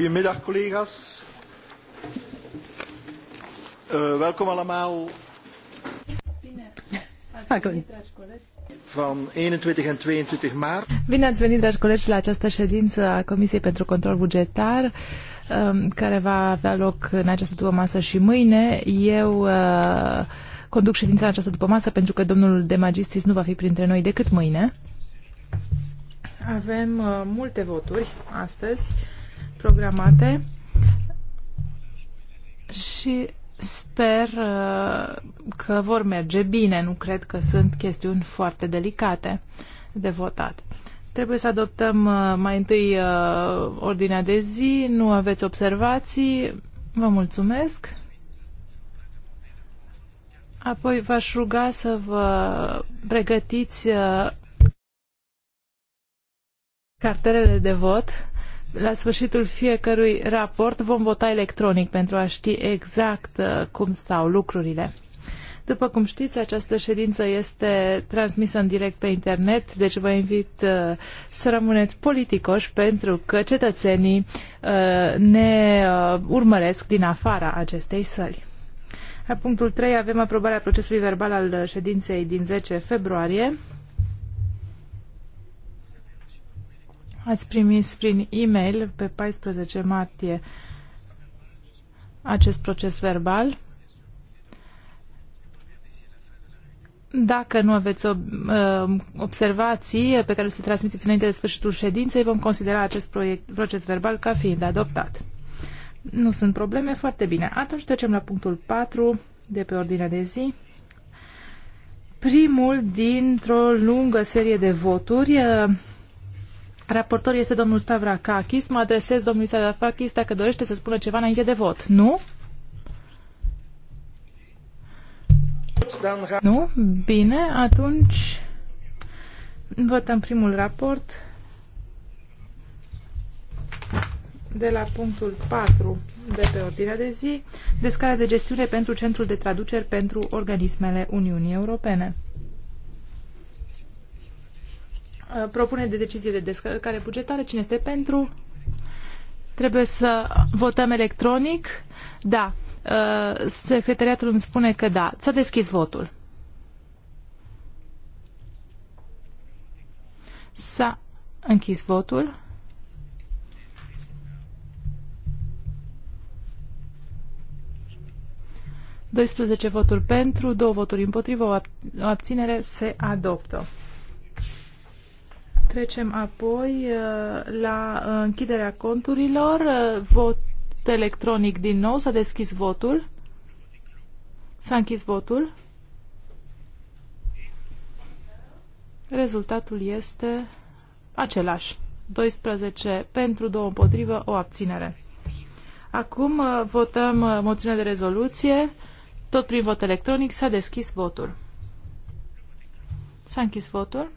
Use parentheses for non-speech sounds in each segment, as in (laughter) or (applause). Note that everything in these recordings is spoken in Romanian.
Goedemiddag collega's. Uh, welkom allemaal. Van 21 en 22 maart. Bine ați venit, dragi colegi, la această ședință a Comisiei pentru Control Bugetar ehm, care va avea loc în această după masă și mâine. Eu eh, conduc ședința în această după masă pentru că domnul de magistris nu va fi printre noi decât mâine. Avem eh, multe voturi astăzi programate și sper uh, că vor merge bine. Nu cred că sunt chestiuni foarte delicate de votat. Trebuie să adoptăm uh, mai întâi uh, ordinea de zi. Nu aveți observații. Vă mulțumesc. Apoi v-aș ruga să vă pregătiți cartelele de vot la sfârșitul fiecărui raport vom vota electronic pentru a ști exact uh, cum stau lucrurile. După cum știți, această ședință este transmisă în direct pe internet, deci vă invit uh, să rămâneți politicoși pentru că cetățenii uh, ne uh, urmăresc din afara acestei săli. La punctul 3 avem aprobarea procesului verbal al ședinței din 10 februarie. ați primit prin e-mail pe 14 martie acest proces verbal. Dacă nu aveți uh, observații pe care să transmiteți înainte de sfârșitul ședinței, vom considera acest proiect, proces verbal ca fiind adoptat. Nu sunt probleme, foarte bine. Atunci trecem la punctul 4 de pe ordinea de zi. Primul dintr-o lungă serie de voturi uh, Raportor este domnul Stavrakakis. Mă adresez domnului Stavrakakis dacă dorește să spună ceva înainte de vot. Nu? Nu? Bine, atunci votăm primul raport de la punctul 4 de pe ordinea de zi, descarea de gestiune pentru Centrul de Traduceri pentru Organismele Uniunii Europene. Uh, propune de decizie de descărcare bugetară. Cine este pentru? Trebuie să votăm electronic? Da. Uh, secretariatul îmi spune că da. S-a deschis votul. S-a închis votul. Doisprezece voturi pentru, două voturi împotrivă, o abținere se adoptă. Trecem apoi uh, la uh, închiderea conturilor. Uh, vot electronic din nou. S-a deschis votul. S-a închis votul. Rezultatul este același. 12 pentru, 2 împotrivă, o abținere. Acum votăm moțiunea de rezoluție. Tot prin vot electronic s-a deschis votul. S-a închis votul.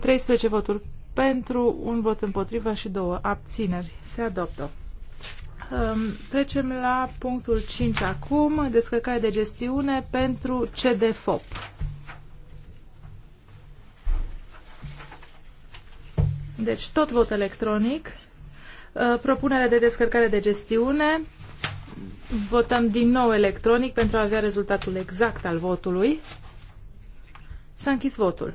13 uh, voturi pentru, un vot împotriva și două abțineri. Se adoptă. Um, trecem la punctul 5 acum, descărcare de gestiune pentru CDFOP. Deci tot vot electronic. Uh, Propunerea de descărcare de gestiune. Votăm din nou electronic pentru a avea rezultatul exact al votului. S-a închis votul.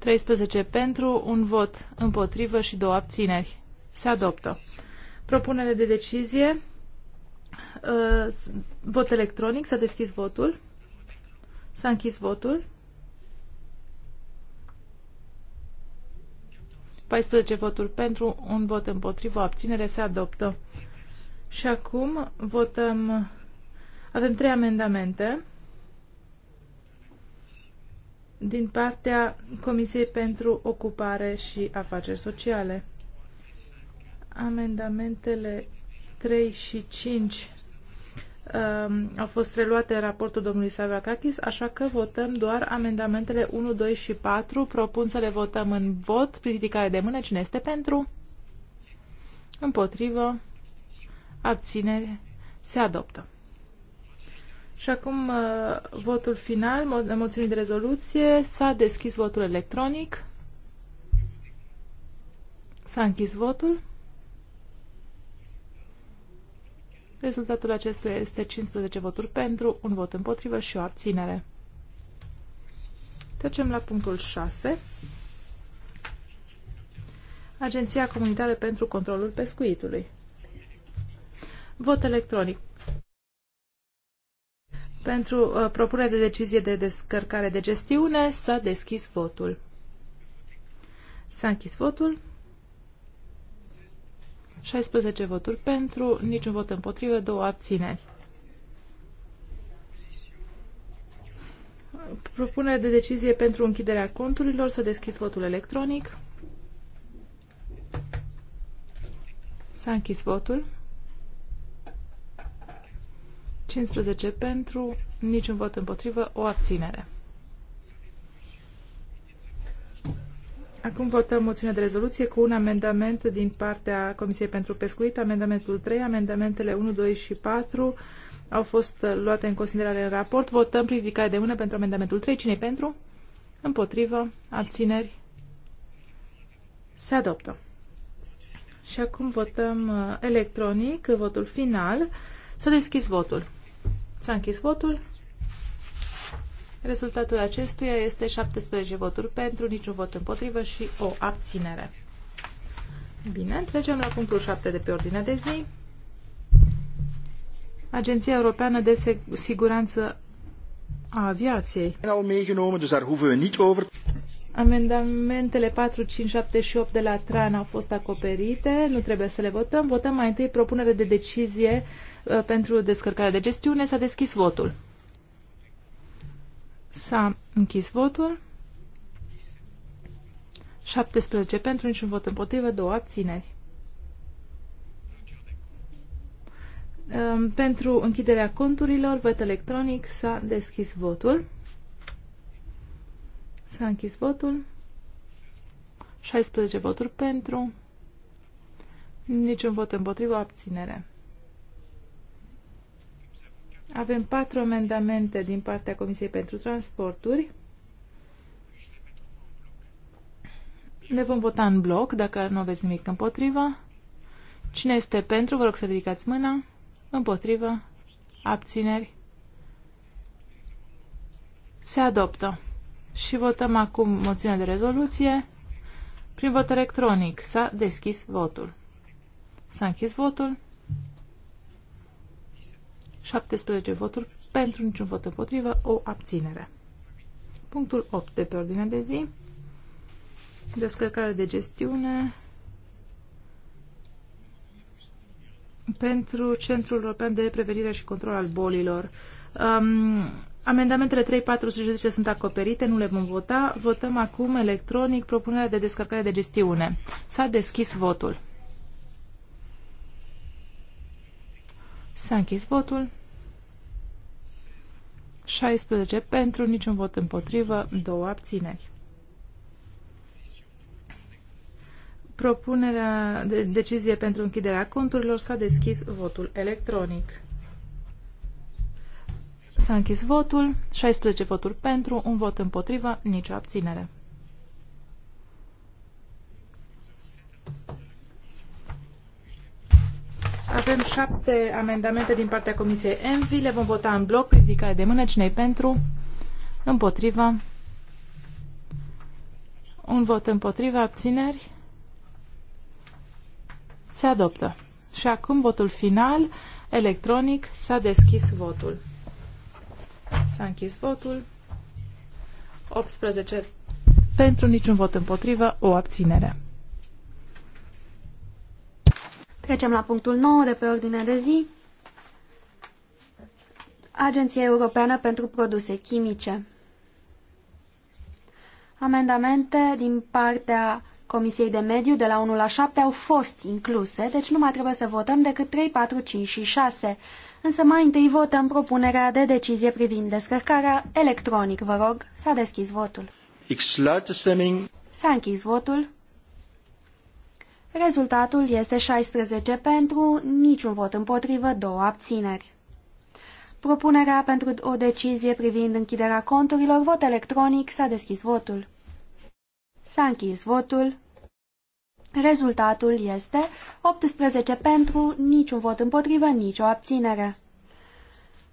13 pentru, un vot împotrivă și două abțineri. Se adoptă. Propunere de decizie. Uh, vot electronic. S-a deschis votul. S-a închis votul. 14 voturi pentru, un vot împotrivă, abținere se adoptă. Și acum votăm. Avem trei amendamente din partea Comisiei pentru Ocupare și Afaceri Sociale. Amendamentele 3 și 5 um, au fost reluate în raportul domnului Savakakis, așa că votăm doar amendamentele 1, 2 și 4. Propun să le votăm în vot prin ridicare de mână. Cine este pentru? Împotrivă? Abținere? Se adoptă. Și acum uh, votul final, moțiunii de rezoluție. S-a deschis votul electronic. S-a închis votul. Rezultatul acestuia este 15 voturi pentru, un vot împotrivă și o abținere. Trecem la punctul 6. Agenția Comunitară pentru Controlul Pescuitului. Vot electronic. Pentru uh, propunerea de decizie de descărcare de gestiune s-a deschis votul. S-a închis votul. 16 voturi pentru, niciun vot împotrivă, două abțineri. Propunere de decizie pentru închiderea conturilor. Să deschis votul electronic. S-a închis votul. 15 pentru, niciun vot împotrivă, o abținere. Acum votăm moțiunea de rezoluție cu un amendament din partea Comisiei pentru Pescuit, amendamentul 3, amendamentele 1, 2 și 4 au fost luate în considerare în raport. Votăm prin ridicare de mână pentru amendamentul 3. cine pentru? Împotrivă? Abțineri? Se adoptă. Și acum votăm uh, electronic votul final. S-a deschis votul. S-a închis votul. Rezultatul acestuia este 17 voturi pentru, niciun vot împotrivă și o abținere. Bine, trecem la punctul 7 de pe ordinea de zi. Agenția Europeană de Siguranță a Aviației. Al meegenomen, dus daar hoeven we niet over. Amendamentele 4, 5, 7 și 8 de la TRAN au fost acoperite, nu trebuie să le votăm. Votăm mai întâi propunere de decizie uh, pentru descărcarea de gestiune. S-a deschis votul. S-a închis votul. 17 pentru, niciun vot împotrivă, două abțineri. Um, pentru închiderea conturilor, vot electronic, s-a deschis votul. S-a închis votul. 16 voturi pentru. Niciun vot împotrivă, abținere. Avem patru amendamente din partea Comisiei pentru Transporturi. Le vom vota în bloc, dacă nu aveți nimic împotriva. Cine este pentru, vă rog să ridicați mâna. Împotrivă, abțineri. Se adoptă. Și votăm acum moțiunea de rezoluție prin vot electronic. S-a deschis votul. S-a închis votul. 17 voturi pentru niciun vot împotrivă, o abținere. Punctul 8 de pe ordinea de zi. Descărcare de gestiune pentru Centrul European de Prevenire și Control al Bolilor. Um, Amendamentele 3, 4 și 10 sunt acoperite, nu le vom vota. Votăm acum electronic propunerea de descărcare de gestiune. S-a deschis votul. S-a închis votul. 16 pentru, niciun vot împotrivă, două abțineri. Propunerea de decizie pentru închiderea conturilor s-a deschis votul electronic. S-a închis votul. 16 voturi pentru, un vot împotrivă, nicio abținere. Avem șapte amendamente din partea Comisiei Envi. Le vom vota în bloc. Ridicare de mână. cine pentru? Împotriva. Un vot împotriva. Abțineri. Se adoptă. Și acum votul final. Electronic. S-a deschis votul. S-a închis votul. 18 pentru, niciun vot împotrivă, o abținere. Trecem la punctul 9 de pe ordinea de zi. Agenția Europeană pentru Produse Chimice. Amendamente din partea Comisiei de Mediu de la 1 la 7 au fost incluse, deci nu mai trebuie să votăm decât 3, 4, 5 și 6. Însă mai întâi votăm propunerea de decizie privind descărcarea electronic. Vă rog, s-a deschis votul. S-a închis votul. Rezultatul este 16 pentru, niciun vot împotrivă, două abțineri. Propunerea pentru o decizie privind închiderea conturilor, vot electronic, s-a deschis votul. S-a închis votul. Rezultatul este 18 pentru, niciun vot împotrivă, nicio abținere.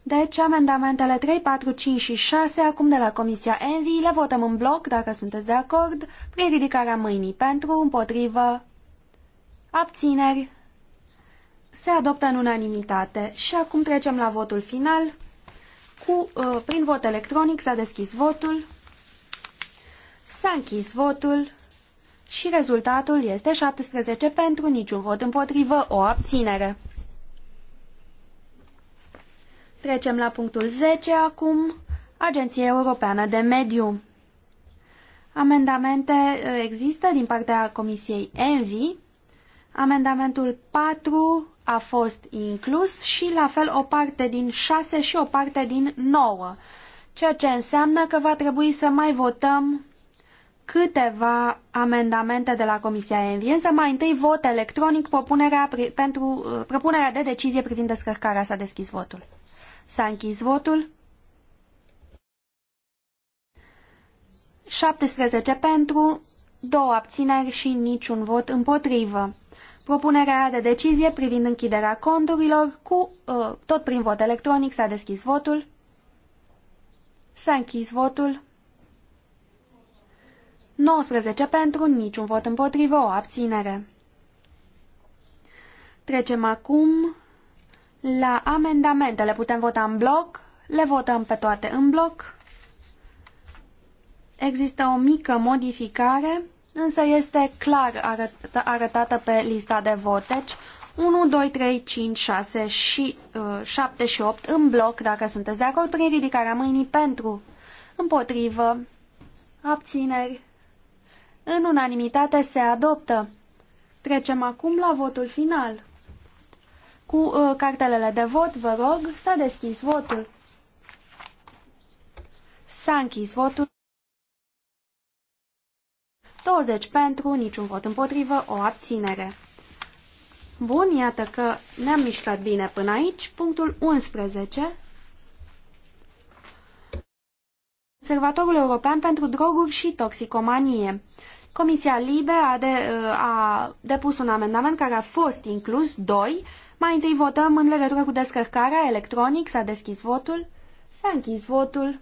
Deci, amendamentele 3, 4, 5 și 6, acum de la Comisia Envi, le votăm în bloc, dacă sunteți de acord, prin ridicarea mâinii pentru, împotrivă, abțineri. Se adoptă în unanimitate. Și acum trecem la votul final. Cu, uh, prin vot electronic s-a deschis votul. S-a închis votul și rezultatul este 17 pentru, niciun vot împotrivă, o abținere. Trecem la punctul 10 acum, Agenția Europeană de Mediu. Amendamente uh, există din partea Comisiei ENVI. Amendamentul 4 a fost inclus și la fel o parte din 6 și o parte din 9, ceea ce înseamnă că va trebui să mai votăm câteva amendamente de la Comisia Envi, însă mai întâi vot electronic propunerea, pentru, uh, propunerea de decizie privind descărcarea. S-a deschis votul. S-a închis votul. 17 pentru, două abțineri și niciun vot împotrivă. Propunerea de decizie privind închiderea conturilor cu, uh, tot prin vot electronic s-a deschis votul. S-a închis votul. 19 pentru, niciun vot împotrivă, o abținere. Trecem acum la amendamente. Le putem vota în bloc, le votăm pe toate în bloc. Există o mică modificare, însă este clar arăt arătată pe lista de vot. Deci 1, 2, 3, 5, 6 și uh, 7 și 8 în bloc, dacă sunteți de acord, prin ridicarea mâinii pentru, împotrivă, abțineri, în unanimitate se adoptă. Trecem acum la votul final. Cu uh, cartelele de vot, vă rog, s-a deschis votul. S-a închis votul. 20 pentru, niciun vot împotrivă, o abținere. Bun, iată că ne-am mișcat bine până aici. Punctul 11. Observatorul European pentru Droguri și Toxicomanie. Comisia Libe a, de, uh, a depus un amendament care a fost inclus, 2. Mai întâi votăm în legătură cu descărcarea electronic. S-a deschis votul. S-a închis votul.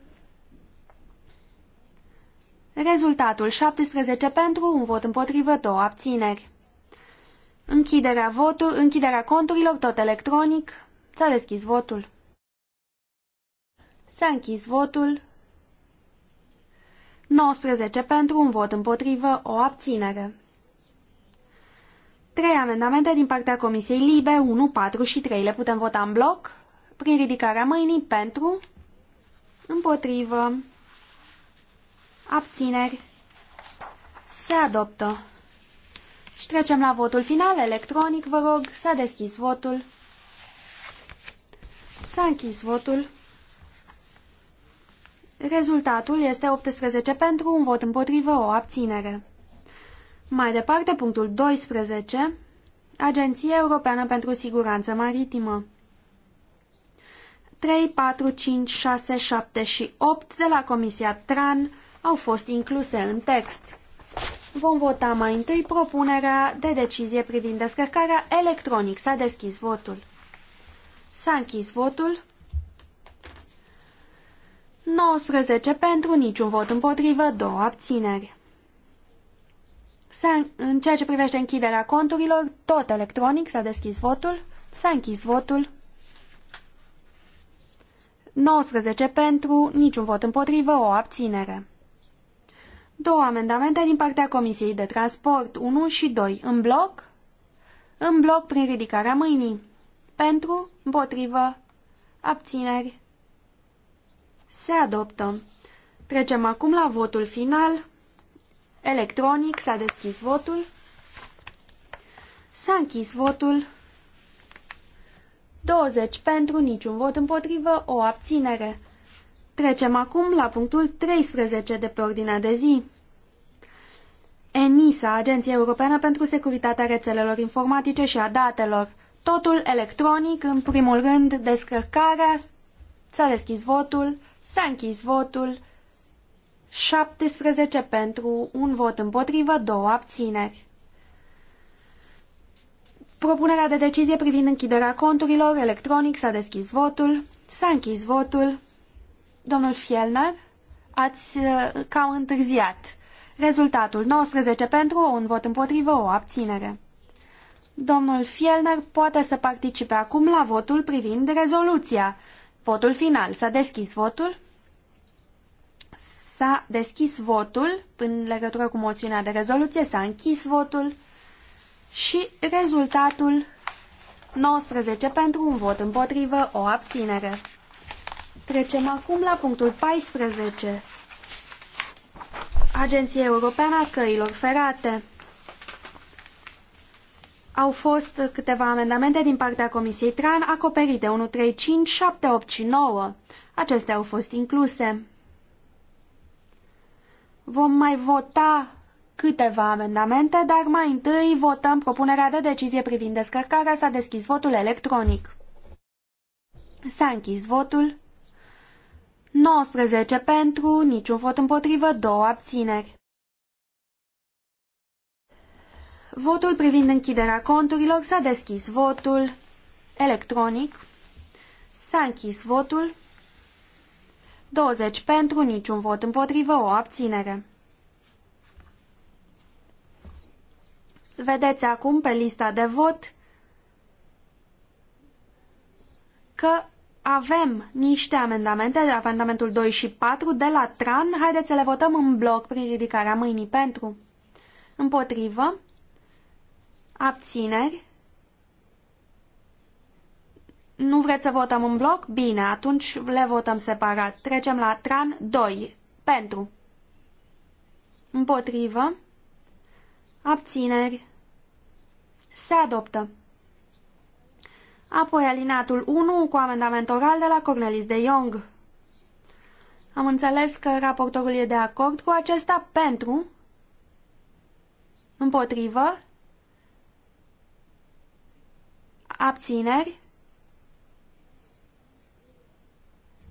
Rezultatul 17 pentru, un vot împotrivă, două abțineri. Închiderea, votul, închiderea conturilor, tot electronic. S-a deschis votul. S-a închis votul. 19 pentru, un vot împotrivă, o abținere. 3 amendamente din partea Comisiei Libe, 1, 4 și 3 le putem vota în bloc prin ridicarea mâinii pentru, împotrivă, abțineri, se adoptă. Și trecem la votul final, electronic, vă rog, s-a deschis votul, s-a închis votul. Rezultatul este 18 pentru, un vot împotrivă, o abținere. Mai departe, punctul 12, Agenția Europeană pentru Siguranță Maritimă. 3, 4, 5, 6, 7 și 8 de la Comisia TRAN au fost incluse în text. Vom vota mai întâi propunerea de decizie privind descărcarea electronic. S-a deschis votul. S-a închis votul. 19 pentru, niciun vot împotrivă, două abțineri. În ceea ce privește închiderea conturilor, tot electronic s-a deschis votul, s-a închis votul. 19 pentru, niciun vot împotrivă, o abținere. Două amendamente din partea Comisiei de Transport, 1 și 2, în bloc, în bloc prin ridicarea mâinii. Pentru, împotrivă, abțineri, se adoptă. Trecem acum la votul final. Electronic s-a deschis votul. S-a închis votul. 20 pentru, niciun vot împotrivă, o abținere. Trecem acum la punctul 13 de pe ordinea de zi. ENISA, Agenția Europeană pentru Securitatea Rețelelor Informatice și a Datelor. Totul electronic, în primul rând, descărcarea, s-a deschis votul, S-a închis votul. 17 pentru, un vot împotrivă, două abțineri. Propunerea de decizie privind închiderea conturilor electronic s-a deschis votul. S-a închis votul. Domnul Fielner, ați uh, cam întârziat. Rezultatul 19 pentru, un vot împotrivă, o abținere. Domnul Fielner poate să participe acum la votul privind rezoluția. Votul final. S-a deschis votul? S-a deschis votul în legătură cu moțiunea de rezoluție, s-a închis votul și rezultatul 19 pentru un vot împotrivă, o abținere. Trecem acum la punctul 14. Agenția Europeană a Căilor Ferate. Au fost câteva amendamente din partea Comisiei TRAN acoperite 1, 3, 5, 7, 8 și 9. Acestea au fost incluse. Vom mai vota câteva amendamente, dar mai întâi votăm propunerea de decizie privind descărcarea. S-a deschis votul electronic. S-a închis votul. 19 pentru, niciun vot împotrivă, două abțineri. Votul privind închiderea conturilor s-a deschis votul electronic. S-a închis votul. 20 pentru, niciun vot împotrivă, o abținere. Vedeți acum pe lista de vot că avem niște amendamente, amendamentul 2 și 4 de la TRAN. Haideți să le votăm în bloc prin ridicarea mâinii pentru, împotrivă, abțineri, nu vreți să votăm în bloc? Bine, atunci le votăm separat. Trecem la Tran 2. Pentru. Împotrivă. Abțineri. Se adoptă. Apoi alineatul 1 cu amendament oral de la Cornelis de Jong. Am înțeles că raportorul e de acord cu acesta pentru, împotrivă, abțineri,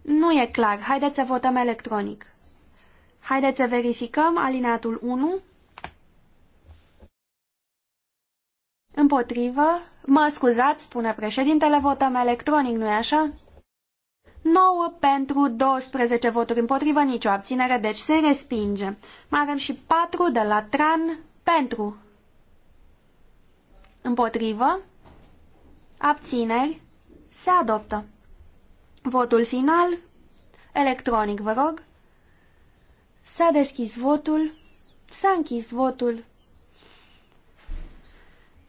Nu e clar. Haideți să votăm electronic. Haideți să verificăm alineatul 1. Împotrivă. Mă scuzați, spune președintele, votăm electronic, nu-i așa? 9 pentru 12 voturi împotrivă, nicio abținere, deci se respinge. Mai avem și 4 de la Tran pentru. Împotrivă. Abțineri. Se adoptă. Votul final, electronic, vă rog. S-a deschis votul, s-a închis votul.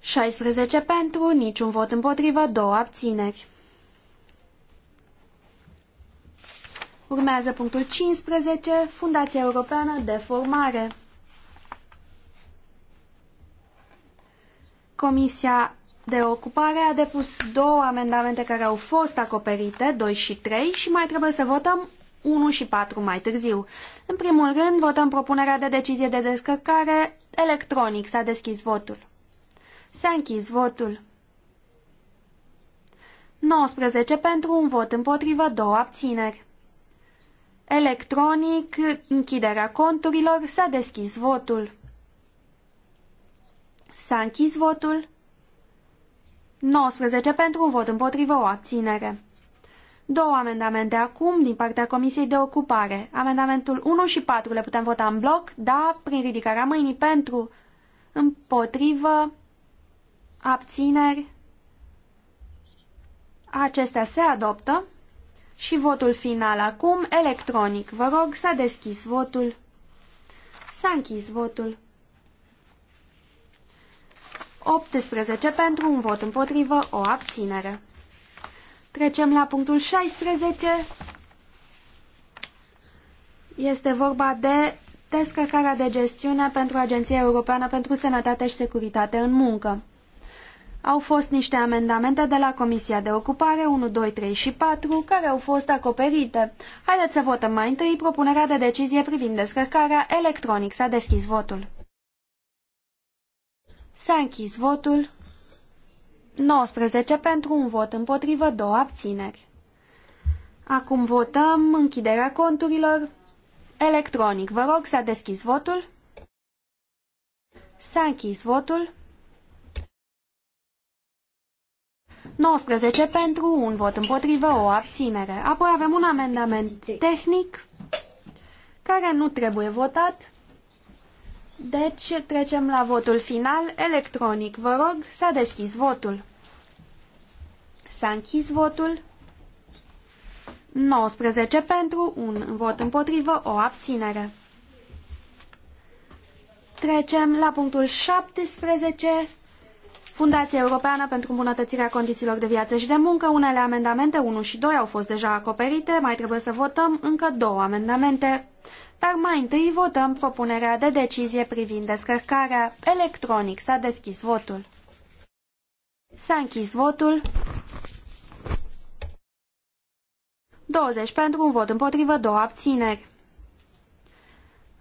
16 pentru, niciun vot împotrivă, două abțineri. Urmează punctul 15, Fundația Europeană de Formare. Comisia de ocupare a depus două amendamente care au fost acoperite, 2 și 3, și mai trebuie să votăm 1 și 4 mai târziu. În primul rând, votăm propunerea de decizie de descărcare electronic. S-a deschis votul. S-a închis votul. 19 pentru un vot împotrivă, două abțineri. Electronic, închiderea conturilor, s-a deschis votul. S-a închis votul. 19 pentru un vot împotrivă o abținere. Două amendamente acum din partea Comisiei de Ocupare. Amendamentul 1 și 4 le putem vota în bloc, da, prin ridicarea mâinii pentru, împotrivă, abțineri. Acestea se adoptă și votul final acum, electronic. Vă rog, s-a deschis votul. S-a închis votul. 18 pentru, un vot împotrivă, o abținere. Trecem la punctul 16. Este vorba de descărcarea de gestiune pentru Agenția Europeană pentru Sănătate și Securitate în Muncă. Au fost niște amendamente de la Comisia de Ocupare 1, 2, 3 și 4 care au fost acoperite. Haideți să votăm mai întâi propunerea de decizie privind descărcarea electronic. S-a deschis votul. S-a închis votul. 19 pentru un vot împotrivă, două abțineri. Acum votăm închiderea conturilor. Electronic, vă rog, s-a deschis votul. S-a închis votul. 19 pentru, un vot împotrivă, o abținere. Apoi avem un amendament tehnic care nu trebuie votat. Deci trecem la votul final electronic. Vă rog, s-a deschis votul. S-a închis votul. 19 pentru, un vot împotrivă, o abținere. Trecem la punctul 17. Fundația Europeană pentru îmbunătățirea condițiilor de viață și de muncă, unele amendamente 1 și 2 au fost deja acoperite, mai trebuie să votăm încă două amendamente. Dar mai întâi votăm propunerea de decizie privind descărcarea electronic. S-a deschis votul. S-a închis votul. 20 pentru un vot împotrivă, două abțineri.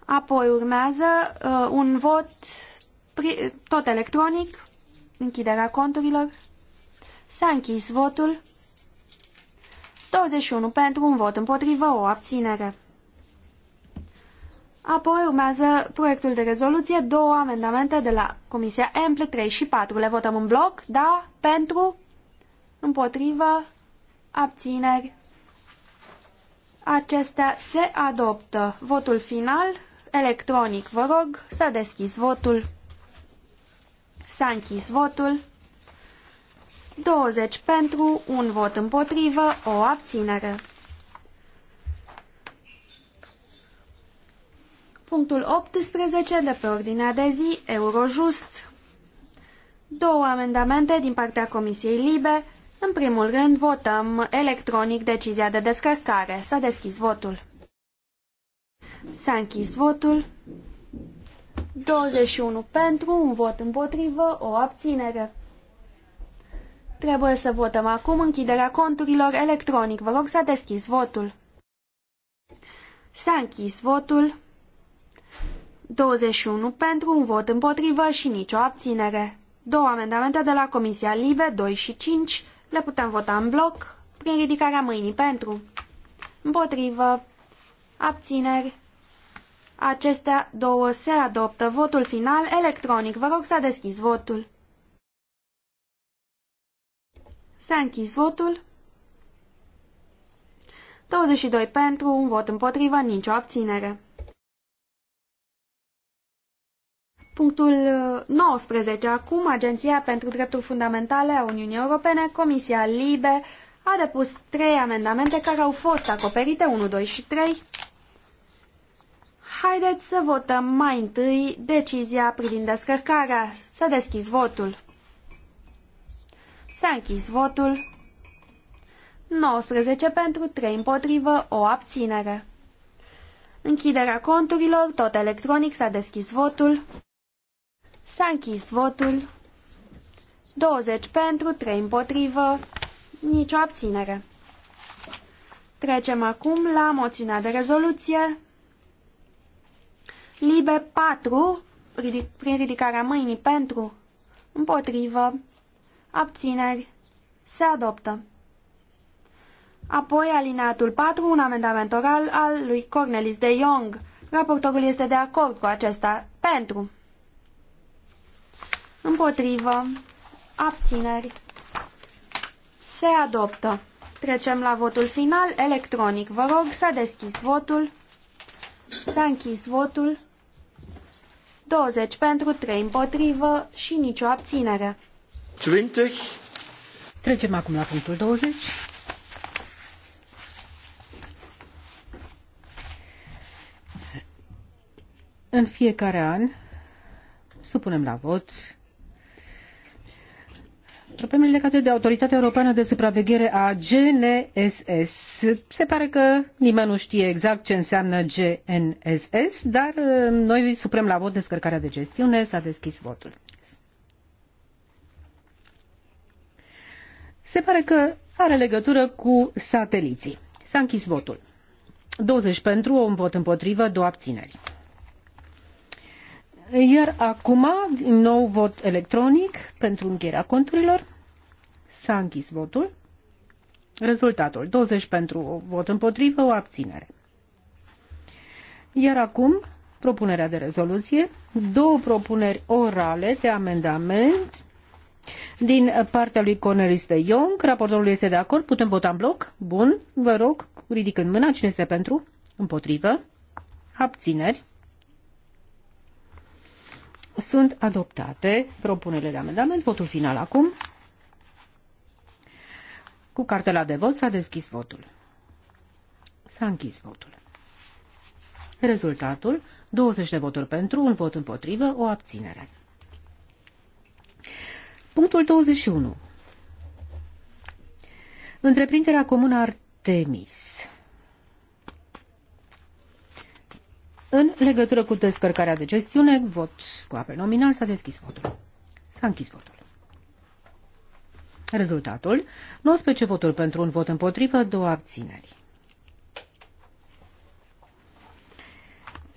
Apoi urmează uh, un vot tot electronic, închiderea conturilor. S-a închis votul. 21 pentru un vot împotrivă, o abținere. Apoi urmează proiectul de rezoluție, două amendamente de la Comisia Emple 3 și 4. Le votăm în bloc, da, pentru, împotrivă, abțineri. Acestea se adoptă. Votul final, electronic, vă rog, s-a deschis votul. S-a închis votul. 20 pentru, un vot împotrivă, o abținere. Punctul 18 de pe ordinea de zi, Eurojust. Două amendamente din partea Comisiei Libe. În primul rând, votăm electronic decizia de descărcare. S-a deschis votul. S-a închis votul. 21 pentru, un vot împotrivă, o abținere. Trebuie să votăm acum închiderea conturilor electronic. Vă rog să deschis votul. S-a închis votul. 21 pentru, un vot împotrivă și nicio abținere. Două amendamente de la Comisia Libe, 2 și 5, le putem vota în bloc, prin ridicarea mâinii pentru. Împotrivă, abțineri. Acestea două se adoptă. Votul final electronic. Vă rog să deschizi votul. S-a închis votul. 22 pentru, un vot împotrivă, nicio abținere. Punctul 19. Uh, Acum, Agenția pentru Drepturi Fundamentale a Uniunii Europene, Comisia Libe, a depus trei amendamente care au fost acoperite, 1, 2 și 3. Haideți să votăm mai întâi decizia privind descărcarea. Să deschizi votul. S-a închis votul. 19 pentru, 3 împotrivă, o abținere. Închiderea conturilor, tot electronic s-a deschis votul. S-a închis votul. 20 pentru, 3 împotrivă, nicio abținere. Trecem acum la moțiunea de rezoluție. Libe 4, ridic, prin ridicarea mâinii pentru, împotrivă, abțineri, se adoptă. Apoi alineatul 4, un amendament oral al lui Cornelis de Jong. Raportorul este de acord cu acesta pentru, Împotrivă. Abțineri. Se adoptă. Trecem la votul final, electronic. Vă rog, s-a deschis votul. S-a închis votul. 20 pentru, 3 împotrivă și nicio abținere. 20. Trecem acum la punctul 20. În fiecare an supunem la vot Problemele legate de Autoritatea Europeană de Supraveghere a GNSS. Se pare că nimeni nu știe exact ce înseamnă GNSS, dar uh, noi suprem la vot descărcarea de gestiune. S-a deschis votul. Se pare că are legătură cu sateliții. S-a închis votul. 20 pentru, un vot împotrivă, două abțineri. Iar acum, din nou vot electronic pentru încheierea conturilor. S-a închis votul. Rezultatul 20 pentru vot împotrivă, o abținere. Iar acum, propunerea de rezoluție, două propuneri orale de amendament din partea lui Cornelis de Jong. Raportorul este de acord, putem vota în bloc? Bun, vă rog, ridicând mâna, cine este pentru? Împotrivă? Abțineri? sunt adoptate propunerile de amendament. Votul final acum. Cu cartela de vot s-a deschis votul. S-a închis votul. Rezultatul, 20 de voturi pentru, un vot împotrivă, o abținere. Punctul 21. Întreprinderea comună Artemis. În legătură cu descărcarea de gestiune, vot cu apel nominal, s-a deschis votul. S-a închis votul. Rezultatul, 19 voturi pentru un vot împotrivă, două abțineri.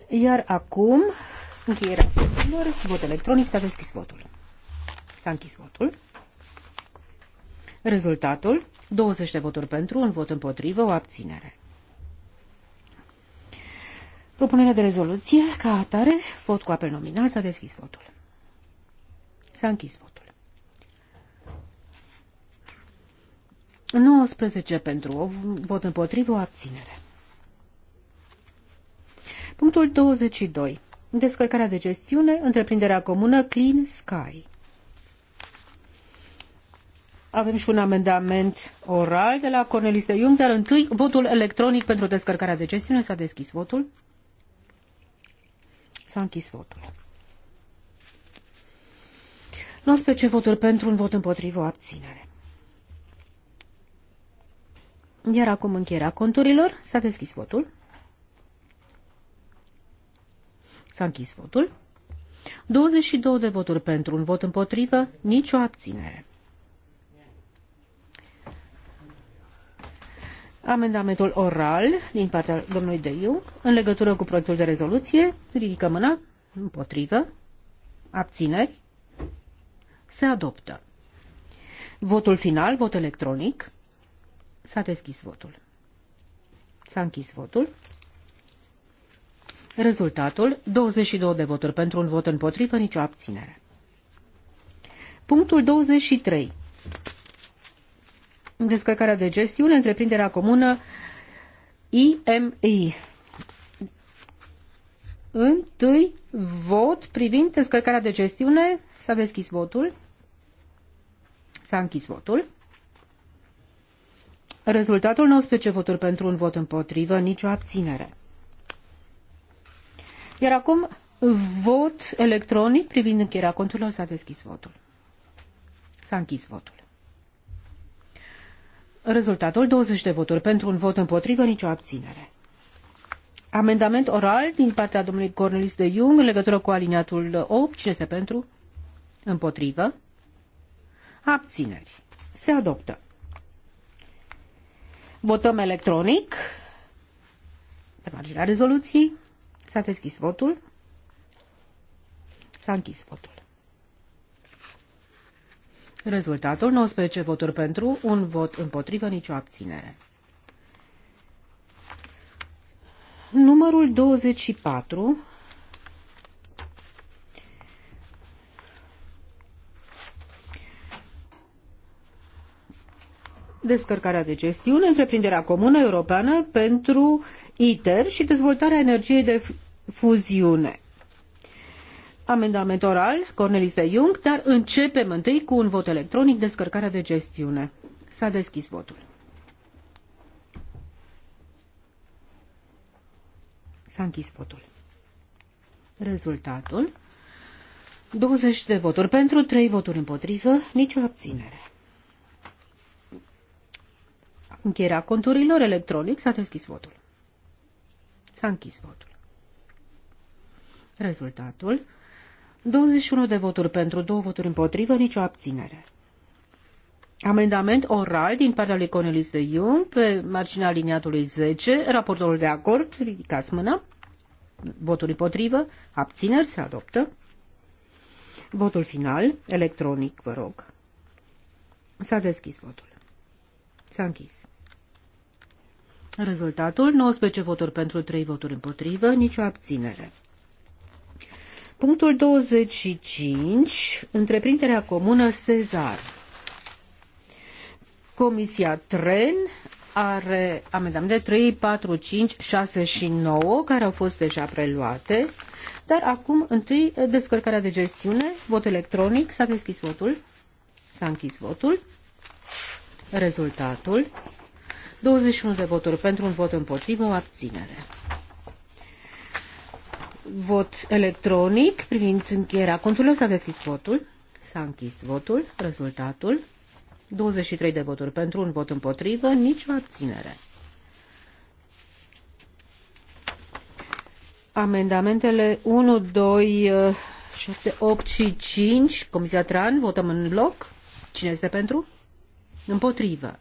Iar acum, încheierea voturilor, vot electronic, s-a deschis votul. S-a închis votul. Rezultatul, 20 de voturi pentru, un vot împotrivă, o abținere. Propunerea de rezoluție, ca atare, vot cu apel nominal, s-a deschis votul. S-a închis votul. 19 pentru o vot împotrivă, o abținere. Punctul 22. Descărcarea de gestiune, întreprinderea comună Clean Sky. Avem și un amendament oral de la Cornelis de Jung, dar întâi votul electronic pentru descărcarea de gestiune. S-a deschis votul. S-a închis votul. 19 voturi pentru, un vot împotrivă, o abținere. Iar acum încheierea conturilor. S-a deschis votul. S-a închis votul. 22 de voturi pentru, un vot împotrivă, nicio abținere. Amendamentul oral din partea domnului Deiu în legătură cu proiectul de rezoluție. Ridică mâna. Împotrivă. Abțineri. Se adoptă. Votul final, vot electronic. S-a deschis votul. S-a închis votul. Rezultatul, 22 de voturi pentru un vot împotrivă, nicio abținere. Punctul 23 descărcarea de gestiune, întreprinderea comună IMI. Întâi vot privind descărcarea de gestiune. S-a deschis votul. S-a închis votul. Rezultatul 19 voturi pentru un vot împotrivă, nicio abținere. Iar acum vot electronic privind încheierea conturilor s-a deschis votul. S-a închis votul. Rezultatul 20 de voturi pentru un vot împotrivă, nicio abținere. Amendament oral din partea domnului Cornelis de Jung în legătură cu aliniatul 8. Cine este pentru? Împotrivă. Abțineri. Se adoptă. Votăm electronic. Pe marginea rezoluției s-a deschis votul. S-a închis votul. Rezultatul 19 voturi pentru, un vot împotrivă, nicio abținere. Numărul 24 descărcarea de gestiune, întreprinderea comună europeană pentru ITER și dezvoltarea energiei de fuziune amendament oral, Cornelis de Jung, dar începem întâi cu un vot electronic, descărcarea de gestiune. S-a deschis votul. S-a închis votul. Rezultatul 20 de voturi pentru, 3 voturi împotrivă, nicio abținere. Încheierea conturilor electronic s-a deschis votul. S-a închis votul. Rezultatul 21 de voturi pentru, 2 voturi împotrivă, nicio abținere. Amendament oral din partea lui Cornelis de Jung pe marginea aliniatului 10. Raportorul de acord, ridicați mâna. Voturi împotrivă, abțineri, se adoptă. Votul final, electronic, vă rog. S-a deschis votul. S-a închis. Rezultatul, 19 voturi pentru, 3 voturi împotrivă, nicio abținere. Punctul 25, întreprinderea comună Cezar. Comisia Tren are amendamente 3, 4, 5, 6 și 9, care au fost deja preluate. Dar acum, întâi, descărcarea de gestiune, vot electronic, s-a deschis votul, s-a închis votul, rezultatul, 21 de voturi pentru un vot împotrivă, o abținere vot electronic privind încheierea contului. S-a deschis votul. S-a închis votul. Rezultatul. 23 de voturi pentru, un vot împotrivă, nicio abținere. Amendamentele 1, 2, 7, 8 și 5, Comisia Tran, votăm în bloc. Cine este pentru? Împotrivă.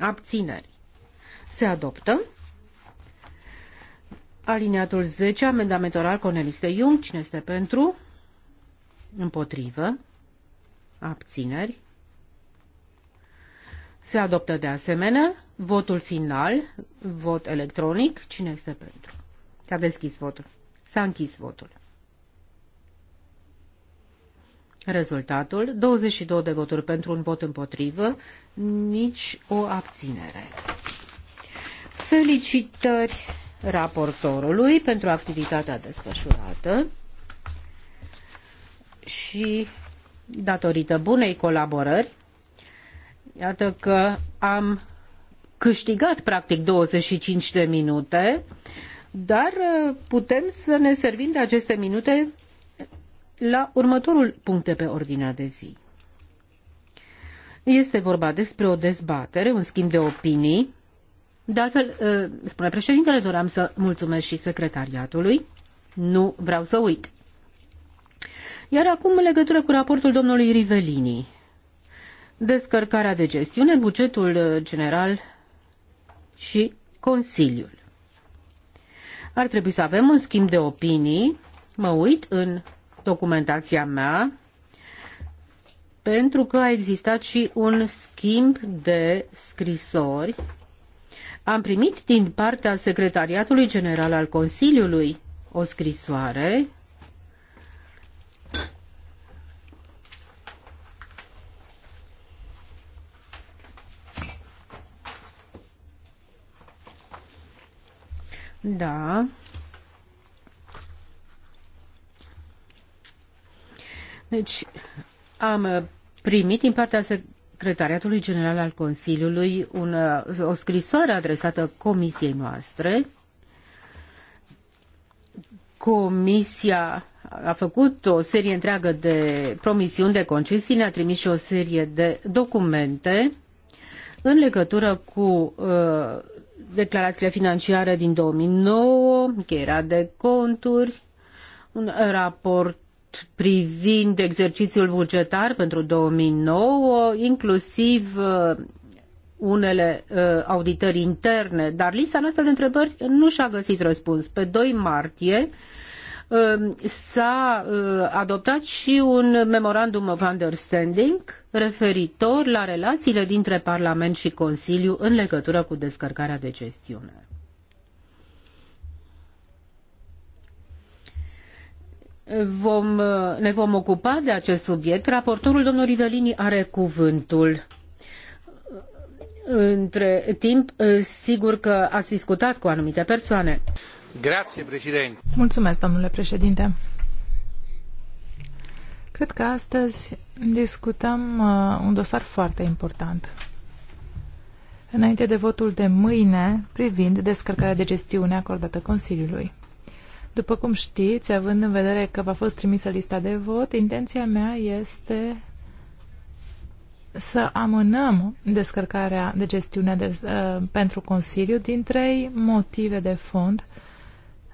Abțineri. Se adoptă. Alineatul 10, amendament oral Cornelis Iung. Cine este pentru? Împotrivă. Abțineri. Se adoptă de asemenea votul final, vot electronic. Cine este pentru? S-a deschis votul. S-a închis votul. Rezultatul, 22 de voturi pentru un vot împotrivă, nici o abținere. Felicitări raportorului pentru activitatea desfășurată și datorită bunei colaborări, iată că am câștigat practic 25 de minute, dar uh, putem să ne servim de aceste minute la următorul punct de pe ordinea de zi. Este vorba despre o dezbatere, un schimb de opinii de altfel, ă, spune președintele, doream să mulțumesc și secretariatului. Nu vreau să uit. Iar acum, în legătură cu raportul domnului Rivelini, descărcarea de gestiune, bugetul ă, general și Consiliul. Ar trebui să avem un schimb de opinii. Mă uit în documentația mea pentru că a existat și un schimb de scrisori am primit din partea Secretariatului General al Consiliului o scrisoare Da. Deci am primit din partea Secretariatului General al Consiliului un, o scrisoare adresată comisiei noastre. Comisia a făcut o serie întreagă de promisiuni de concesii, ne-a trimis și o serie de documente în legătură cu uh, declarațiile financiare din 2009, încheierea de conturi, un raport privind exercițiul bugetar pentru 2009, inclusiv uh, unele uh, auditări interne, dar lista noastră de întrebări nu și-a găsit răspuns. Pe 2 martie um, s-a uh, adoptat și un memorandum of understanding referitor la relațiile dintre Parlament și Consiliu în legătură cu descărcarea de gestiune. vom, uh, ne vom ocupa de acest subiect. Raportorul domnul Rivelini are cuvântul. Între timp, uh, sigur că ați discutat cu anumite persoane. Grazie, președinte. Mulțumesc, domnule președinte. Cred că astăzi discutăm uh, un dosar foarte important. Înainte de votul de mâine privind descărcarea de gestiune acordată Consiliului. După cum știți, având în vedere că v-a fost trimisă lista de vot, intenția mea este să amânăm descărcarea de gestiune de, uh, pentru Consiliu din trei motive de fond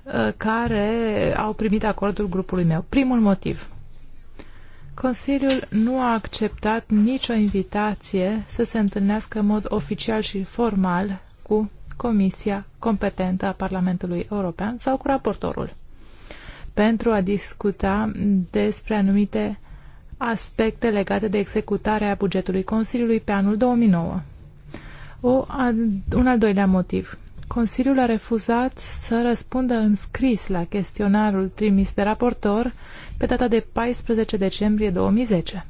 uh, care au primit acordul grupului meu. Primul motiv. Consiliul nu a acceptat nicio invitație să se întâlnească în mod oficial și formal cu comisia competentă a Parlamentului European sau cu raportorul pentru a discuta despre anumite aspecte legate de executarea bugetului Consiliului pe anul 2009. O, un al doilea motiv. Consiliul a refuzat să răspundă în scris la chestionarul trimis de raportor pe data de 14 decembrie 2010.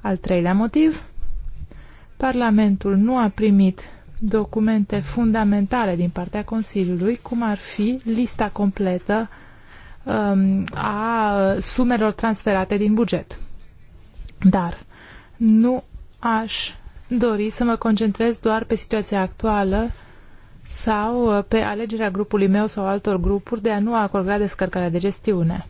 Al treilea motiv. Parlamentul nu a primit documente fundamentale din partea Consiliului, cum ar fi lista completă um, a sumelor transferate din buget. Dar nu aș dori să mă concentrez doar pe situația actuală sau uh, pe alegerea grupului meu sau altor grupuri de a nu acorda descărcarea de gestiune.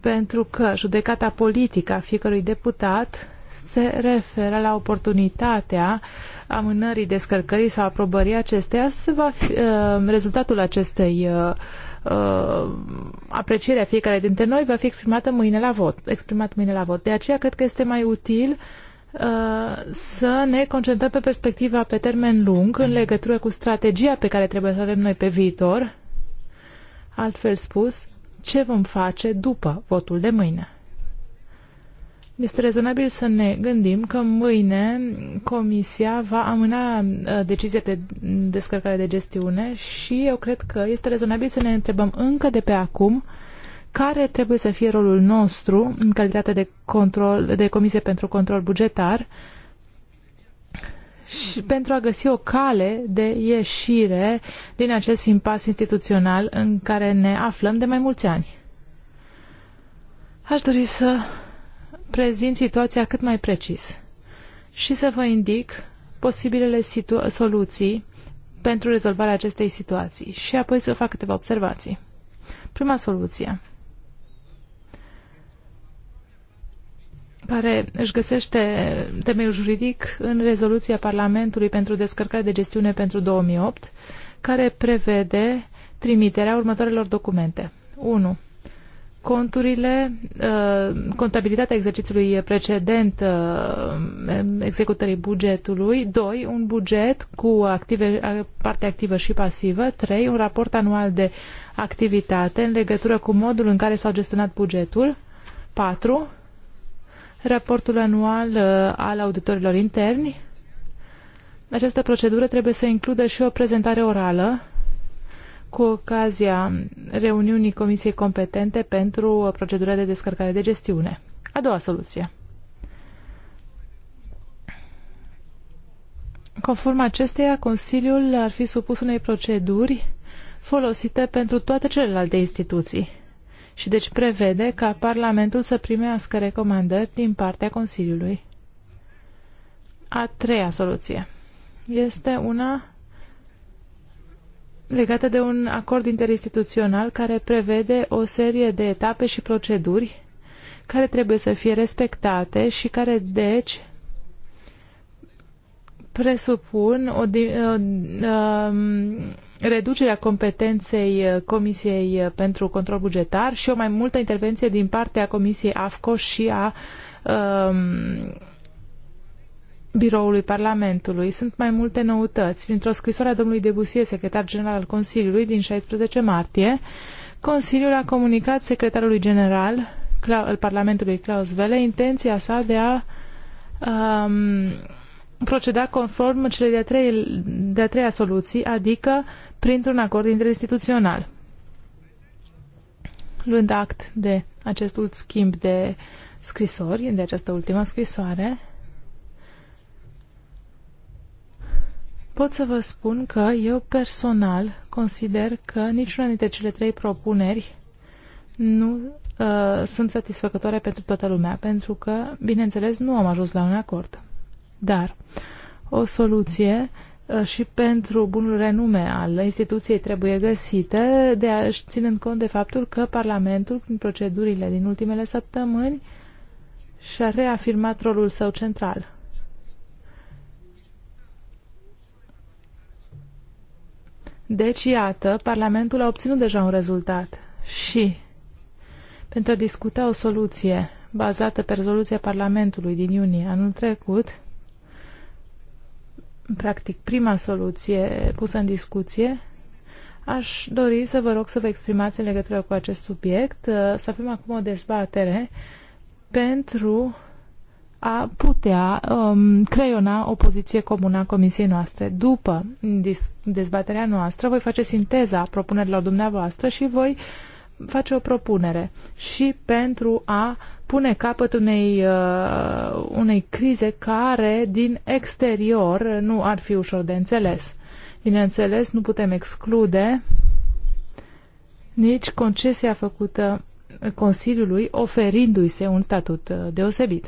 Pentru că judecata politică a fiecărui deputat se referă la oportunitatea amânării descărcării sau aprobării acesteia. Va fi, uh, rezultatul acestei uh, uh, aprecierea fiecare dintre noi va fi exprimată mâine la vot, exprimat mâine la vot. De aceea cred că este mai util să ne concentrăm pe perspectiva pe termen lung în legătură cu strategia pe care trebuie să avem noi pe viitor, altfel spus, ce vom face după votul de mâine. Este rezonabil să ne gândim că mâine Comisia va amâna uh, decizia de descărcare de gestiune și eu cred că este rezonabil să ne întrebăm încă de pe acum care trebuie să fie rolul nostru în calitate de, control, de Comisie pentru Control Bugetar și pentru a găsi o cale de ieșire din acest impas instituțional în care ne aflăm de mai mulți ani. Aș dori să prezint situația cât mai precis și să vă indic posibilele soluții pentru rezolvarea acestei situații și apoi să fac câteva observații. Prima soluție care își găsește temeiul juridic în rezoluția Parlamentului pentru descărcare de gestiune pentru 2008, care prevede trimiterea următoarelor documente. 1 conturile, uh, contabilitatea exercițiului precedent uh, executării bugetului, 2. un buget cu active, parte activă și pasivă, 3. un raport anual de activitate în legătură cu modul în care s-a gestionat bugetul, 4. raportul anual uh, al auditorilor interni. Această procedură trebuie să includă și o prezentare orală cu ocazia reuniunii Comisiei Competente pentru procedura de descărcare de gestiune. A doua soluție. Conform acesteia, Consiliul ar fi supus unei proceduri folosite pentru toate celelalte instituții și deci prevede ca Parlamentul să primească recomandări din partea Consiliului. A treia soluție este una legată de un acord interinstituțional care prevede o serie de etape și proceduri care trebuie să fie respectate și care, deci, presupun o, o um, reducerea competenței Comisiei pentru Control Bugetar și o mai multă intervenție din partea Comisiei AFCO și a um, biroului Parlamentului. Sunt mai multe noutăți. Printr-o scrisoare a domnului Debusie, secretar general al Consiliului, din 16 martie, Consiliul a comunicat secretarului general al Parlamentului Klaus Vele intenția sa de a um, proceda conform cele de-a, trei, de-a treia soluții, adică printr-un acord interinstituțional. Luând act de acest schimb de scrisori, de această ultimă scrisoare, pot să vă spun că eu personal consider că niciuna dintre cele trei propuneri nu uh, sunt satisfăcătoare pentru toată lumea, pentru că, bineînțeles, nu am ajuns la un acord. Dar o soluție uh, și pentru bunul renume al instituției trebuie găsită de a, ținând cont de faptul că Parlamentul, prin procedurile din ultimele săptămâni, și-a reafirmat rolul său central Deci, iată, Parlamentul a obținut deja un rezultat și pentru a discuta o soluție bazată pe rezoluția Parlamentului din iunie anul trecut, practic prima soluție pusă în discuție, aș dori să vă rog să vă exprimați în legătură cu acest subiect, să avem acum o dezbatere pentru a putea um, creiona o poziție comună a comisiei noastre. După dezbaterea noastră, voi face sinteza propunerilor dumneavoastră și voi face o propunere și pentru a pune capăt unei, uh, unei crize care din exterior nu ar fi ușor de înțeles. Bineînțeles, nu putem exclude nici concesia făcută Consiliului oferindu-i se un statut uh, deosebit.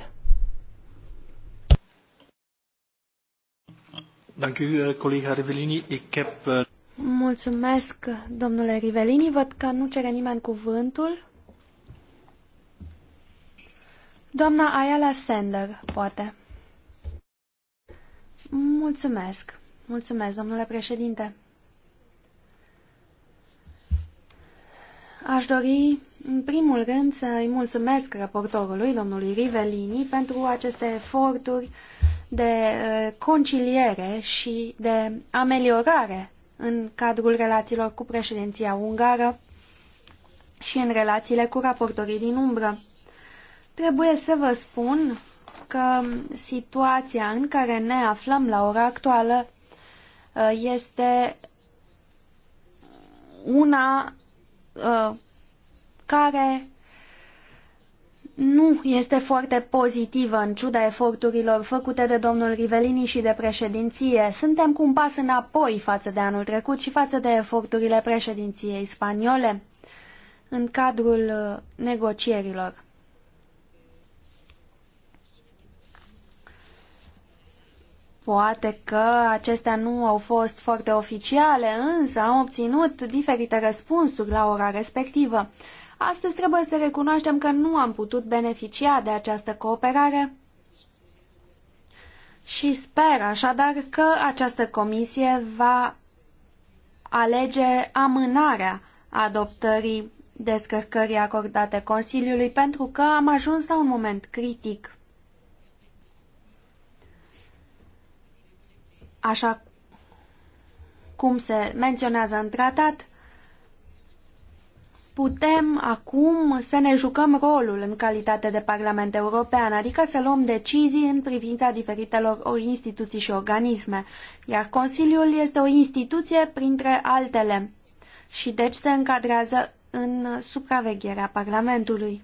Eh, eh, mulțumesc, domnule Rivelini. Văd că nu cere nimeni cuvântul. Doamna Ayala Sender, poate. Mulțumesc. Mulțumesc, domnule președinte. Aș dori, în primul rând, să-i mulțumesc raportorului, domnului Rivelini, pentru aceste eforturi de uh, conciliere și de ameliorare în cadrul relațiilor cu președinția ungară și în relațiile cu raportorii din umbră. Trebuie să vă spun că situația în care ne aflăm la ora actuală uh, este una uh, care nu este foarte pozitivă în ciuda eforturilor făcute de domnul Rivelini și de președinție. Suntem cu un pas înapoi față de anul trecut și față de eforturile președinției spaniole în cadrul uh, negocierilor. Poate că acestea nu au fost foarte oficiale, însă am obținut diferite răspunsuri la ora respectivă. Astăzi trebuie să recunoaștem că nu am putut beneficia de această cooperare și sper așadar că această comisie va alege amânarea adoptării descărcării acordate Consiliului pentru că am ajuns la un moment critic. Așa cum se menționează în tratat, putem acum să ne jucăm rolul în calitate de Parlament European, adică să luăm decizii în privința diferitelor instituții și organisme, iar Consiliul este o instituție printre altele și deci se încadrează în supravegherea Parlamentului.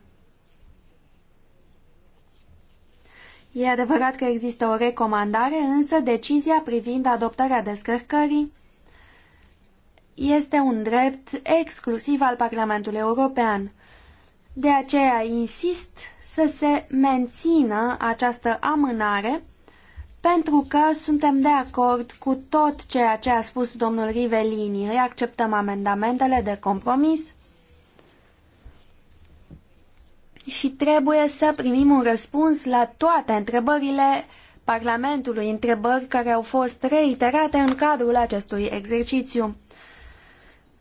E adevărat că există o recomandare, însă decizia privind adoptarea descărcării este un drept exclusiv al Parlamentului European. De aceea insist să se mențină această amânare pentru că suntem de acord cu tot ceea ce a spus domnul Rivelini. Îi acceptăm amendamentele de compromis și trebuie să primim un răspuns la toate întrebările Parlamentului, întrebări care au fost reiterate în cadrul acestui exercițiu.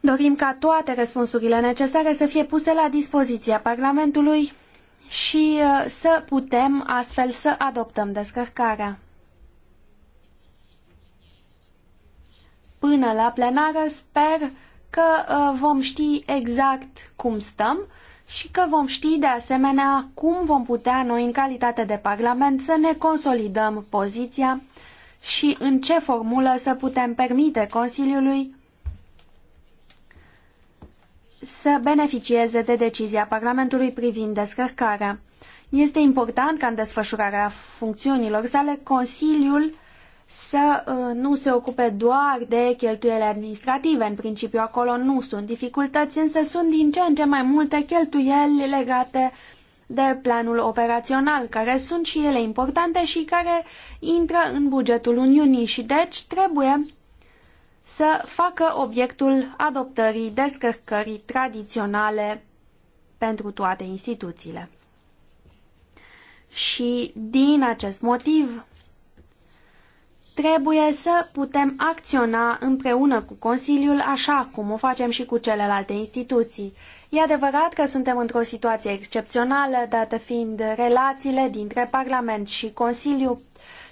Dorim ca toate răspunsurile necesare să fie puse la dispoziția Parlamentului și uh, să putem astfel să adoptăm descărcarea. Până la plenară sper că uh, vom ști exact cum stăm și că vom ști de asemenea cum vom putea noi în calitate de Parlament să ne consolidăm poziția și în ce formulă să putem permite Consiliului să beneficieze de decizia Parlamentului privind descărcarea. Este important ca în desfășurarea funcțiunilor sale Consiliul să uh, nu se ocupe doar de cheltuiele administrative. În principiu, acolo nu sunt dificultăți, însă sunt din ce în ce mai multe cheltuieli legate de planul operațional, care sunt și ele importante și care intră în bugetul Uniunii și deci trebuie să facă obiectul adoptării descărcării tradiționale pentru toate instituțiile. Și din acest motiv trebuie să putem acționa împreună cu Consiliul așa cum o facem și cu celelalte instituții. E adevărat că suntem într-o situație excepțională, dată fiind relațiile dintre Parlament și Consiliu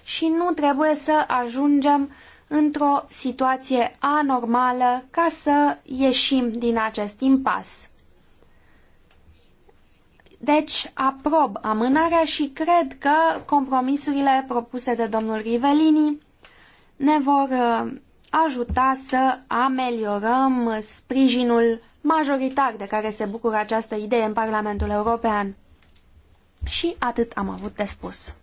și nu trebuie să ajungem uh, într-o situație anormală ca să ieșim din acest impas. Deci, aprob amânarea și cred că compromisurile propuse de domnul Rivelini ne vor uh, ajuta să ameliorăm sprijinul majoritar de care se bucură această idee în Parlamentul European. Și atât am avut de spus.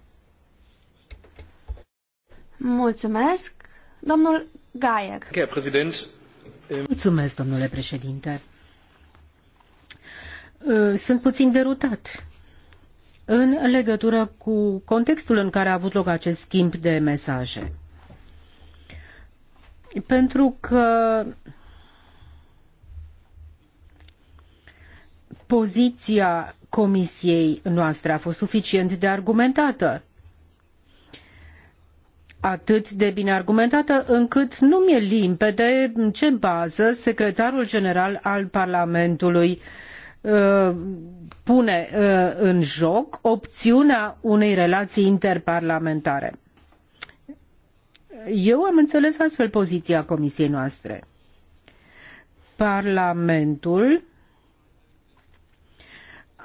Mulțumesc! Domnul Gaier. Ähm, Mulțumesc, domnule președinte. Äh, sunt puțin derutat în legătură cu contextul în care a avut loc acest schimb de mesaje. Pentru că poziția comisiei noastre a fost suficient de argumentată atât de bine argumentată încât nu mi-e limpede în ce bază secretarul general al Parlamentului uh, pune uh, în joc opțiunea unei relații interparlamentare. Eu am înțeles astfel poziția comisiei noastre. Parlamentul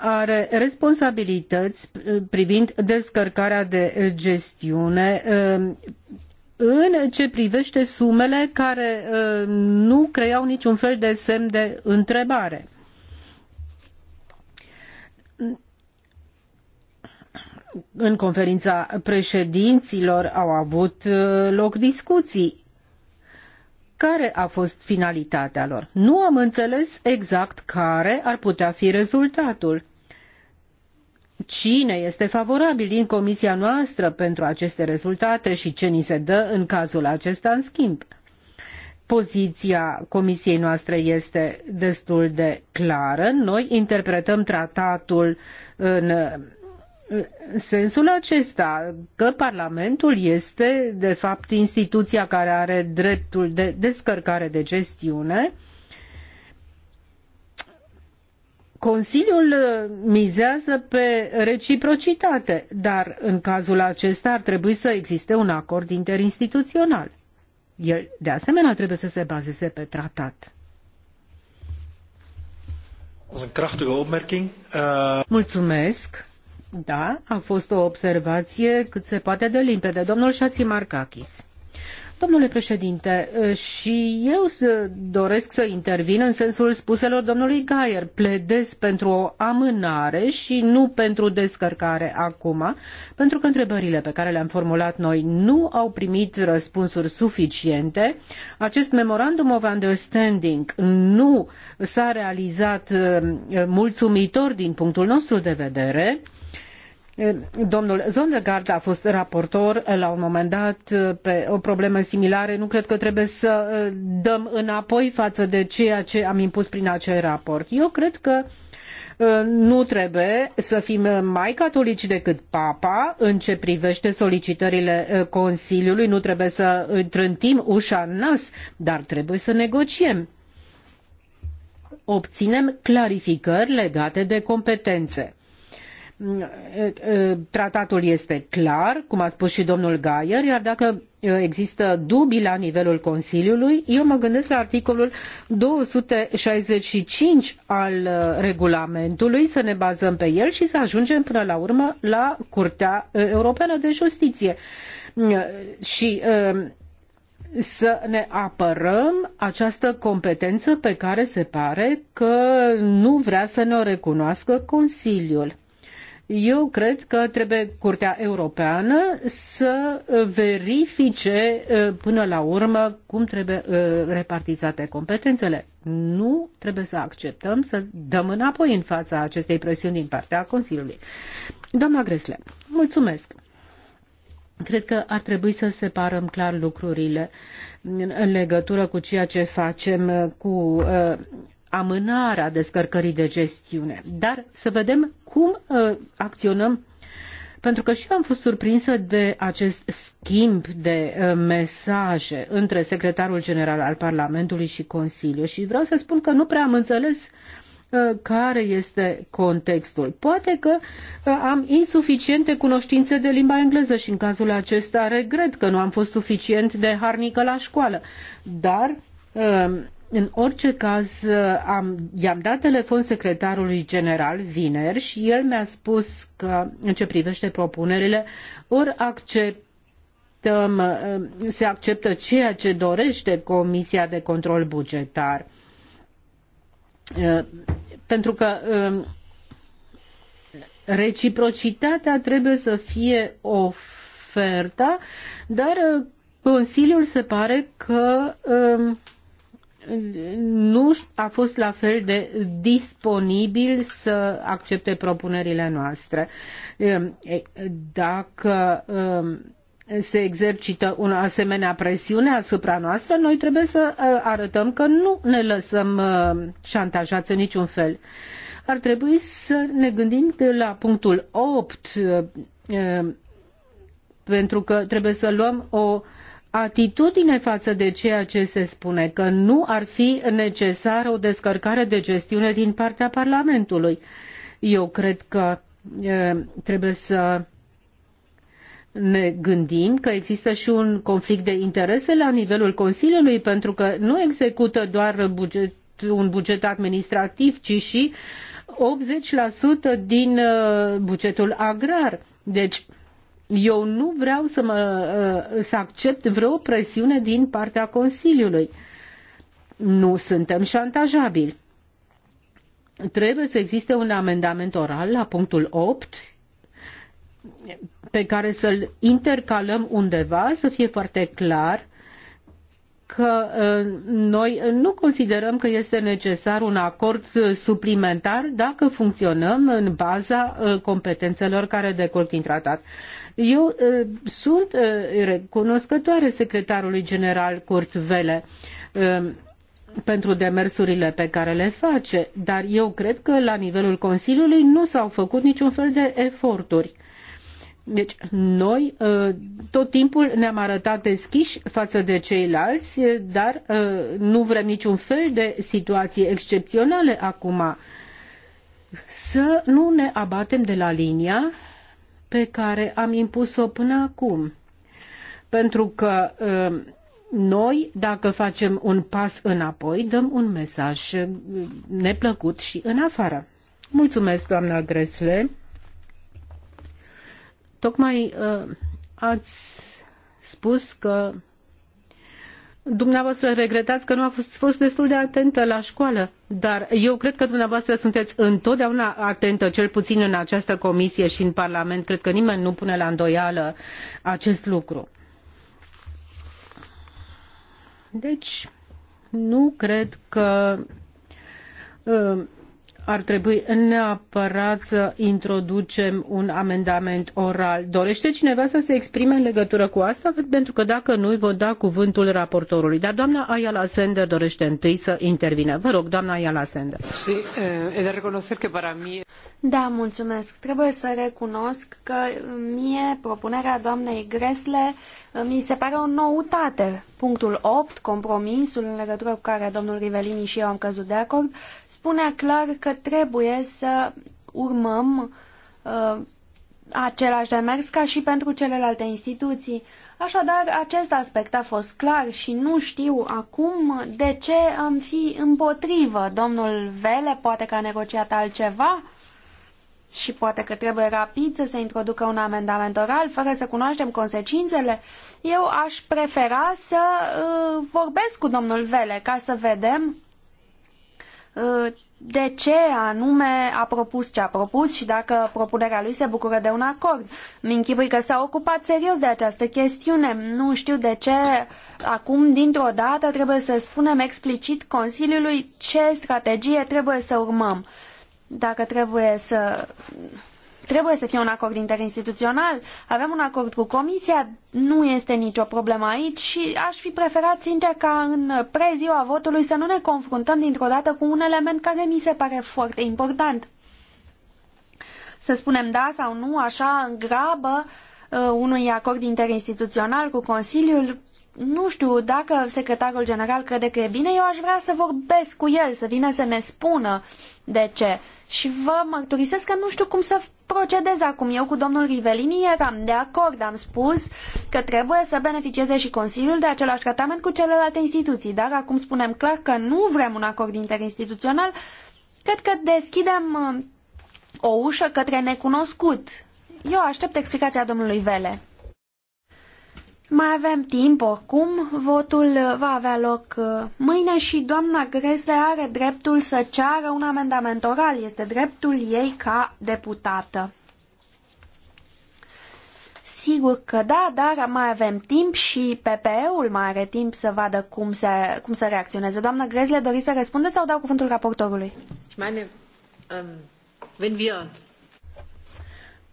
are responsabilități uh, privind descărcarea de gestiune uh, în ce privește sumele care uh, nu creau niciun fel de semn de întrebare. În conferința președinților au avut loc discuții. Care a fost finalitatea lor? Nu am înțeles exact care ar putea fi rezultatul cine este favorabil din comisia noastră pentru aceste rezultate și ce ni se dă în cazul acesta în schimb. Poziția comisiei noastre este destul de clară. Noi interpretăm tratatul în sensul acesta că Parlamentul este, de fapt, instituția care are dreptul de descărcare de gestiune Consiliul uh, mizează pe reciprocitate, dar în cazul acesta ar trebui să existe un acord interinstituțional. El, de asemenea, trebuie să se bazeze pe tratat. Eh, Mulțumesc. Da, a fost o observație cât se poate de limpede. Domnul Șațimarcachis. Domnule președinte, și eu doresc să intervin în sensul spuselor domnului Gaier. Pledez pentru o amânare și nu pentru descărcare acum, pentru că întrebările pe care le-am formulat noi nu au primit răspunsuri suficiente. Acest memorandum of understanding nu s-a realizat mulțumitor din punctul nostru de vedere. Domnul Zondergaard a fost raportor la un moment dat pe o problemă similară. Nu cred că trebuie să uh, dăm înapoi față de ceea ce am impus prin acel raport. Eu cred că uh, nu trebuie să fim mai catolici decât papa în ce privește solicitările uh, Consiliului, nu trebuie să trântim ușa în nas, dar trebuie să negociem. Obținem clarificări legate de competențe. Tratatul este clar, cum a spus și domnul Gaier, iar dacă uh, există dubii la nivelul Consiliului, eu mă gândesc la articolul 265 al uh, regulamentului, să ne bazăm pe el și să ajungem până la urmă la Curtea uh, Europeană de Justiție. Și să ne apărăm această competență pe care se pare că nu vrea să ne o recunoască Consiliul. Eu cred că trebuie Curtea Europeană să verifice până la urmă cum trebuie repartizate competențele. Nu trebuie să acceptăm să dăm înapoi în fața acestei presiuni din partea Consiliului. Doamna Gresle, mulțumesc. Cred că ar trebui să separăm clar lucrurile în legătură cu ceea ce facem cu amânarea descărcării de gestiune, dar să vedem cum uh, acționăm pentru că și eu am fost surprinsă de acest schimb de uh, mesaje între secretarul general al Parlamentului și Consiliu și vreau să spun că nu prea am înțeles uh, care este contextul. Poate că uh, am insuficiente cunoștințe de limba engleză și în cazul acesta regret că nu am fost suficient de harnică la școală. Dar uh, în orice caz, am, i-am dat telefon secretarului general vineri și el mi-a spus că, în ce privește propunerile, ori acceptăm, uh, se acceptă ceea ce dorește Comisia de Control Bugetar. Uh, pentru că um, reciprocitatea trebuie să fie oferta, dar uh, Consiliul se pare că um, nu a fost la fel de disponibil să accepte propunerile noastre. Ehm, dacă ehm, se exercită o asemenea presiune asupra noastră, noi trebuie să ă, arătăm că nu ne lăsăm ă, șantajați în niciun fel. Ar trebui să ne gândim că la punctul 8 ă, ehm, pentru că trebuie să luăm o atitudine față de ceea ce se spune că nu ar fi necesară o descărcare de gestiune din partea Parlamentului. Eu cred că e, trebuie să ne gândim că există și un conflict de interese la nivelul Consiliului, pentru că nu execută doar buget, un buget administrativ, ci și 80% din uh, bugetul agrar. Deci, eu nu vreau să, mă, uh, să accept vreo presiune din partea Consiliului. Nu suntem șantajabili. Trebuie să existe un amendament oral la punctul 8 pe care să-l intercalăm undeva, să fie foarte clar că uh, noi nu considerăm că este necesar un acord suplimentar dacă funcționăm în baza uh, competențelor care decurg din tratat. Eu uh, sunt uh, recunoscătoare secretarului general Kurt Vele um, pentru demersurile pe care le face, dar eu cred că la nivelul Consiliului nu s-au făcut niciun fel de eforturi. Deci noi uh, tot timpul ne-am arătat deschiși față de ceilalți, dar nu vrem niciun fel de situații excepționale acum. Să nu ne abatem de la linia pe care am impus-o până acum. Pentru că uh, noi, dacă facem un pas înapoi, dăm un mesaj uh, neplăcut și în afară. Mulțumesc, doamna Gresle. Tocmai uh, ați spus că Dumneavoastră regretați că nu a fost, fost destul de atentă la școală, dar eu cred că dumneavoastră sunteți întotdeauna atentă, cel puțin în această comisie și în Parlament. Cred că nimeni nu pune la îndoială acest lucru. Deci, nu cred că uh, ar trebui neapărat să introducem un amendament oral. Dorește cineva să se exprime în legătură cu asta? Pentru că dacă nu, îi vă da cuvântul raportorului. Dar doamna Ayala Sender dorește întâi să intervină. Vă rog, doamna Ayala Sender. Eh, da, mulțumesc. Trebuie să recunosc că mie propunerea doamnei Gresle mi se pare o noutate. Punctul 8, compromisul în legătură cu care domnul Rivelini și eu am căzut de acord, spunea clar că trebuie să urmăm uh, același demers ca și pentru celelalte instituții. Așadar, acest aspect a fost clar și nu știu acum de ce am fi împotrivă. Domnul Vele poate că a negociat altceva și poate că trebuie rapid să se introducă un amendament oral fără să cunoaștem consecințele, eu aș prefera să uh, vorbesc cu domnul Vele ca să vedem uh, de ce anume a propus ce a propus și dacă propunerea lui se bucură de un acord. Mi-închipui că s-a ocupat serios de această chestiune. Nu știu de ce acum, dintr-o dată, trebuie să spunem explicit Consiliului ce strategie trebuie să urmăm. Uh, dacă trebuie să trebuie să fie un acord interinstituțional, avem un acord cu Comisia, nu este nicio problemă aici și aș fi preferat, sincer, ca în preziua votului să nu ne confruntăm dintr-o dată cu un element care mi se pare foarte important. Să spunem da sau nu, așa, în grabă, uh, unui acord interinstituțional cu Consiliul, nu știu dacă secretarul general crede că e bine, eu aș vrea să vorbesc cu el, să vină să ne spună de ce. Și vă mărturisesc că nu știu cum să procedez acum. Eu cu domnul Rivelini eram de acord, am spus că trebuie să beneficieze și Consiliul de același tratament cu celelalte instituții, dar acum spunem clar că nu vrem un acord interinstituțional, cred că deschidem uh, o ușă către necunoscut. Eu aștept explicația domnului Vele. Mai avem timp oricum, votul va avea loc uh, mâine și doamna Gresle are dreptul să ceară un amendament oral, este dreptul ei ca deputată. Sigur că da, dar mai avem timp și PPE-ul mai are timp să vadă cum, se, cum se reacționeze. Doamna Gresle, doriți să răspundeți sau dau cuvântul raportorului? Ähm,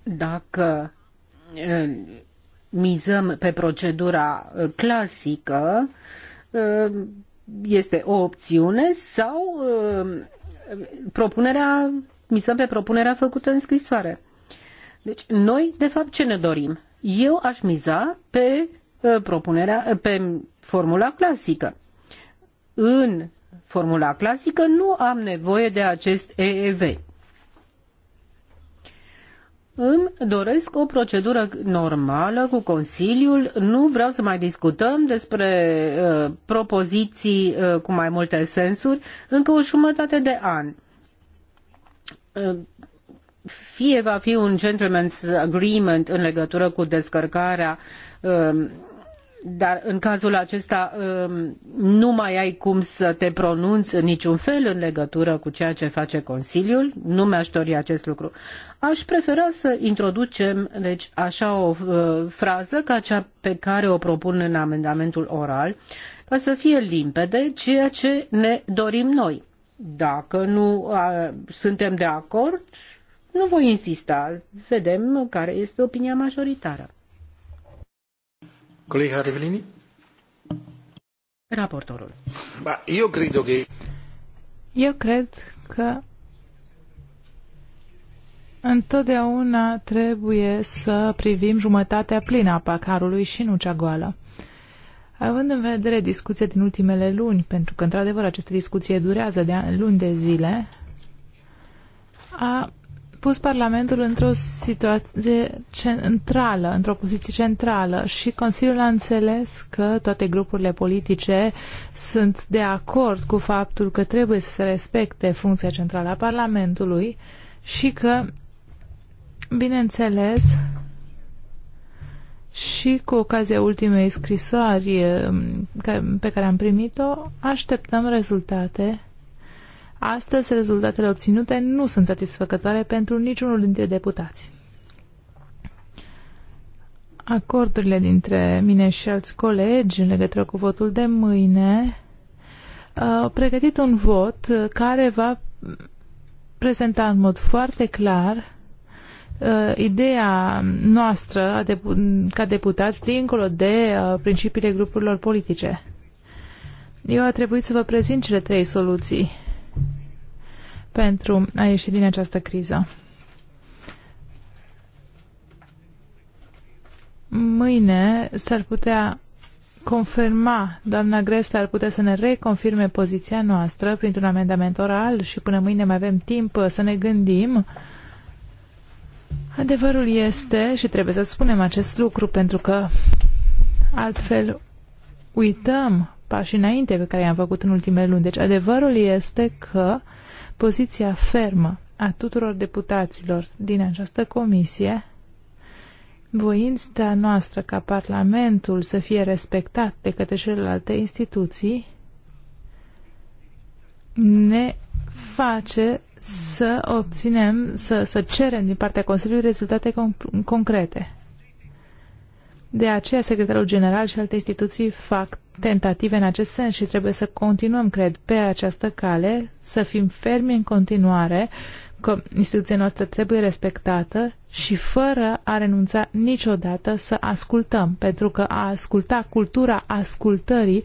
Dacă mizăm pe procedura uh, clasică, uh, este o opțiune sau uh, propunerea, mizăm pe propunerea făcută în scrisoare. Deci noi, de fapt, ce ne dorim? Eu aș miza pe propunerea, pe formula clasică. În formula clasică nu am nevoie de acest EEV. Îmi doresc o procedură normală cu Consiliul. Nu vreau să mai discutăm despre uh, propoziții uh, cu mai multe sensuri încă o jumătate de an. Uh, fie va fi un gentleman's agreement în legătură cu descărcarea uh, dar în cazul acesta um, nu mai ai cum să te pronunți în niciun fel în legătură cu ceea ce face Consiliul. Nu mi-aș dori acest lucru. Aș prefera să introducem deci, așa o uh, frază ca cea pe care o propun în amendamentul oral, ca să fie limpede ceea ce ne dorim noi. Dacă nu uh, suntem de acord, nu voi insista. Vedem care este opinia majoritară. Colega Rivellini? Raportorul. Ba, eu cred că... Eu cred că întotdeauna trebuie să privim jumătatea plină a pacarului și nu cea goală. Având în vedere discuția din ultimele luni, pentru că, într-adevăr, această discuție durează de luni de zile, a pus Parlamentul într-o situație centrală, într-o poziție centrală și Consiliul a înțeles că toate grupurile politice sunt de acord cu faptul că trebuie să se respecte funcția centrală a Parlamentului și că, bineînțeles, și cu ocazia ultimei scrisori um, pe care am primit-o, așteptăm rezultate Astăzi, rezultatele obținute nu sunt satisfăcătoare pentru niciunul dintre deputați. Acordurile dintre mine și alți colegi în legătură cu votul de mâine uh, au pregătit un vot care va prezenta în mod foarte clar uh, ideea noastră a depu- ca deputați dincolo de uh, principiile grupurilor politice. Eu a trebuit să vă prezint cele trei soluții pentru a ieși din această criză. Mâine s-ar putea confirma, doamna Gresler ar putea să ne reconfirme poziția noastră printr-un amendament oral și până mâine mai avem timp să ne gândim. Adevărul este, și trebuie să spunem acest lucru, pentru că altfel uităm pașii înainte pe care i-am făcut în ultimele luni. Deci adevărul este că uh, poziția fermă a tuturor deputaților din această comisie, voința noastră ca Parlamentul să fie respectat de către celelalte instituții, ne face să obținem, să, să cerem din partea Consiliului rezultate concrete. De aceea, secretarul general și alte instituții fac tentative în acest sens și trebuie să continuăm, cred, pe această cale, să fim fermi în continuare că instituția noastră trebuie respectată și fără a renunța niciodată să ascultăm, pentru că a asculta cultura ascultării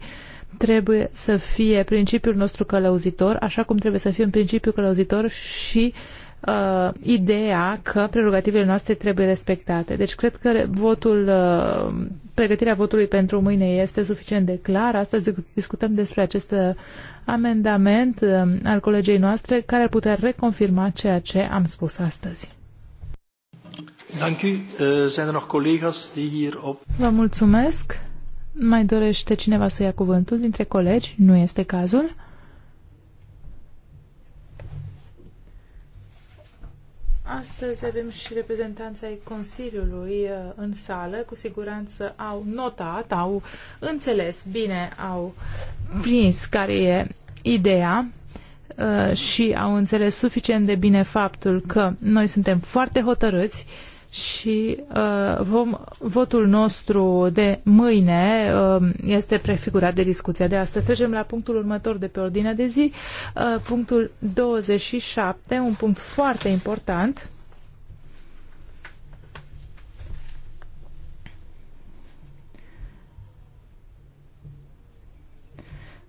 trebuie să fie principiul nostru călăuzitor, așa cum trebuie să fie un principiu călăuzitor și uh, uh, ideea că prerogativele noastre trebuie respectate. Deci cred că votul, uh, pregătirea votului pentru mâine este suficient de clară. Astăzi discutăm despre acest amendament uh, al colegei noastre care ar putea reconfirma ceea ce am spus astăzi. Eh, er Vă mulțumesc. Mai dorește cineva să ia cuvântul dintre colegi? Nu este cazul. Astăzi avem și reprezentanța ai Consiliului uh, în sală. Cu siguranță au notat, au înțeles bine, au prins care e ideea uh, și au înțeles suficient de bine faptul că noi suntem foarte hotărâți uh, și uh, vom, votul nostru de mâine uh, este prefigurat de discuția de astăzi. Trecem la punctul următor de pe ordinea de zi, uh, punctul 27, un punct foarte important.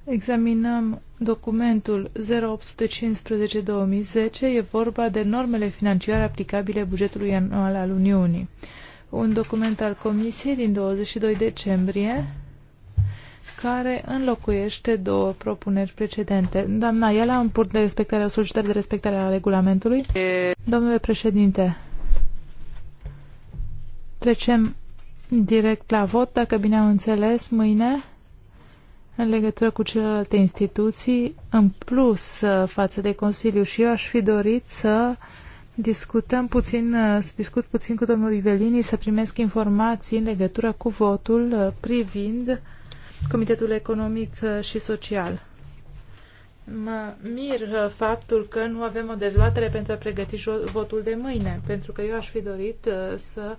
Examinăm documentul 0815-2010 e vorba de normele financiare aplicabile bugetului anual al Uniunii. Un document al Comisiei din 22 decembrie care înlocuiește două propuneri precedente. Doamna Iala, în punct de respectarea solicitării de respectare a regulamentului. Domnule președinte, trecem direct la vot, dacă bine am înțeles, mâine în legătură cu celelalte instituții, în plus uh, față de Consiliu. Și eu aș fi dorit să discutăm puțin, uh, să discut puțin cu domnul Rivelini, să primesc informații în legătură cu votul uh, privind Comitetul Economic și Social. Mă mir faptul că nu avem o dezbatere pentru a pregăti votul de mâine, pentru că eu aș fi dorit să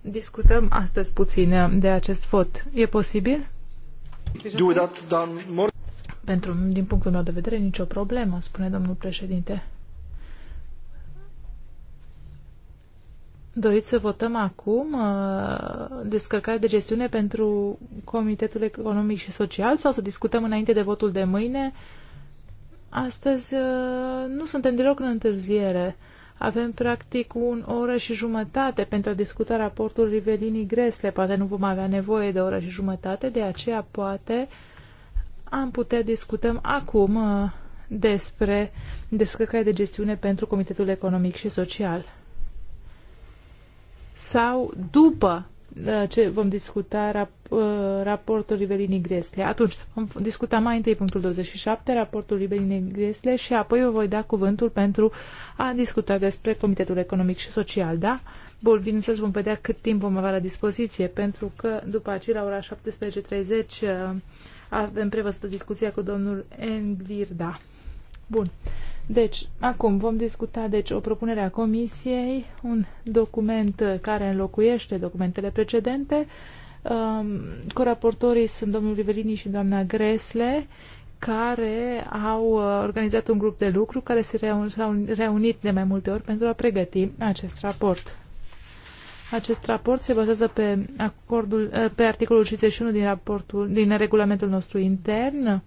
discutăm astăzi puțin de acest vot. E posibil? Deci, pentru, din punctul meu de vedere, nicio problemă, spune domnul președinte. Doriți să votăm acum uh, descărcarea de gestiune pentru Comitetul Economic și Social sau să discutăm înainte de votul de mâine? Astăzi uh, nu suntem deloc în întârziere. Avem practic un oră și jumătate pentru a discuta raportul Rivelinii Gresle. Poate nu vom avea nevoie de o oră și jumătate, de aceea poate am putea discutăm acum uh, despre descărcarea de gestiune pentru Comitetul Economic și Social sau după ce vom discuta rap, uh, raportul Rivelinii Gresle. Atunci, vom discuta mai întâi punctul 27, raportul Rivelinii Gresle și apoi vă voi da cuvântul pentru a discuta despre Comitetul Economic și Social, da? Bun, bineînțeles, vom vedea cât timp vom avea la dispoziție, pentru că după aceea, la ora 17.30, uh, avem prevăzut o discuție cu domnul Envirda. Bun. Deci, acum vom discuta deci, o propunere a Comisiei, un document care înlocuiește documentele precedente. Um, coraportorii sunt domnul Rivelini și doamna Gresle, care au uh, organizat un grup de lucru care s-au reunit de mai multe ori pentru a pregăti acest raport. Acest raport se bazează pe, acordul, uh, pe articolul 61 din, raportul, din regulamentul nostru intern,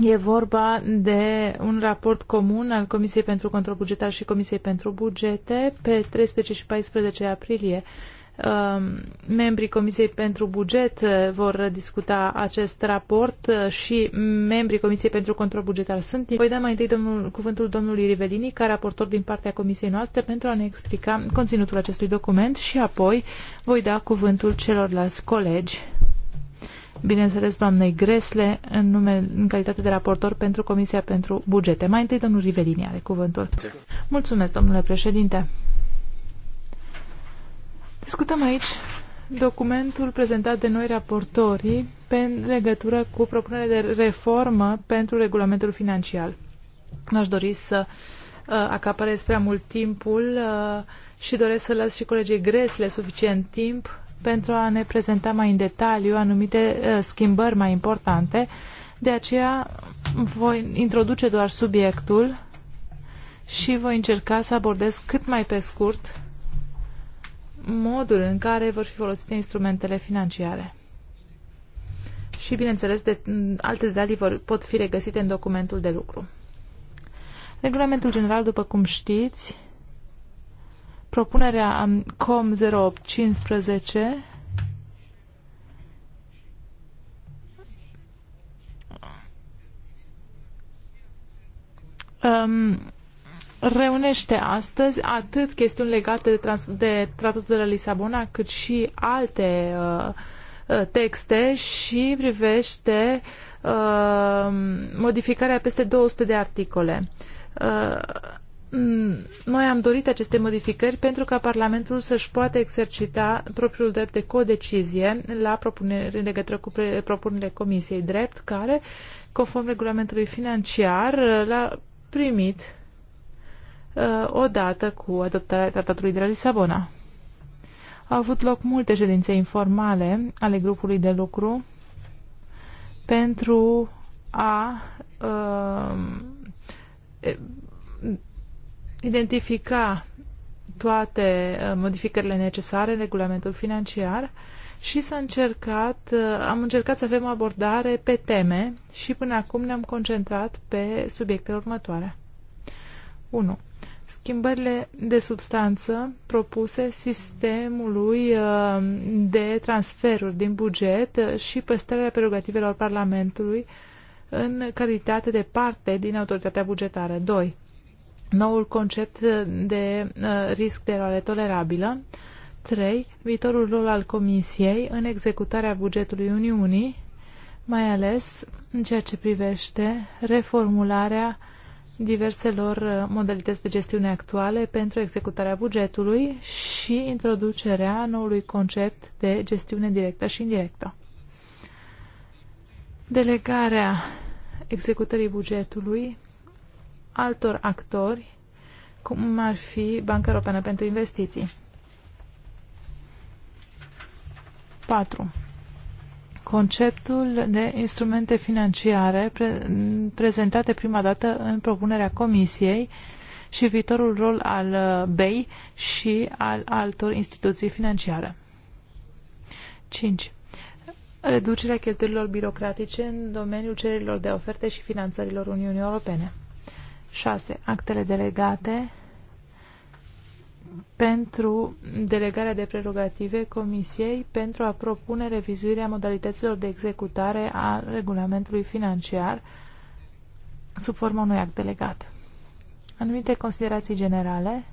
E vorba de un raport comun al Comisiei pentru Control Bugetar și Comisiei pentru Bugete pe 13 și 14 aprilie. Um, membrii Comisiei pentru Buget uh, vor discuta acest raport uh, și membrii Comisiei pentru Control Bugetar sunt. Voi da mai întâi domnul, cuvântul domnului Rivelini, ca raportor din partea Comisiei noastre, pentru a ne explica conținutul acestui document și apoi voi da cuvântul celorlalți colegi bineînțeles, doamnei Gresle, în, nume, în calitate de raportor pentru Comisia pentru Bugete. Mai întâi, domnul Rivelini are cuvântul. Mulțumesc, domnule președinte. Discutăm aici documentul prezentat de noi raportorii pe legătură cu propunerea de reformă pentru regulamentul financiar. N-aș dori să uh, acaparez prea mult timpul uh, și doresc să las și colegii gresle suficient timp pentru a ne prezenta mai în detaliu anumite uh, schimbări mai importante. De aceea voi introduce doar subiectul și voi încerca să abordez cât mai pe scurt modul în care vor fi folosite instrumentele financiare. Și, bineînțeles, de, alte detalii vor, pot fi regăsite în documentul de lucru. Regulamentul general, după cum știți, Propunerea COM 0815 um, reunește astăzi atât chestiuni legate de, trans- de Tratatul de la Lisabona, cât și alte uh, uh texte și privește uh, modificarea peste 200 de articole. Uh, Mm, noi am dorit aceste modificări pentru ca Parlamentul să-și poată exercita propriul drept de codecizie la propunere, în legătură cu propunerile Comisiei Drept, care, conform regulamentului financiar, l-a primit uh, odată cu adoptarea Tratatului de la Lisabona. Au avut loc multe ședințe informale ale grupului de lucru pentru a uh, identifica toate uh, modificările necesare în regulamentul financiar și s-a încercat, uh, am încercat să avem abordare pe teme și până acum ne-am concentrat pe subiectele următoare. 1. Schimbările de substanță propuse sistemului uh, de transferuri din buget și păstrarea prerogativelor Parlamentului în calitate de parte din autoritatea bugetară. 2 noul concept de uh, risc de eroare tolerabilă. 3. Viitorul rol al Comisiei în executarea bugetului Uniunii, mai ales în ceea ce privește reformularea diverselor uh, modalități de gestiune actuale pentru executarea bugetului și introducerea noului concept de gestiune directă și indirectă. Delegarea executării bugetului altor actori, cum ar fi Banca Europeană pentru Investiții. 4. Conceptul de instrumente financiare pre prezentate prima dată în propunerea Comisiei și viitorul rol al uh, BEI și al altor instituții financiare. 5. Reducerea cheltuielilor birocratice în domeniul cererilor de oferte și finanțărilor Uniunii Europene. 6. Actele delegate pentru delegarea de prerogative Comisiei pentru a propune revizuirea modalităților de executare a regulamentului financiar sub formă unui act delegat. Anumite considerații generale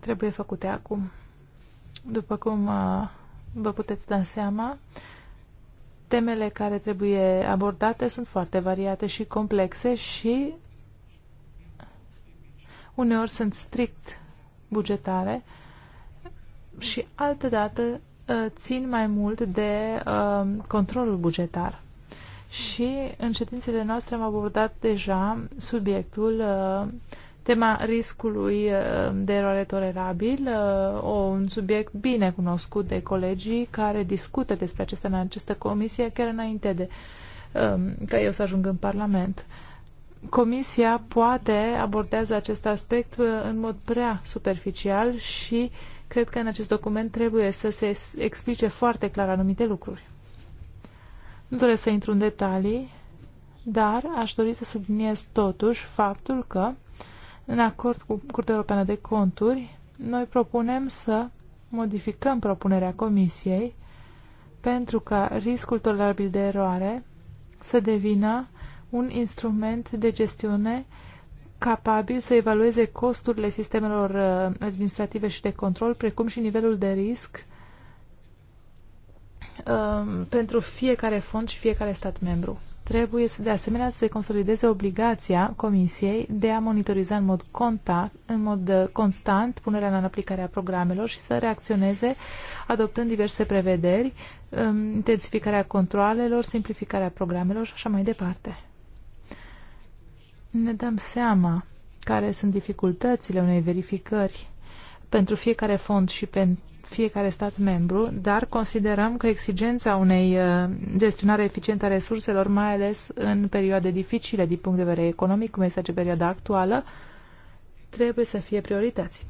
trebuie făcute acum. După cum uh, vă puteți da seama, temele care trebuie abordate sunt foarte variate și complexe și uneori sunt strict bugetare și altădată uh, țin mai mult de uh, controlul bugetar. Și în ședințele noastre am abordat deja subiectul uh, Tema riscului uh, de eroare tolerabil, uh, un subiect bine cunoscut de colegii care discută despre acesta în această comisie chiar înainte de um, ca eu să ajung în Parlament. Comisia poate abordează acest aspect uh, în mod prea superficial și cred că în acest document trebuie să se explice foarte clar anumite lucruri. Nu doresc să intru în detalii, dar aș dori să subliniez totuși faptul că în acord cu Curtea Europeană de Conturi, noi propunem să modificăm propunerea Comisiei pentru ca riscul tolerabil de eroare să devină un instrument de gestiune capabil să evalueze costurile sistemelor uh, administrative și de control, precum și nivelul de risc Um, pentru fiecare fond și fiecare stat membru. Trebuie să, de asemenea să se consolideze obligația Comisiei de a monitoriza în mod, contact, în mod uh, constant punerea în aplicare a programelor și să reacționeze adoptând diverse prevederi, um, intensificarea controalelor, simplificarea programelor și așa mai departe. Ne dăm seama care sunt dificultățile unei verificări pentru fiecare fond și pentru fiecare stat membru, dar considerăm că exigența unei uh, gestionare eficientă a resurselor, mai ales în perioade dificile din punct de vedere economic, cum este perioada actuală, trebuie să fie priorități.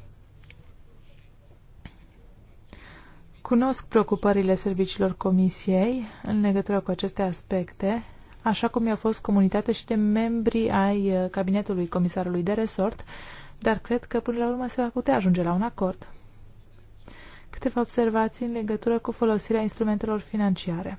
Cunosc preocupările serviciilor Comisiei în legătură cu aceste aspecte, așa cum i-a fost comunitate și de membrii ai uh, cabinetului comisarului de resort, dar cred că până la urmă se va putea ajunge la un acord câteva observații în legătură cu folosirea instrumentelor financiare.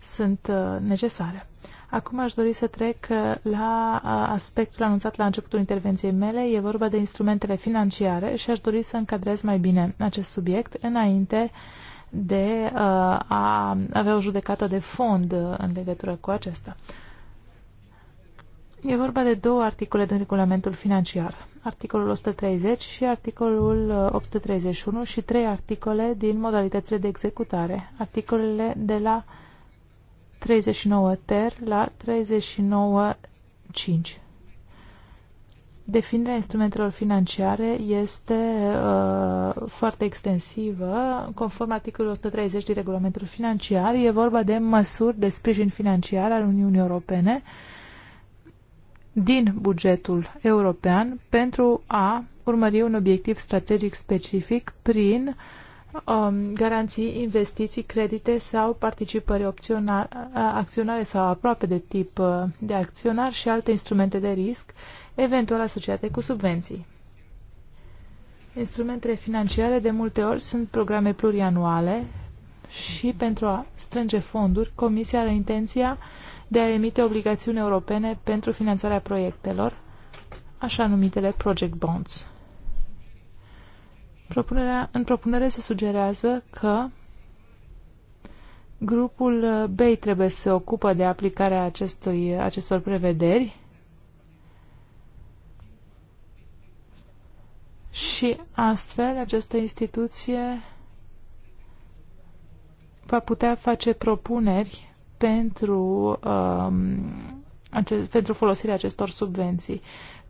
Sunt uh, necesare. Acum aș dori să trec uh, la uh, aspectul anunțat la începutul intervenției mele. E vorba de instrumentele financiare și aș dori să încadrez mai bine acest subiect înainte de a avea o judecată de fond în legătură cu acesta. E vorba de două articole din regulamentul financiar, articolul 130 și articolul 831 uh, și trei articole din modalitățile de executare, articolele de la 39 ter la 39 5. Definirea instrumentelor financiare este uh, foarte extensivă. Conform articolului 130 din regulamentul financiar, e vorba de măsuri de sprijin financiar al Uniunii Europene uh, din bugetul european pentru a urmări un obiectiv strategic specific prin um, garanții, investiții, credite sau participări acționare sau aproape de tip uh, de acționar și alte instrumente de risc, eventual asociate cu subvenții. Instrumentele financiare de multe ori sunt programe plurianuale și pentru a strânge fonduri, Comisia are intenția de a emite obligațiuni europene pentru finanțarea proiectelor, așa numitele project bonds. Propunerea, în propunere se sugerează că grupul BEI trebuie să se ocupă de aplicarea acestui, acestor prevederi și astfel această instituție va putea face propuneri pentru, um, acest, pentru folosirea acestor subvenții.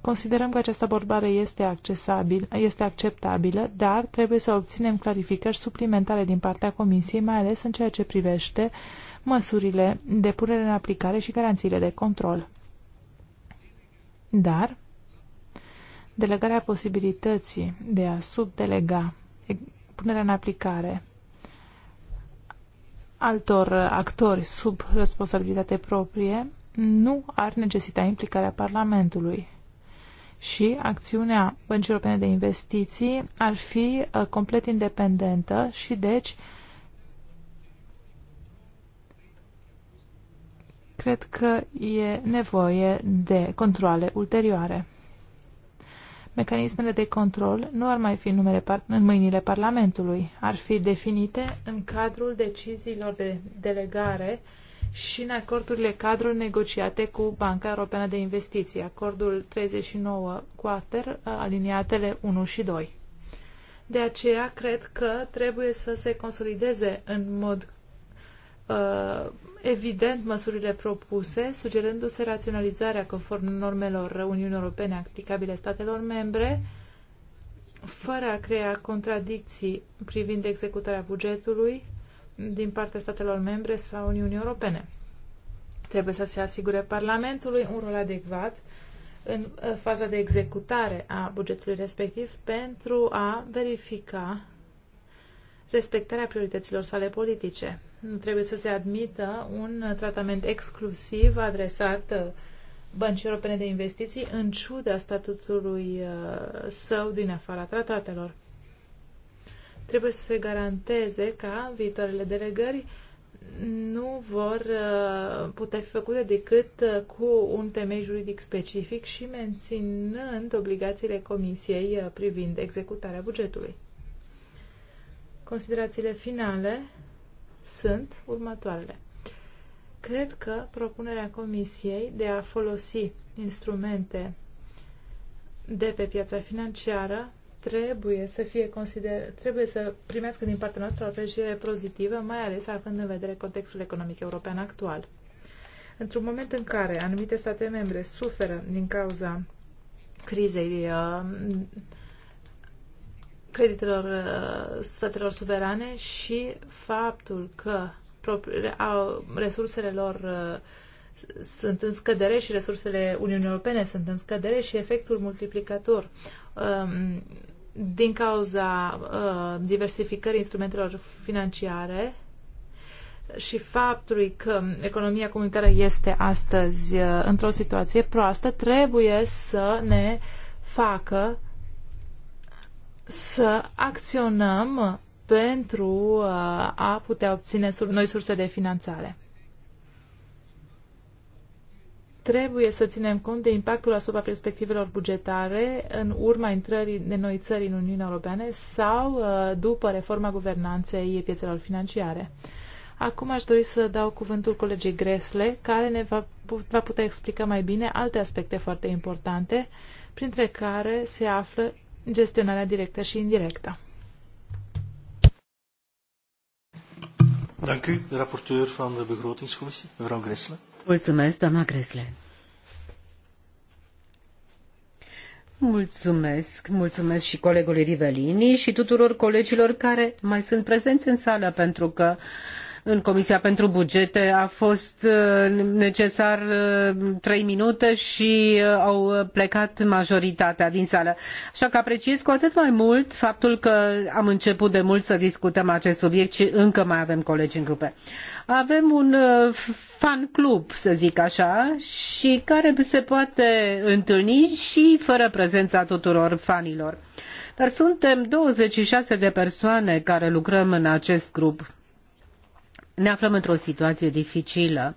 Considerăm că această abordare este, accesabil, este acceptabilă, dar trebuie să obținem clarificări suplimentare din partea Comisiei, mai ales în ceea ce privește măsurile de punere în aplicare și garanțiile de control. Dar delegarea posibilității de a subdelega punerea în aplicare altor actori sub responsabilitate proprie nu ar necesita implicarea Parlamentului și acțiunea Băncii Europene de Investiții ar fi uh, complet independentă și deci cred că e nevoie de controle ulterioare mecanismele de control nu ar mai fi numele par- în mâinile Parlamentului, ar fi definite în cadrul deciziilor de delegare și în acordurile cadrul negociate cu Banca Europeană de Investiții, acordul 39 quarter, aliniatele 1 și 2. De aceea, cred că trebuie să se consolideze în mod uh, evident măsurile propuse, sugerându-se raționalizarea conform normelor Uniunii Europene aplicabile statelor membre, fără a crea contradicții privind executarea bugetului din partea statelor membre sau Uniunii Europene. Trebuie să se asigure Parlamentului un rol adecvat în uh, faza de executare a bugetului respectiv pentru a verifica respectarea priorităților sale politice. Nu trebuie să se admită un tratament exclusiv adresat uh, băncii europene de investiții în ciuda statutului uh, său din afara tratatelor. Trebuie să se garanteze ca viitoarele delegări nu vor uh, putea fi făcute decât cu un temei juridic specific și menținând obligațiile Comisiei privind executarea bugetului. Considerațiile finale sunt următoarele. Cred că propunerea Comisiei de a folosi instrumente de pe piața financiară trebuie să, fie consider, trebuie să primească din partea noastră o apreciere pozitivă, mai ales având în vedere contextul economic european actual. Într-un moment în care anumite state membre suferă din cauza crizei uh, creditelor uh, statelor suverane și faptul că au, resursele lor uh, sunt în scădere și resursele Uniunii Europene sunt în scădere și efectul multiplicator um, din cauza uh, diversificării instrumentelor financiare și faptului că economia comunitară este astăzi uh, într-o situație proastă, trebuie să ne facă să acționăm pentru uh, a putea obține noi surse de finanțare. Trebuie să ținem cont de impactul asupra perspectivelor bugetare în urma intrării de noi țări în Uniunea Europeană sau uh, după reforma guvernanței piețelor financiare. Acum aș dori să dau cuvântul colegii Gresle, care ne va, va putea explica mai bine alte aspecte foarte importante, printre care se află gestionarea directă și indirectă. Dank u, rapporteur van de begrotingscommissie, mevrouw Gressle. Mulțumesc, doamna Gressle. Mulțumesc, mulțumesc și colegului Rivelini și tuturor colegilor care mai sunt prezenți în sală, pentru că uh, în Comisia pentru Bugete a fost uh, necesar uh, trei minute și uh, au plecat majoritatea din sală. Așa că apreciez cu atât mai mult faptul că am început de mult să discutăm acest subiect și încă mai avem colegi în grupe. Avem un fan club, să zic așa, și care se poate întâlni și fără prezența tuturor fanilor. Dar suntem 26 de persoane care lucrăm în acest grup ne aflăm într-o situație dificilă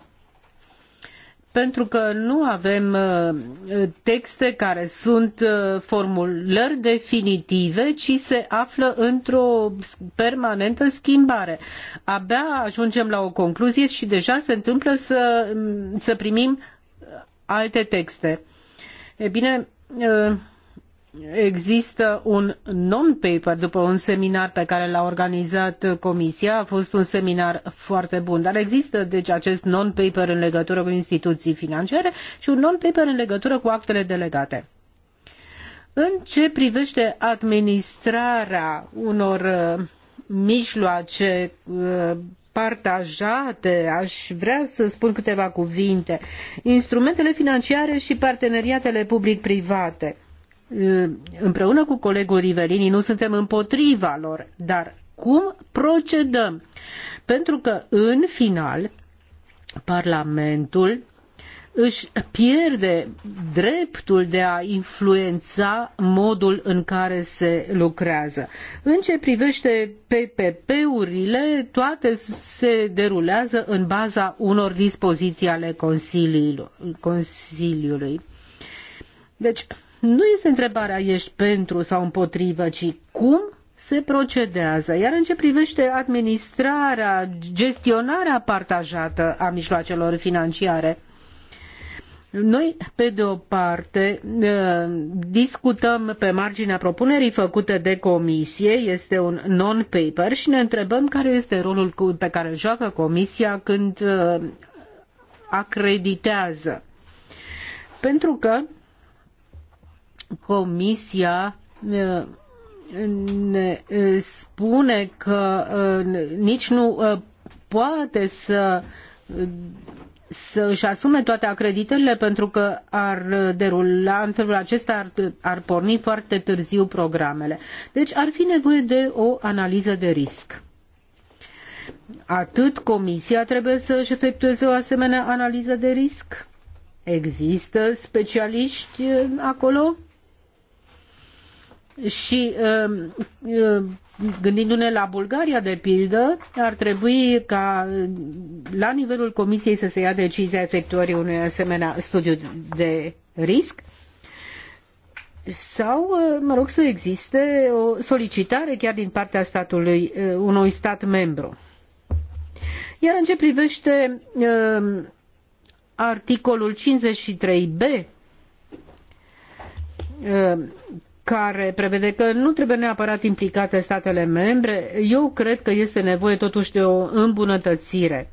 pentru că nu avem uh, texte care sunt uh, formulări definitive, ci se află într-o permanentă schimbare. Abia ajungem la o concluzie și deja se întâmplă să, mm, să primim uh, alte texte. E bine, există un non-paper după un seminar pe care l-a organizat Comisia, a fost un seminar foarte bun, dar există deci acest non-paper în legătură cu instituții financiare și un non-paper în legătură cu actele delegate. În ce privește administrarea unor uh, mijloace uh, partajate, aș vrea să spun câteva cuvinte, instrumentele financiare și parteneriatele public-private – împreună cu colegul Rivelini nu suntem împotriva lor, dar cum procedăm? Pentru că în final Parlamentul își pierde dreptul de a influența modul în care se lucrează. În ce privește PPP-urile, toate se derulează în baza unor dispoziții ale Consiliului. Deci, nu este întrebarea ești pentru sau împotrivă, ci cum se procedează. Iar în ce privește administrarea, gestionarea partajată a mijloacelor financiare, noi, pe de o parte, ă, discutăm pe marginea propunerii făcute de comisie, este un non-paper și ne întrebăm care este rolul pe care îl joacă comisia când ă, acreditează. Pentru că Comisia uh, ne uh, spune că uh, nici nu poate să să își asume toate acreditările pentru că ar derula în felul acesta ar, ar porni foarte târziu programele. Deci ar fi nevoie de o analiză de risc. Atât comisia trebuie să își efectueze o asemenea analiză de risc. Există specialiști acolo și um, um, gândindu-ne la Bulgaria, de pildă, ar trebui ca um, la nivelul Comisiei să se ia decizia efectuării unui asemenea studiu de risc sau, uh, mă rog, să existe o solicitare chiar din partea statului, uh, unui stat membru. Iar în ce privește articolul 53b care prevede că nu trebuie neapărat implicate statele membre, eu cred că este nevoie totuși de o îmbunătățire.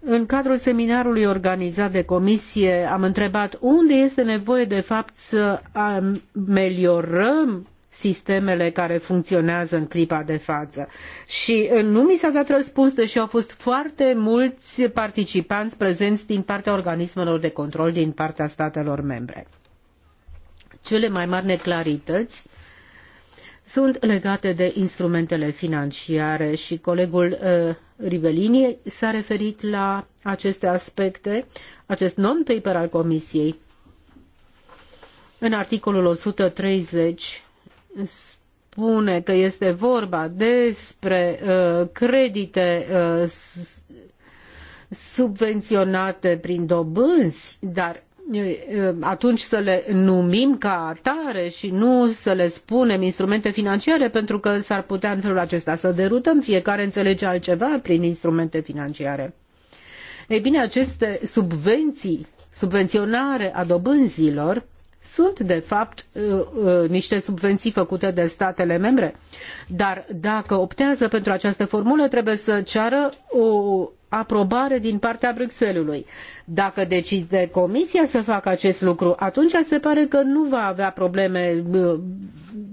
În cadrul seminarului organizat de comisie am întrebat unde este nevoie de fapt să ameliorăm sistemele care funcționează în clipa de față. Și nu mi s-a dat răspuns, deși au fost foarte mulți participanți prezenți din partea organismelor de control din partea statelor membre cele mai mari neclarități sunt legate de instrumentele financiare și colegul uh, Rivelini s-a referit la aceste aspecte, acest non-paper al Comisiei. În articolul 130 spune că este vorba despre uh, credite uh, subvenționate prin dobânzi, dar atunci să le numim ca atare și nu să le spunem instrumente financiare, pentru că s-ar putea în felul acesta să derutăm fiecare înțelege altceva prin instrumente financiare. Ei bine, aceste subvenții, subvenționare a dobânzilor, sunt de fapt uh, uh, niște subvenții făcute de statele membre, dar dacă optează pentru această formulă trebuie să ceară o aprobare din partea Bruxellesului. Dacă decide Comisia să facă acest lucru, atunci se pare că nu va avea probleme uh,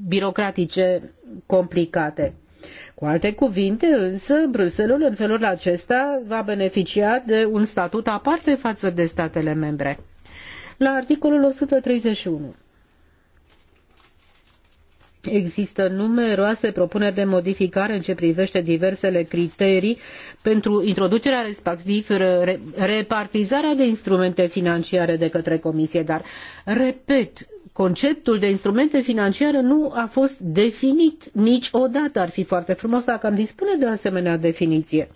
birocratice complicate. Cu alte cuvinte, însă, Bruxelles în felul acesta va beneficia de un statut aparte față de statele membre. La articolul 131 Există numeroase propuneri de modificare în ce privește diversele criterii pentru introducerea respectiv repartizarea de instrumente financiare de către Comisie, dar, repet, conceptul de instrumente financiare nu a fost definit niciodată. Ar fi foarte frumos dacă am dispune de o asemenea definiție.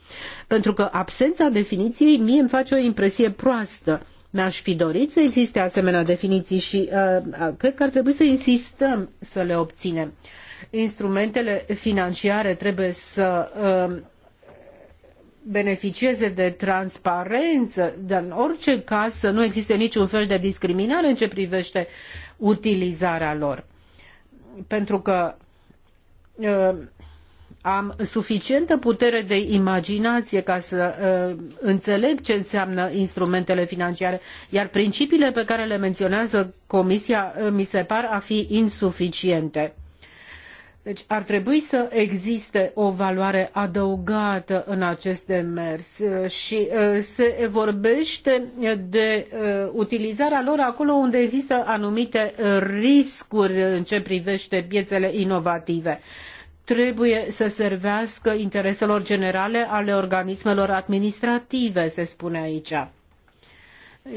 Pentru că absența definiției mie îmi face o impresie proastă. Mi-aș fi dorit să existe asemenea definiții și uh, uh, cred că ar trebui să insistăm să le obținem. Instrumentele financiare trebuie să uh, beneficieze de transparență, dar în orice caz să nu existe niciun fel de discriminare în ce privește utilizarea lor. Pentru că uh, am suficientă putere de imaginație ca să uh, înțeleg ce înseamnă instrumentele financiare, iar principiile pe care le menționează Comisia uh, mi se par a fi insuficiente. Deci ar trebui să existe o valoare adăugată în acest demers uh, și uh, se vorbește de uh, utilizarea lor acolo unde există anumite riscuri în ce privește piețele inovative trebuie să servească intereselor generale ale organismelor administrative, se spune aici.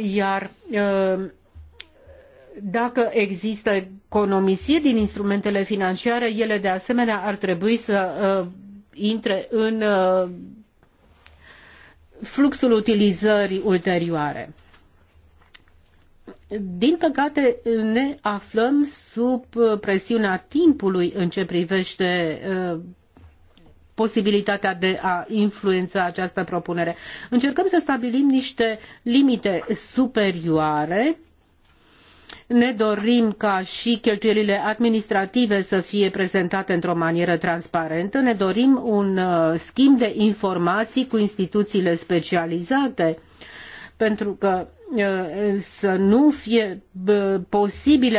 Iar ă, dacă există economisiri din instrumentele financiare, ele de asemenea ar trebui să ă, intre în ă, fluxul utilizării ulterioare. Din păcate, ne aflăm sub uh, presiunea timpului în ce privește uh, posibilitatea de a influența această propunere. Încercăm să stabilim niște limite superioare. Ne dorim ca și cheltuielile administrative să fie prezentate într-o manieră transparentă. Ne dorim un uh, schimb de informații cu instituțiile specializate, pentru că Eh, să nu fie posibile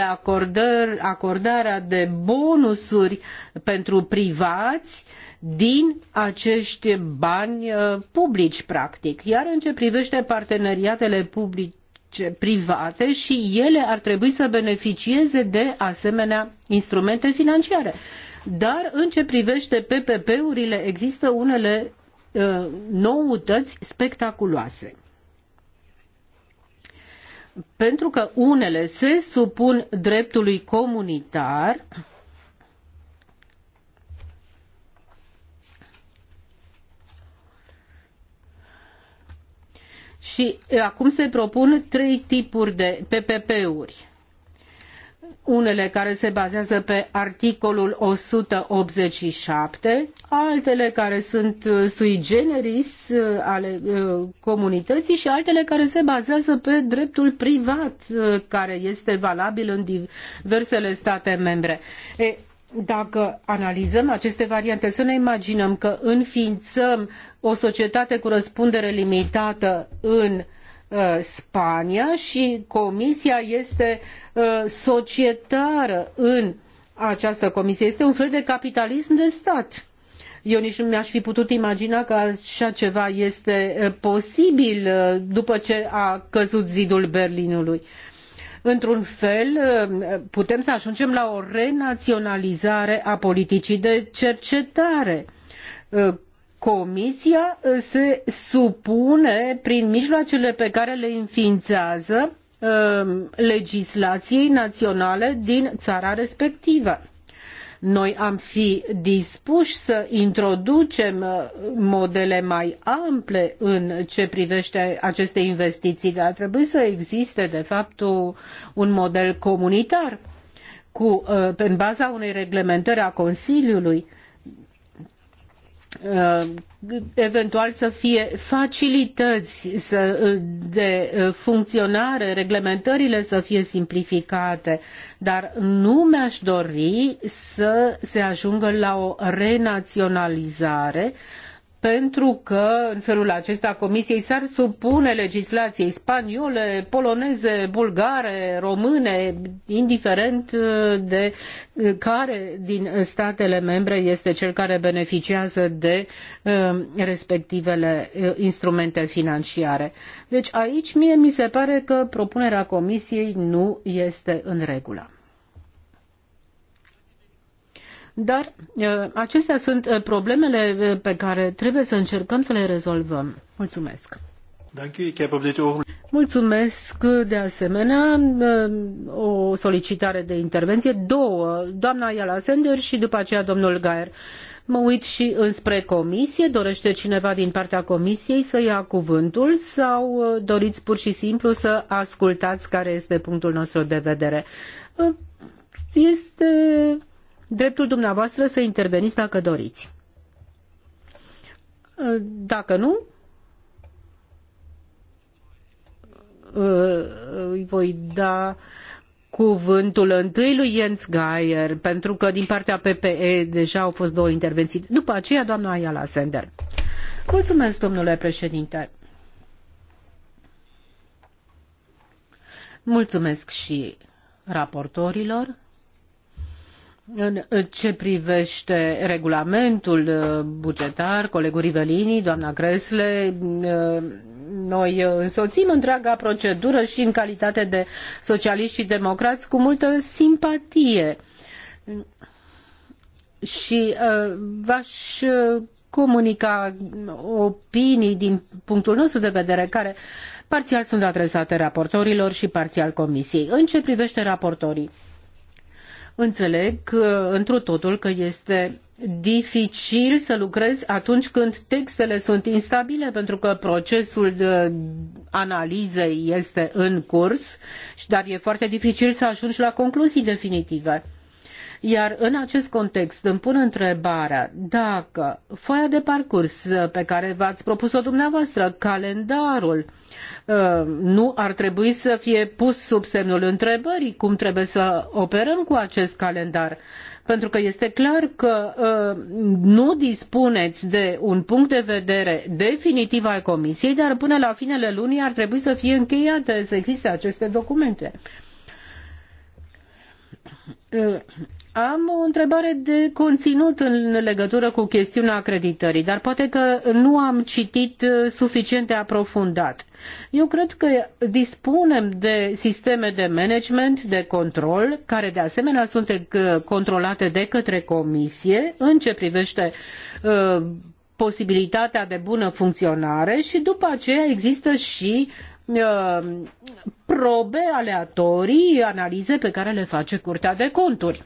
acordarea de bonusuri pentru privați din acești bani eh, publici, practic. Iar în ce privește parteneriatele publice, private și ele ar trebui să beneficieze de asemenea instrumente financiare. Dar în ce privește PPP-urile există unele uh, noutăți spectaculoase pentru că unele se supun dreptului comunitar, Și acum se propun trei tipuri de PPP-uri unele care se bazează pe articolul 187, altele care sunt uh, sui generis uh, ale uh, comunității și altele care se bazează pe dreptul privat care este valabil în diversele state membre. E, dacă analizăm aceste variante, să ne imaginăm că înființăm o societate cu răspundere limitată în Uh, Spania și comisia este uh, societară în această comisie. Este un fel de capitalism de stat. Eu nici nu mi-aș fi putut imagina că așa ceva este uh, posibil după ce a căzut zidul Berlinului. Într-un fel, putem să ajungem la o renaționalizare a politicii de cercetare Comisia uh, se supune prin mijloacele pe care le înființează uh, legislației naționale din țara respectivă. Noi am fi dispuși să introducem uh, modele mai ample în ce privește aceste investiții, dar trebuie să existe, de fapt, un model comunitar cu, pe baza unei reglementări a Consiliului Uh, eventual să fie facilități uh, de uh, funcționare, reglementările să fie simplificate, dar nu mi-aș dori să se ajungă la o renaționalizare pentru că în felul acesta comisiei s-ar supune legislației spaniole, poloneze, bulgare, române, indiferent uh, de uh, care din statele membre este cel care beneficiază de uh, respectivele instrumente financiare. Deci aici mie mi se pare că propunerea comisiei nu este în regulă. Dar acestea sunt problemele pe care trebuie să încercăm să le rezolvăm. Mulțumesc! Mulțumesc de asemenea o solicitare de intervenție, două, doamna Iala Sender și după aceea domnul Gaer. Mă uit și înspre comisie, dorește cineva din partea comisiei să ia cuvântul sau doriți pur și simplu să ascultați care este punctul nostru de vedere? Este dreptul dumneavoastră să interveniți dacă doriți. Dacă nu, îi voi da cuvântul întâi lui Jens Geier, pentru că din partea PPE deja au fost două intervenții. După aceea, doamna Ayala Sender. Mulțumesc, domnule președinte. Mulțumesc și raportorilor în ce privește regulamentul uh, bugetar, colegul Rivelini, doamna Cresle, uh, noi însoțim întreaga procedură și în calitate de socialiști și democrați cu multă simpatie. Și uh, v-aș comunica opinii din punctul nostru de vedere care parțial sunt adresate raportorilor și parțial comisiei. În ce privește raportorii? Înțeleg că, întru totul că este dificil să lucrezi atunci când textele sunt instabile, pentru că procesul de analizei este în curs, dar e foarte dificil să ajungi la concluzii definitive. Iar în acest context îmi pun întrebarea dacă foaia de parcurs pe care v-ați propus-o dumneavoastră, calendarul, Uh, nu ar trebui să fie pus sub semnul întrebării cum trebuie să operăm cu acest calendar. Pentru că este clar că uh, nu dispuneți de un punct de vedere definitiv al Comisiei, dar până la finele lunii ar trebui să fie încheiate, să existe aceste documente uh, am o întrebare de conținut în legătură cu chestiunea acreditării, dar poate că nu am citit uh, suficient de aprofundat. Eu cred că dispunem de sisteme de management, de control, care de asemenea sunt uh, controlate de către comisie în ce privește uh, posibilitatea de bună funcționare și după aceea există și probe aleatorii, analize pe care le face Curtea de Conturi.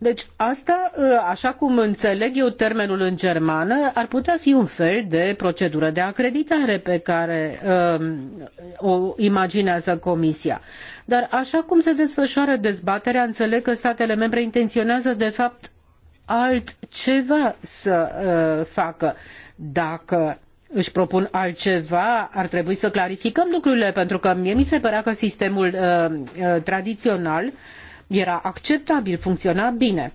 Deci asta, ă, așa cum înțeleg eu termenul în germană, ar putea fi un fel de procedură de acreditare pe care um, o imaginează Comisia. Dar așa cum se desfășoară dezbaterea, înțeleg că statele membre intenționează de fapt altceva să uh, facă. Dacă își propun altceva, ar trebui să clarificăm lucrurile, pentru că mie mi se părea că sistemul uh, uh, tradițional uh, era acceptabil, funcționa bine.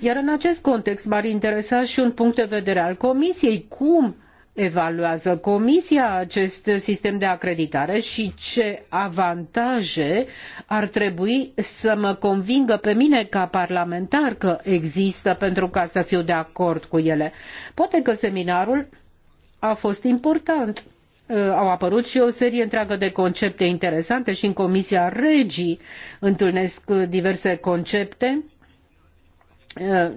Iar în acest context m-ar interesa și un punct de vedere al Comisiei. Cum evaluează Comisia acest sistem de acreditare și ce avantaje ar trebui să mă convingă pe mine ca parlamentar că există pentru ca să fiu de acord cu ele. Poate că seminarul a fost important Uh, au apărut și o serie întreagă de concepte interesante și în Comisia Regii întâlnesc uh, diverse concepte uh,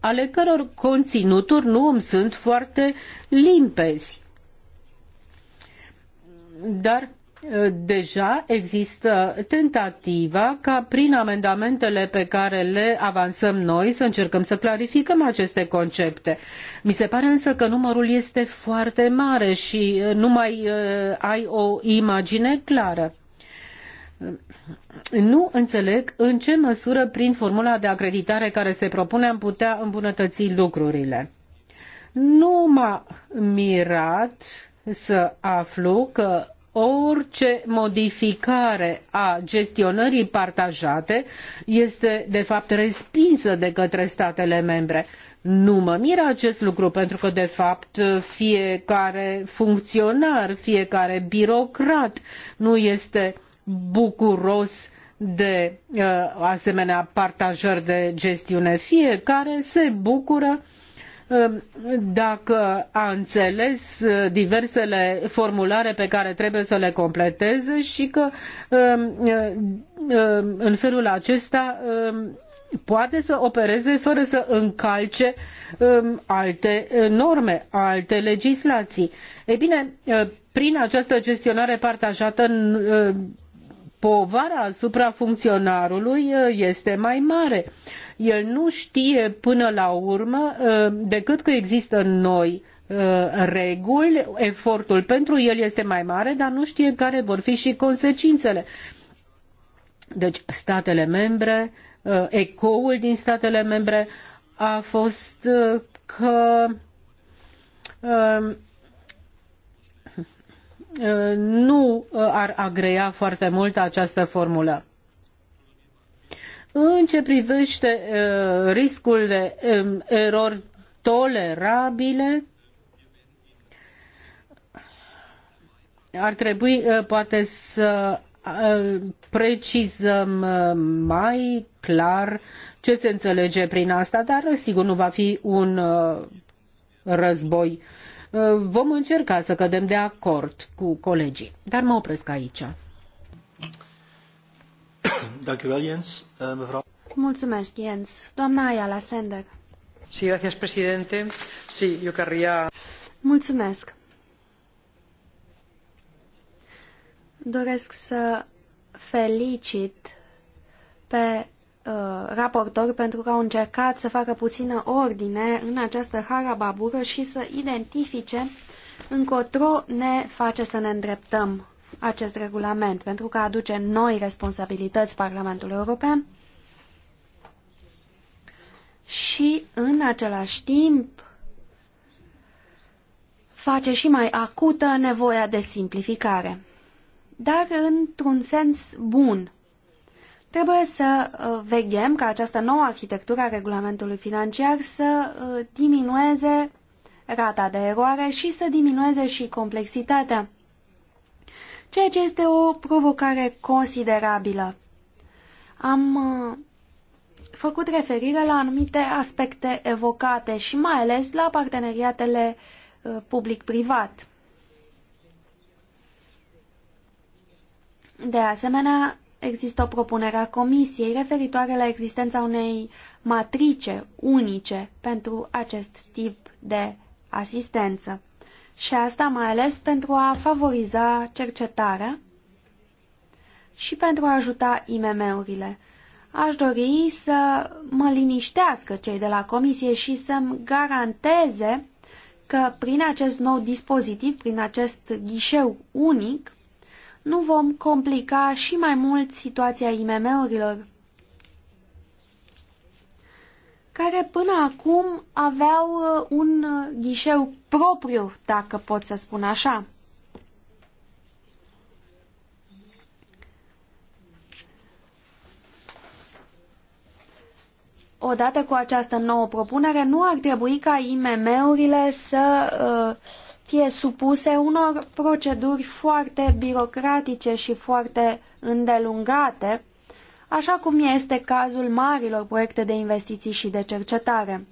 ale căror conținuturi nu îmi sunt foarte limpezi. Dar deja există tentativa ca prin amendamentele pe care le avansăm noi să încercăm să clarificăm aceste concepte. Mi se pare însă că numărul este foarte mare și uh, nu mai uh, ai o imagine clară. Nu înțeleg în ce măsură prin formula de acreditare care se propune am putea îmbunătăți lucrurile. Nu m-a mirat să aflu că orice modificare a gestionării partajate este de fapt respinsă de către statele membre. Nu mă miră acest lucru pentru că de fapt fiecare funcționar, fiecare birocrat nu este bucuros de uh, asemenea partajări de gestiune. Fiecare se bucură Ehm, dacă a înțeles eh, diversele formulare pe care trebuie să le completeze și că ehm, eh, ehm, în felul acesta poate să opereze fără să încalce alte eh, norme, alte legislații. Ei bine, prin această gestionare partajată povara asupra funcționarului uh, este mai mare. El nu știe până la urmă uh, decât că există noi uh, reguli, efortul pentru el este mai mare, dar nu știe care vor fi și consecințele. Deci statele membre, ecoul din statele membre a fost că nu uh, ar agrea foarte mult această formulă. În ce privește uh, riscul de um, erori tolerabile, ar trebui uh, poate să precizăm mai clar ce se înțelege prin asta, dar sigur nu va fi un război uh, Eh, vom încerca să cădem de acord cu colegii, dar mă opresc aici. (coughs) Eh, Mulțumesc, Jens. Doamna Ayala Sender. Sí, gracias, presidente. Sí, yo querría... Mulțumesc. Doresc să felicit pe Uh, raportori pentru că au încercat să facă puțină ordine în această harababură și să identifice încotro ne face să ne îndreptăm acest regulament, pentru că aduce noi responsabilități Parlamentului European și în același timp face și mai acută nevoia de simplificare, dar într-un sens bun, Trebuie să uh, veghem ca această nouă arhitectură a regulamentului financiar să uh, diminueze rata de eroare și să diminueze și complexitatea, ceea ce este o provocare considerabilă. Am uh, făcut referire la anumite aspecte evocate și mai ales la parteneriatele public-privat. De asemenea, există o propunere a Comisiei referitoare la existența unei matrice unice pentru acest tip de asistență. Și asta mai ales pentru a favoriza cercetarea și pentru a ajuta IMM-urile. Aș dori să mă liniștească cei de la Comisie și să-mi garanteze că prin acest nou dispozitiv, prin acest ghișeu unic, nu vom complica și mai mult situația IMM-urilor, care până acum aveau uh, un uh, ghișeu propriu, dacă pot să spun așa. Odată cu această nouă propunere, nu ar trebui ca IMM-urile să uh, fie supuse unor proceduri foarte birocratice și foarte îndelungate, așa cum este cazul marilor proiecte de investiții și de cercetare.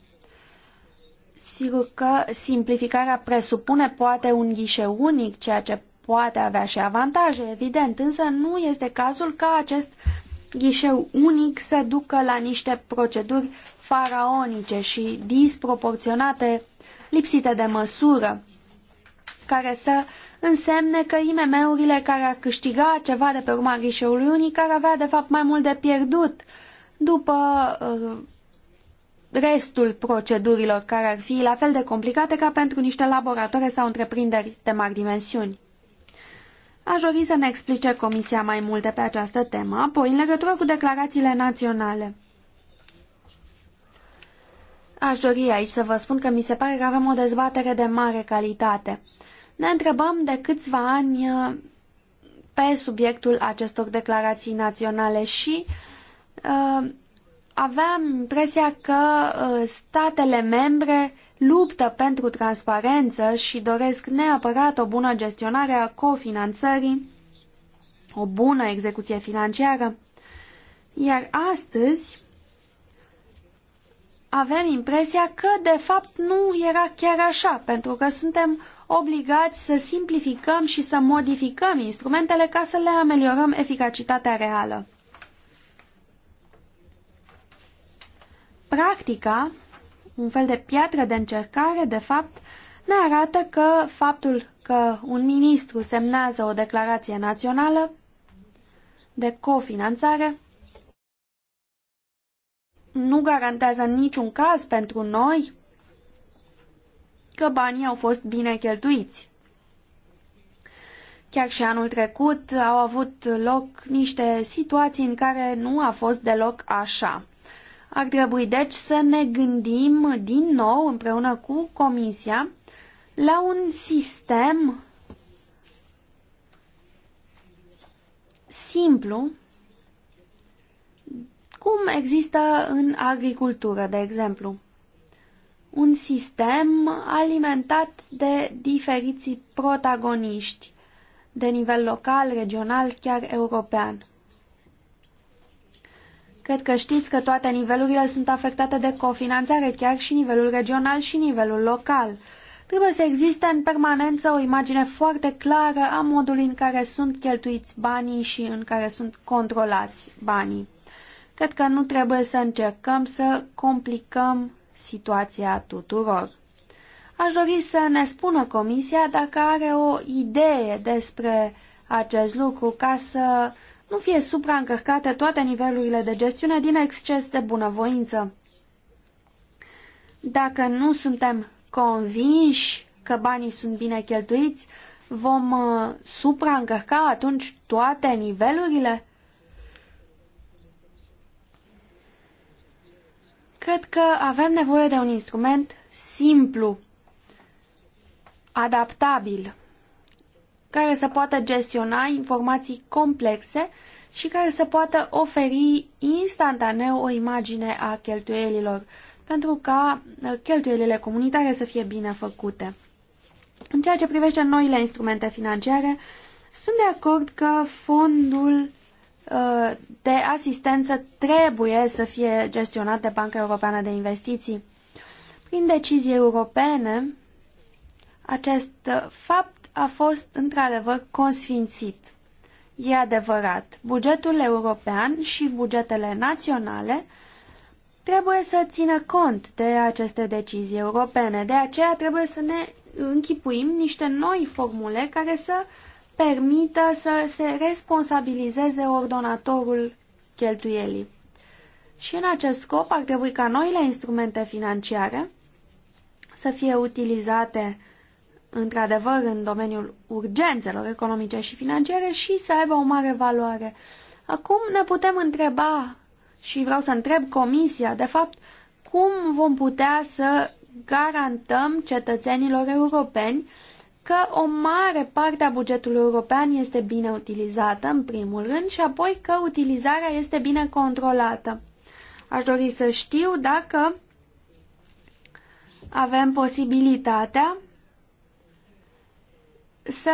Sigur că simplificarea presupune poate un ghișeu unic, ceea ce poate avea și avantaje, evident, însă nu este cazul ca acest ghișeu unic să ducă la niște proceduri faraonice și disproporționate, lipsite de măsură care să însemne că IMM-urile care ar câștiga ceva de pe urma ghișeului unic ar avea de fapt mai mult de pierdut după uh, restul procedurilor care ar fi la fel de complicate ca pentru niște laboratoare sau întreprinderi de mari dimensiuni. Aș dori să ne explice Comisia mai multe pe această temă, apoi în legătură cu declarațiile naționale. Aș dori aici să vă spun că mi se pare că avem o dezbatere de mare calitate. Ne întrebăm de câțiva ani uh, pe subiectul acestor declarații naționale și uh, aveam impresia că uh, statele membre luptă pentru transparență și doresc neapărat o bună gestionare a cofinanțării, o bună execuție financiară. Iar astăzi avem impresia că de fapt nu era chiar așa, pentru că suntem obligați să simplificăm și să modificăm instrumentele ca să le ameliorăm eficacitatea reală. Practica, un fel de piatră de încercare, de fapt, ne arată că faptul că un ministru semnează o declarație națională de cofinanțare nu garantează niciun caz pentru noi că banii au fost bine cheltuiți. Chiar și anul trecut au avut loc niște situații în care nu a fost deloc așa. Ar trebui deci să ne gândim din nou împreună cu Comisia la un sistem simplu cum există în agricultură, de exemplu un sistem alimentat de diferiții protagoniști de nivel local, regional, chiar european. Cred că știți că toate nivelurile sunt afectate de cofinanțare, chiar și nivelul regional și nivelul local. Trebuie să existe în permanență o imagine foarte clară a modului în care sunt cheltuiți banii și în care sunt controlați banii. Cred că nu trebuie să încercăm să complicăm situația tuturor. Aș dori să ne spună Comisia dacă are o idee despre acest lucru ca să nu fie supraîncărcate toate nivelurile de gestiune din exces de bunăvoință. Dacă nu suntem convinși că banii sunt bine cheltuiți, vom uh, supraîncărca atunci toate nivelurile? Cred că avem nevoie de un instrument simplu, adaptabil, care să poată gestiona informații complexe și care să poată oferi instantaneu o imagine a cheltuielilor, pentru ca uh, cheltuielile comunitare să fie bine făcute. În ceea ce privește noile instrumente financiare, sunt de acord că fondul de asistență trebuie să fie gestionat de Banca Europeană de Investiții. Prin decizii europene, acest uh, fapt a fost într-adevăr consfințit. E adevărat, bugetul european și bugetele naționale trebuie să țină cont de aceste decizii europene. De aceea trebuie să ne închipuim niște noi formule care să uh, permită să se responsabilizeze ordonatorul cheltuielii. Și în acest scop ar trebui ca noile instrumente financiare să fie utilizate într-adevăr în domeniul urgențelor economice și financiare și să aibă o mare valoare. Acum ne putem întreba și vreau să întreb Comisia, de fapt, cum vom putea să garantăm cetățenilor europeni că o mare parte a bugetului european este bine utilizată, în primul rând, și apoi că utilizarea este bine controlată. Aș dori să știu dacă avem posibilitatea să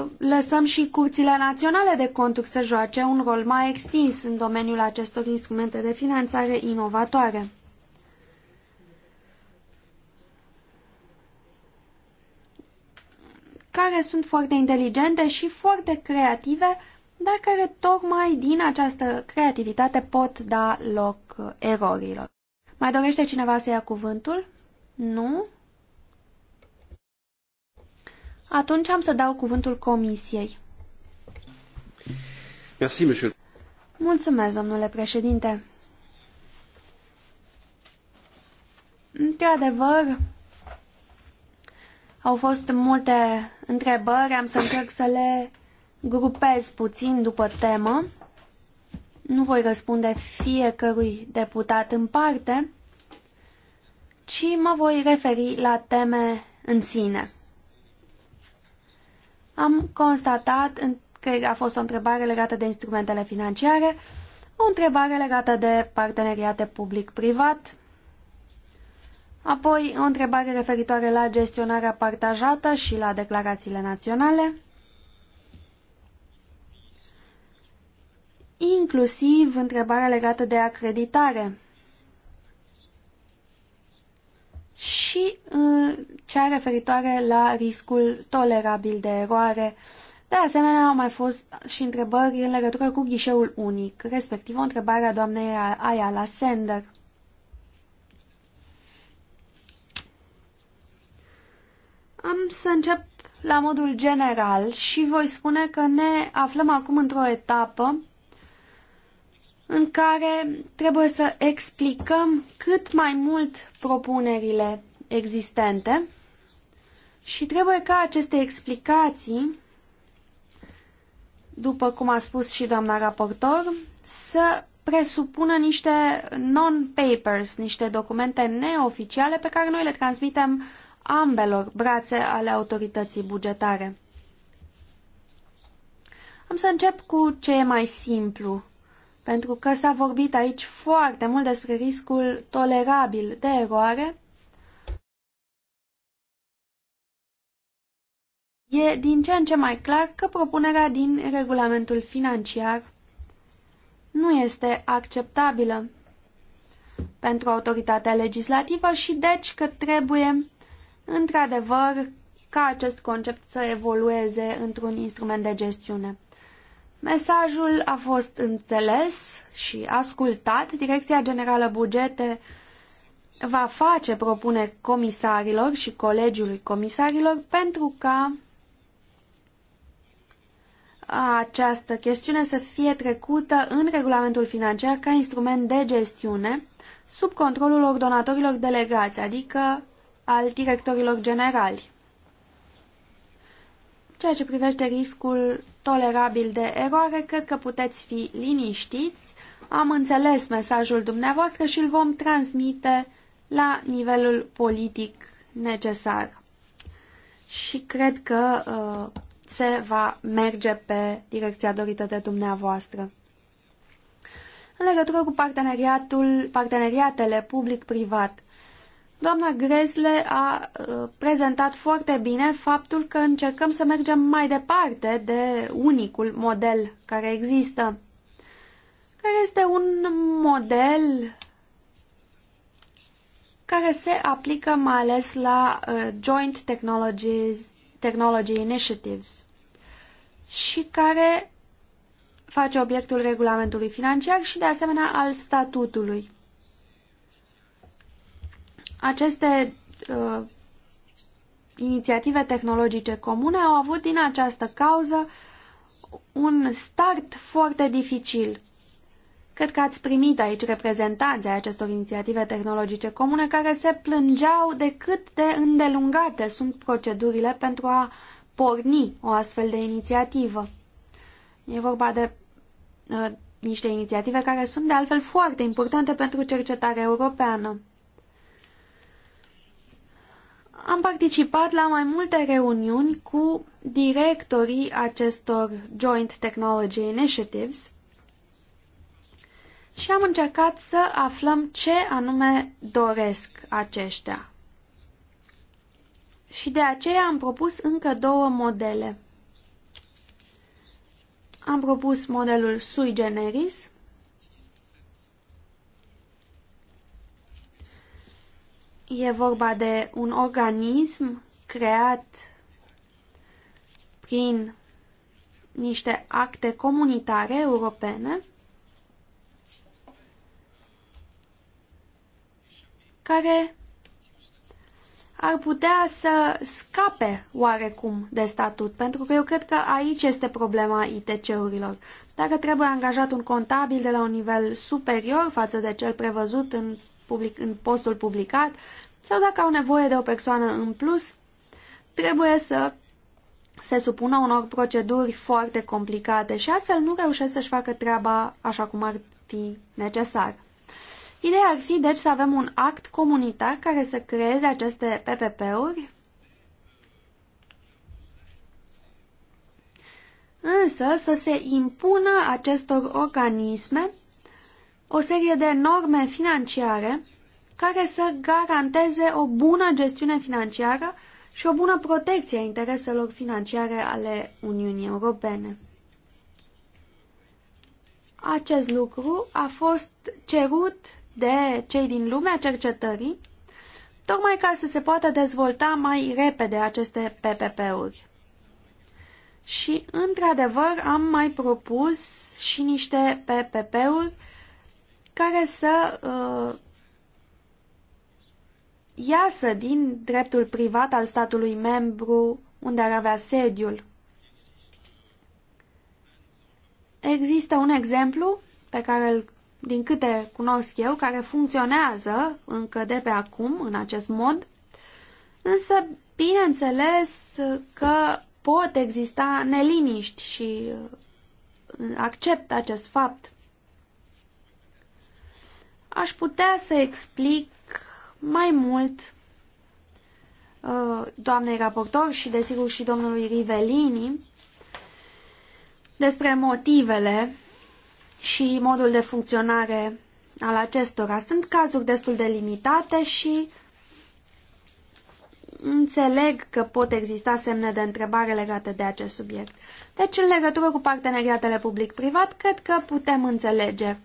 uh, lăsăm și curțile naționale de conturi să joace un rol mai extins în domeniul acestor instrumente de finanțare inovatoare. care sunt foarte inteligente și foarte creative, dar care tocmai din această creativitate pot da loc uh, erorilor. Mai dorește cineva să ia cuvântul? Nu? Atunci am să dau cuvântul comisiei. Merci, monsieur. Mulțumesc, domnule președinte. Într-adevăr, au fost multe întrebări, am să încerc să le grupez puțin după temă. Nu voi răspunde fiecărui deputat în parte, ci mă voi referi la teme în sine. Am constatat că a fost o întrebare legată de instrumentele financiare, o întrebare legată de parteneriate public-privat, Apoi, o întrebare referitoare la gestionarea partajată și la declarațiile naționale. Inclusiv întrebarea legată de acreditare. Și uh, cea referitoare la riscul tolerabil de eroare. De asemenea, au mai fost și întrebări în legătură cu ghișeul unic, respectiv o întrebare a doamnei Ayala Sender. Am să încep la modul general și voi spune că ne aflăm acum într-o etapă în care trebuie să explicăm cât mai mult propunerile existente și trebuie ca aceste explicații, după cum a spus și doamna raportor, să presupună niște non-papers, niște documente neoficiale pe care noi le transmitem ambelor brațe ale autorității bugetare. Am să încep cu ce e mai simplu, pentru că s-a vorbit aici foarte mult despre riscul tolerabil de eroare. E din ce în ce mai clar că propunerea din regulamentul financiar nu este acceptabilă pentru autoritatea legislativă și deci că trebuie într-adevăr, ca acest concept să evolueze într-un instrument de gestiune. Mesajul a fost înțeles și ascultat. Direcția Generală Bugete va face propune comisarilor și colegiului comisarilor pentru ca această chestiune să fie trecută în regulamentul financiar ca instrument de gestiune sub controlul ordonatorilor delegați, adică al directorilor generali. Ceea ce privește riscul tolerabil de eroare, cred că puteți fi liniștiți. Am înțeles mesajul dumneavoastră și îl vom transmite la nivelul politic necesar. Și cred că uh, se va merge pe direcția dorită de dumneavoastră. În legătură cu parteneriatul, parteneriatele public-privat, Doamna Gresle a uh, prezentat foarte bine faptul că încercăm să mergem mai departe de unicul model care există, care este un model care se aplică mai ales la uh, Joint Technologies, Technology Initiatives și care face obiectul regulamentului financiar și de asemenea al statutului. Aceste uh, inițiative tehnologice comune au avut din această cauză un start foarte dificil. Cred că ați primit aici reprezentanții ai acestor inițiative tehnologice comune care se plângeau de cât de îndelungate sunt procedurile pentru a porni o astfel de inițiativă. E vorba de uh, niște inițiative care sunt de altfel foarte importante pentru cercetarea europeană. Am participat la mai multe reuniuni cu directorii acestor Joint Technology Initiatives și am încercat să aflăm ce anume doresc aceștia. Și de aceea am propus încă două modele. Am propus modelul sui generis E vorba de un organism creat prin niște acte comunitare europene care ar putea să scape oarecum de statut, pentru că eu cred că aici este problema ITC-urilor. Dacă trebuie angajat un contabil de la un nivel superior față de cel prevăzut în, public, în postul publicat, sau dacă au nevoie de o persoană în plus, trebuie să se supună unor proceduri foarte complicate și astfel nu reușesc să-și facă treaba așa cum ar fi necesar. Ideea ar fi, deci, să avem un act comunitar care să creeze aceste PPP-uri, însă să se impună acestor organisme o serie de norme financiare care să garanteze o bună gestiune financiară și o bună protecție a intereselor financiare ale Uniunii Europene. Acest lucru a fost cerut de cei din lumea cercetării, tocmai ca să se poată dezvolta mai repede aceste PPP-uri. Și, într-adevăr, am mai propus și niște PPP-uri care să uh, iasă din dreptul privat al statului membru unde ar avea sediul. Există un exemplu pe care din câte cunosc eu, care funcționează încă de pe acum, în acest mod, însă, bineînțeles că pot exista neliniști și uh, accept acest fapt. Aș putea să explic mai mult uh, doamnei raportor și desigur și domnului Rivelini despre motivele și modul de funcționare al acestora. Sunt cazuri destul de limitate și înțeleg că pot exista semne de întrebare legate de acest subiect. Deci, în legătură cu parteneriatele public-privat, cred că putem înțelege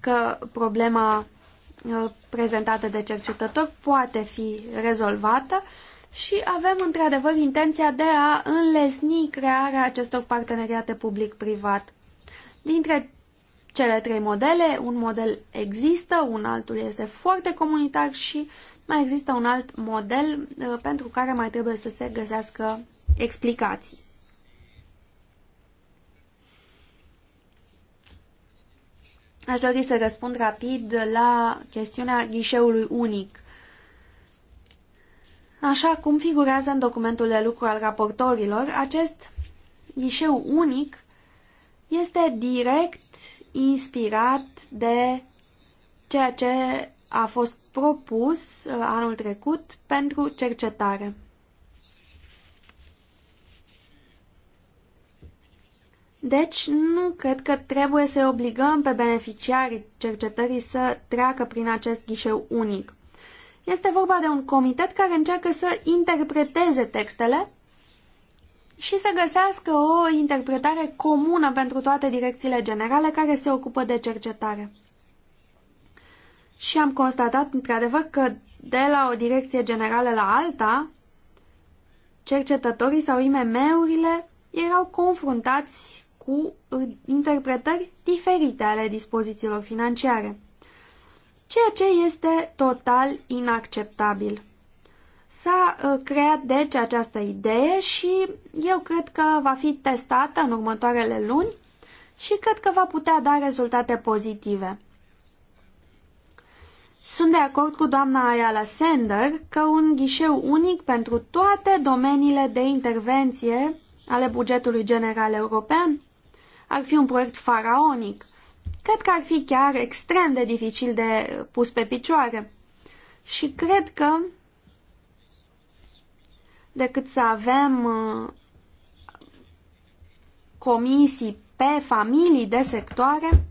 că problema Uh, prezentată de cercetător poate fi rezolvată și avem într-adevăr intenția de a înlesni crearea acestor parteneriate public-privat. Dintre cele trei modele, un model există, un altul este foarte comunitar și mai există un alt model uh, pentru care mai trebuie să se găsească explicații. Aș dori să răspund rapid la chestiunea ghișeului unic. Așa cum figurează în documentul de lucru al raportorilor, acest ghișeu unic este direct inspirat de ceea ce a fost propus uh, anul trecut pentru cercetare. Deci, nu cred că trebuie să obligăm pe beneficiarii cercetării să treacă prin acest ghișeu unic. Este vorba de un comitet care încearcă să interpreteze textele și să găsească o interpretare comună pentru toate direcțiile generale care se ocupă de cercetare. Și am constatat, într-adevăr, că de la o direcție generală la alta, cercetătorii sau IMM-urile erau confruntați cu interpretări diferite ale dispozițiilor financiare, ceea ce este total inacceptabil. S-a ă, creat deci această idee și eu cred că va fi testată în următoarele luni și cred că va putea da rezultate pozitive. Sunt de acord cu doamna Ayala Sender că un ghișeu unic pentru toate domeniile de intervenție ale bugetului general european ar fi un proiect faraonic. Cred că ar fi chiar extrem de dificil de pus pe picioare. Și cred că decât să avem uh, comisii pe familii de sectoare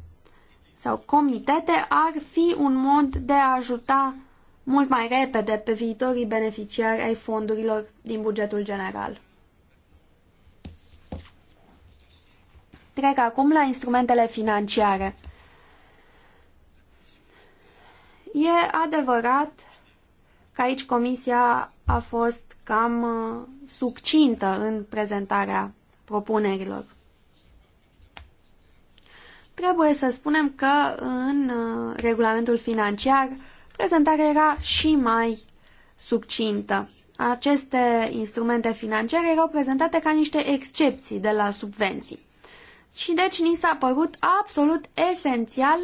sau comitete, ar fi un mod de a ajuta mult mai repede pe viitorii beneficiari ai fondurilor din bugetul general. Trec acum la instrumentele financiare. E adevărat că aici comisia a fost cam uh, succintă în prezentarea propunerilor. Trebuie să spunem că în uh, regulamentul financiar prezentarea era și mai succintă. Aceste instrumente financiare erau prezentate ca niște excepții de la subvenții și deci ni s-a părut absolut esențial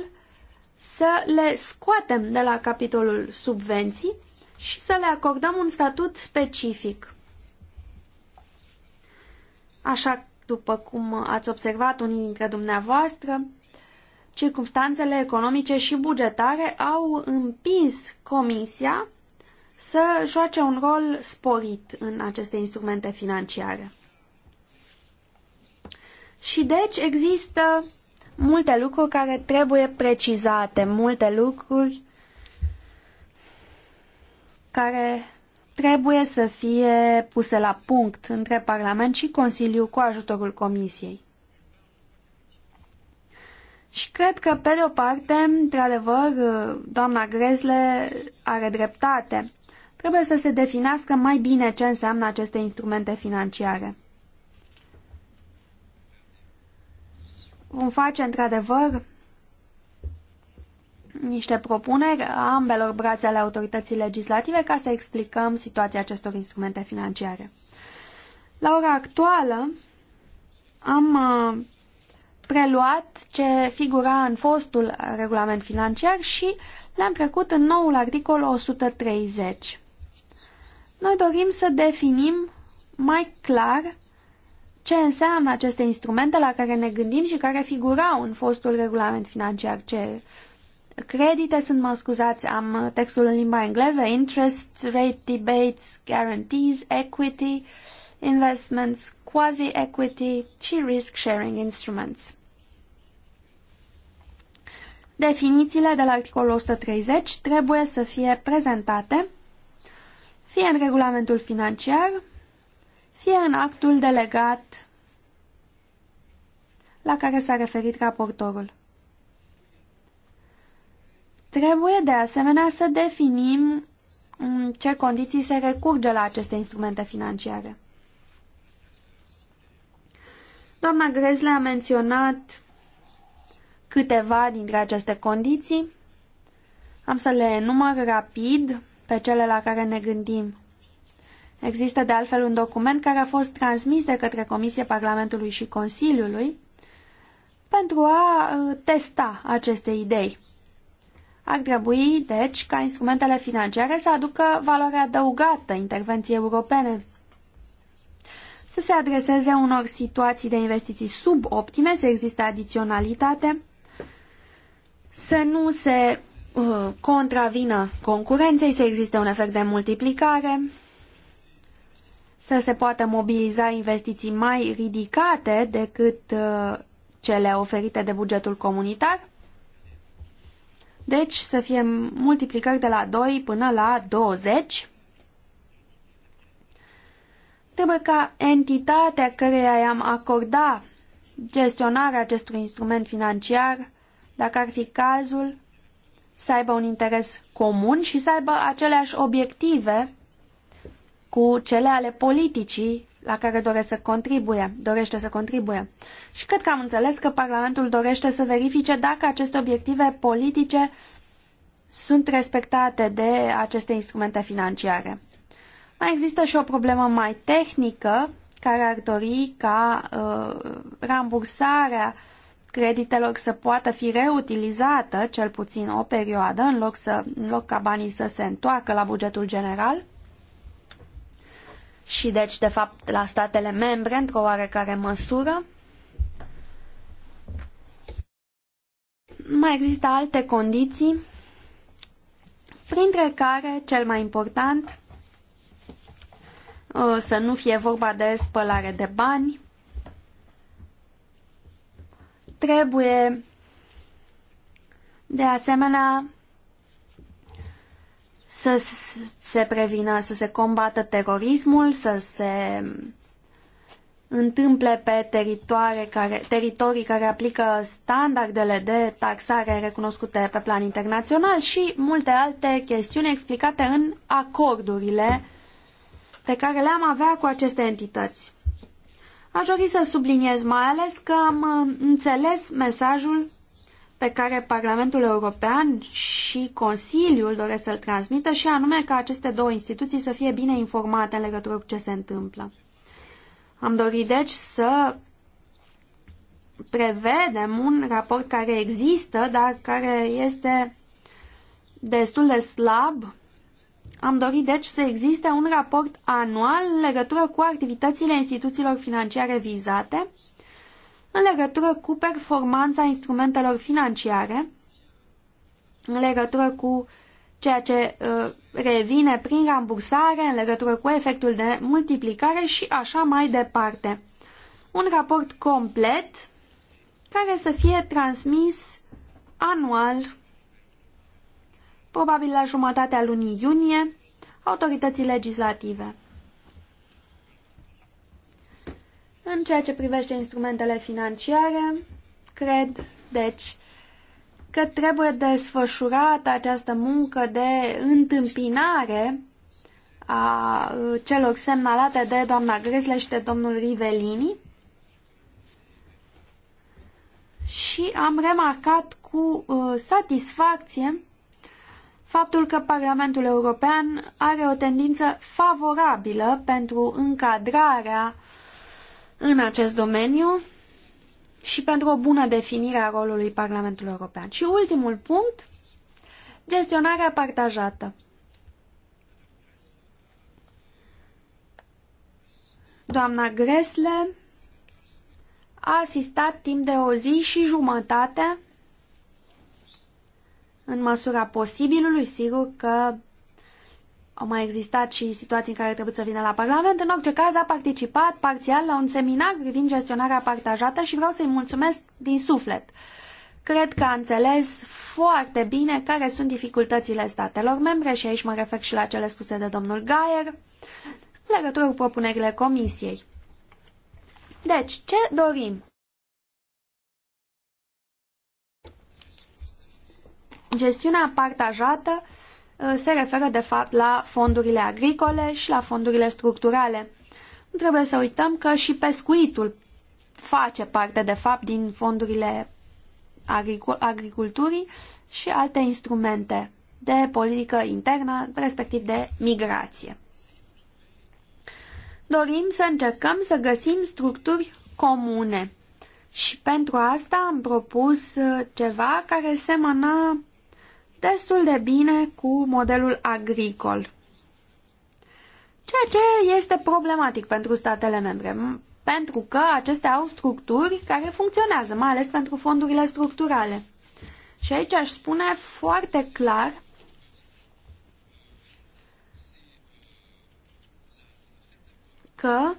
să le scoatem de la capitolul subvenții și să le acordăm un statut specific. Așa după cum ați observat unii dintre dumneavoastră, circumstanțele economice și bugetare au împins Comisia să joace un rol sporit în aceste instrumente financiare. Și deci există multe lucruri care trebuie precizate, multe lucruri care trebuie să fie puse la punct între Parlament și Consiliu cu ajutorul Comisiei. Și cred că, pe de o parte, într-adevăr, doamna Grezle are dreptate. Trebuie să se definească mai bine ce înseamnă aceste instrumente financiare. Vom face într-adevăr niște propuneri a ambelor brațe ale autorității legislative ca să explicăm situația acestor instrumente financiare. La ora actuală am uh, preluat ce figura în fostul regulament financiar și l-am trecut în noul articol 130. Noi dorim să definim mai clar ce înseamnă aceste instrumente la care ne gândim și care figurau în fostul regulament financiar ce credite sunt, mă scuzați, am textul în limba engleză, interest rate debates, guarantees, equity, investments, quasi-equity și risk-sharing instruments. Definițiile de la articolul 130 trebuie să fie prezentate fie în regulamentul financiar, fie în actul delegat la care s-a referit raportorul. Trebuie de asemenea să definim în ce condiții se recurge la aceste instrumente financiare. Doamna Grezle a menționat câteva dintre aceste condiții. Am să le enumăr rapid pe cele la care ne gândim. Există de altfel un document care a fost transmis de către Comisie Parlamentului și Consiliului pentru a uh, testa aceste idei. Ar trebui, deci, ca instrumentele financiare să aducă valoare adăugată intervenției europene, să se adreseze unor situații de investiții suboptime, să existe adiționalitate, să nu se uh, contravină concurenței, să existe un efect de multiplicare, să se poată mobiliza investiții mai ridicate decât uh, cele oferite de bugetul comunitar. Deci să fie multiplicări de la 2 până la 20. Trebuie ca entitatea căreia i-am acorda gestionarea acestui instrument financiar, dacă ar fi cazul, să aibă un interes comun și să aibă aceleași obiective cu cele ale politicii la care doresc să contribuie, dorește să contribuie. Și cred că am înțeles că Parlamentul dorește să verifice dacă aceste obiective politice sunt respectate de aceste instrumente financiare. Mai există și o problemă mai tehnică care ar dori ca uh, rambursarea creditelor să poată fi reutilizată, cel puțin o perioadă, în loc, să, în loc ca banii să se întoarcă la bugetul general și deci, de fapt, la statele membre, într-o oarecare măsură. Mai există alte condiții, printre care, cel mai important, ă, să nu fie vorba de spălare de bani, trebuie de asemenea să se prevină, să se combată terorismul, să se întâmple pe teritoare care, teritorii care aplică standardele de taxare recunoscute pe plan internațional și multe alte chestiuni explicate în acordurile pe care le-am avea cu aceste entități. Aș dori să subliniez mai ales că am înțeles mesajul pe care Parlamentul European și Consiliul doresc să-l transmită și anume ca aceste două instituții să fie bine informate în legătură cu ce se întâmplă. Am dorit deci să prevedem un raport care există, dar care este destul de slab. Am dorit deci să existe un raport anual în legătură cu activitățile instituțiilor financiare vizate în legătură cu performanța instrumentelor financiare, în legătură cu ceea ce uh, revine prin rambursare, în legătură cu efectul de multiplicare și așa mai departe. Un raport complet care să fie transmis anual, probabil la jumătatea lunii iunie, autorității legislative. În ceea ce privește instrumentele financiare, cred, deci, că trebuie desfășurată această muncă de întâmpinare a uh, celor semnalate de doamna Gresle și de domnul Rivelini. Și am remarcat cu uh, satisfacție faptul că Parlamentul European are o tendință favorabilă pentru încadrarea în acest domeniu și pentru o bună definire a rolului Parlamentului European. Și ultimul punct, gestionarea partajată. Doamna Gresle a asistat timp de o zi și jumătate, în măsura posibilului, sigur că au mai existat și situații în care trebuie să vină la Parlament. În orice caz, a participat parțial la un seminar privind gestionarea partajată și vreau să-i mulțumesc din suflet. Cred că a înțeles foarte bine care sunt dificultățile statelor membre și aici mă refer și la cele spuse de domnul Gaier legătură cu propunerile comisiei. Deci, ce dorim? Gestiunea partajată Uh, se referă de fapt la fondurile agricole și la fondurile structurale. Nu trebuie să uităm că și pescuitul face parte de fapt din fondurile agriculturii și alte instrumente de politică internă, respectiv de migrație. Dorim să încercăm să găsim structuri comune. Și pentru asta am propus uh, ceva care semăna destul de bine cu modelul agricol. Ceea ce este problematic pentru statele membre, pentru că acestea au structuri care funcționează, mai ales pentru fondurile structurale. Și aici aș spune foarte clar că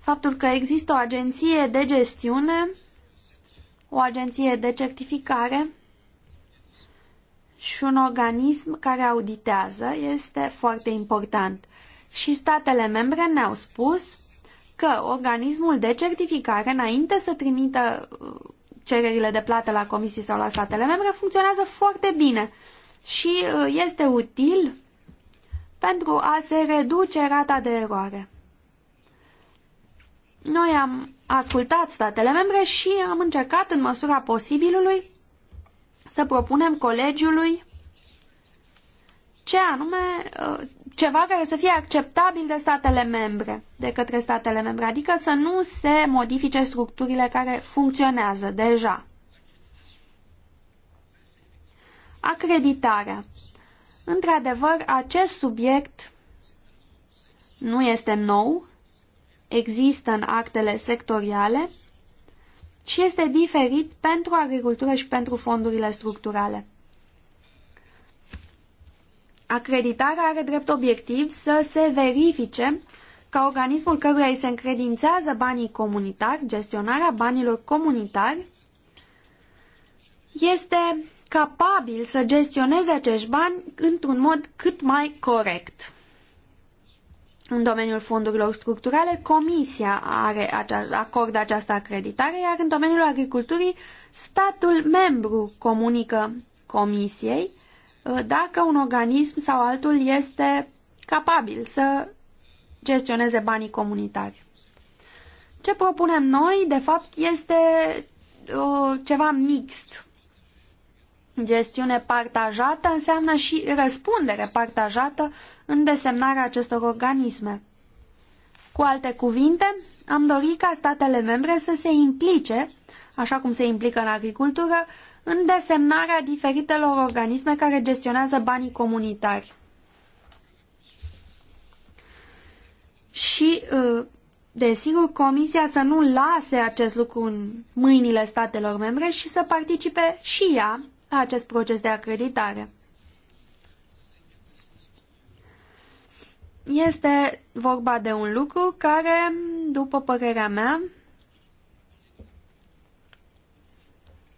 faptul că există o agenție de gestiune o agenție de certificare și un organism care auditează este foarte important. Și statele membre ne-au spus că organismul de certificare, înainte să trimită uh, cererile de plată la comisii sau la statele membre, funcționează foarte bine și uh, este util pentru a se reduce rata de eroare. Noi am ascultat statele membre și am încercat în măsura posibilului să propunem colegiului ce anume, uh, ceva care să fie acceptabil de statele membre, de către statele membre, adică să nu se modifice structurile care funcționează deja. Acreditarea. Într-adevăr, acest subiect nu este nou, există în actele sectoriale și este diferit pentru agricultură și pentru fondurile structurale. Acreditarea are drept obiectiv să se verifice ca organismul căruia îi se încredințează banii comunitari, gestionarea banilor comunitari, este capabil să gestioneze acești bani într-un mod cât mai corect în domeniul fondurilor structurale, Comisia are acea, acordă această acreditare, iar în domeniul agriculturii, statul membru comunică Comisiei ă, dacă un organism sau altul este capabil să gestioneze banii comunitari. Ce propunem noi, de fapt, este ă, ceva mixt. Gestiune partajată înseamnă și răspundere partajată în desemnarea acestor organisme. Cu alte cuvinte, am dorit ca statele membre să se implice, așa cum se implică în agricultură, în desemnarea diferitelor organisme care gestionează banii comunitari. Și, uh, desigur, Comisia să nu lase acest lucru în mâinile statelor membre și să participe și ea la acest proces de acreditare. Este vorba de un lucru care, după părerea mea,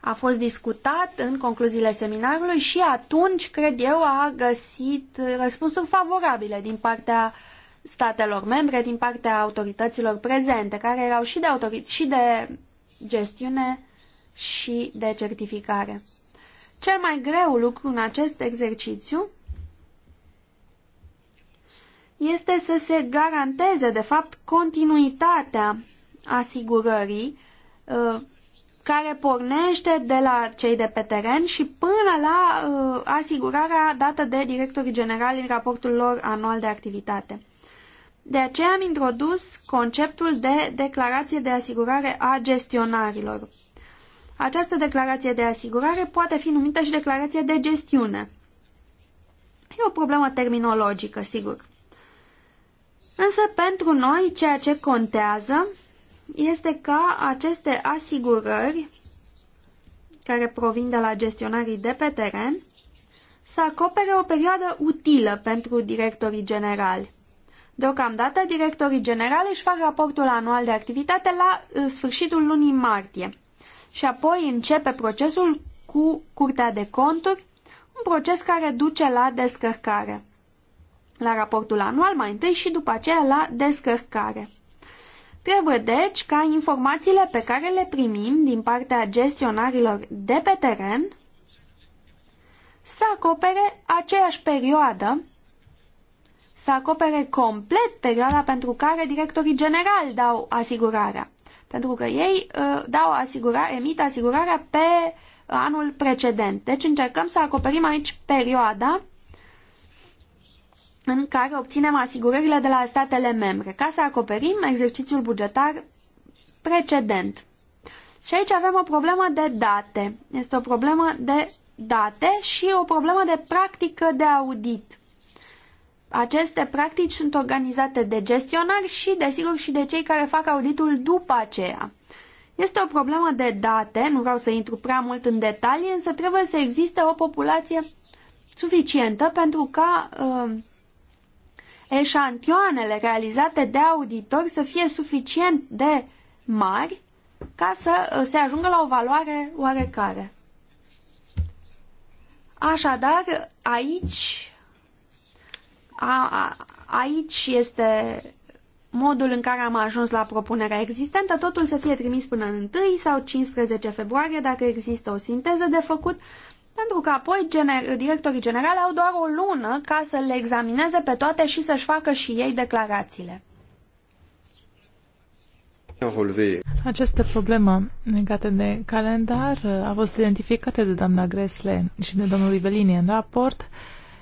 a fost discutat în concluziile seminarului și atunci, cred eu, a găsit răspunsuri favorabile din partea statelor membre, din partea autorităților prezente, care erau și de, autorit- și de gestiune și de certificare. Cel mai greu lucru în acest exercițiu este să se garanteze, de fapt, continuitatea asigurării uh, care pornește de la cei de pe teren și până la uh, asigurarea dată de directorii generali în raportul lor anual de activitate. De aceea am introdus conceptul de declarație de asigurare a gestionarilor. Această declarație de asigurare poate fi numită și declarație de gestiune. E o problemă terminologică, sigur. Însă pentru noi ceea ce contează este ca aceste asigurări care provin de la gestionarii de pe teren să acopere o perioadă utilă pentru directorii generali. Deocamdată, directorii generali își fac raportul anual de activitate la uh, sfârșitul lunii martie și apoi începe procesul cu Curtea de Conturi, un proces care duce la descărcare la raportul anual mai întâi și după aceea la descărcare. Trebuie deci ca informațiile pe care le primim din partea gestionarilor de pe teren să acopere aceeași perioadă, să acopere complet perioada pentru care directorii generali dau asigurarea. Pentru că ei uh, dau asigura, emit asigurarea pe anul precedent. Deci încercăm să acoperim aici perioada în care obținem asigurările de la statele membre, ca să acoperim exercițiul bugetar precedent. Și aici avem o problemă de date. Este o problemă de date și o problemă de practică de audit. Aceste practici sunt organizate de gestionari și, desigur, și de cei care fac auditul după aceea. Este o problemă de date, nu vreau să intru prea mult în detalii, însă trebuie să existe o populație suficientă pentru ca uh, eșantioanele realizate de auditori să fie suficient de mari ca să uh, se ajungă la o valoare oarecare. Așadar, aici, a, a, aici este modul în care am ajuns la propunerea existentă, totul să fie trimis până în 1 sau 15 februarie, dacă există o sinteză de făcut, pentru că apoi gener directorii generali au doar o lună ca să le examineze pe toate și să-și facă și ei declarațiile. Această problemă legată de calendar a fost identificată de doamna Gresle și de domnul Ivelini în raport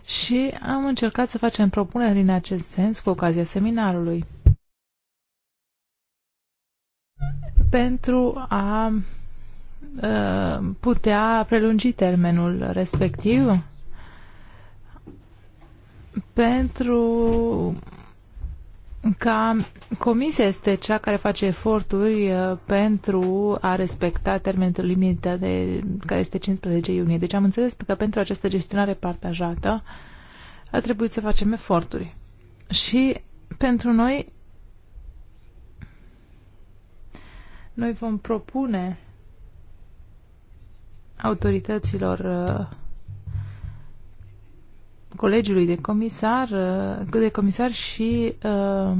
și am încercat să facem propuneri în acest sens cu ocazia seminarului. Pentru a Uh, putea prelungi termenul respectiv pentru ca comisia este cea care face eforturi uh, pentru a respecta termenul limită de, care este 15 iunie. Deci am înțeles că pentru această gestionare partajată a trebuit să facem eforturi. Și pentru noi noi vom propune autorităților uh, colegiului de comisar, uh, de comisar și uh,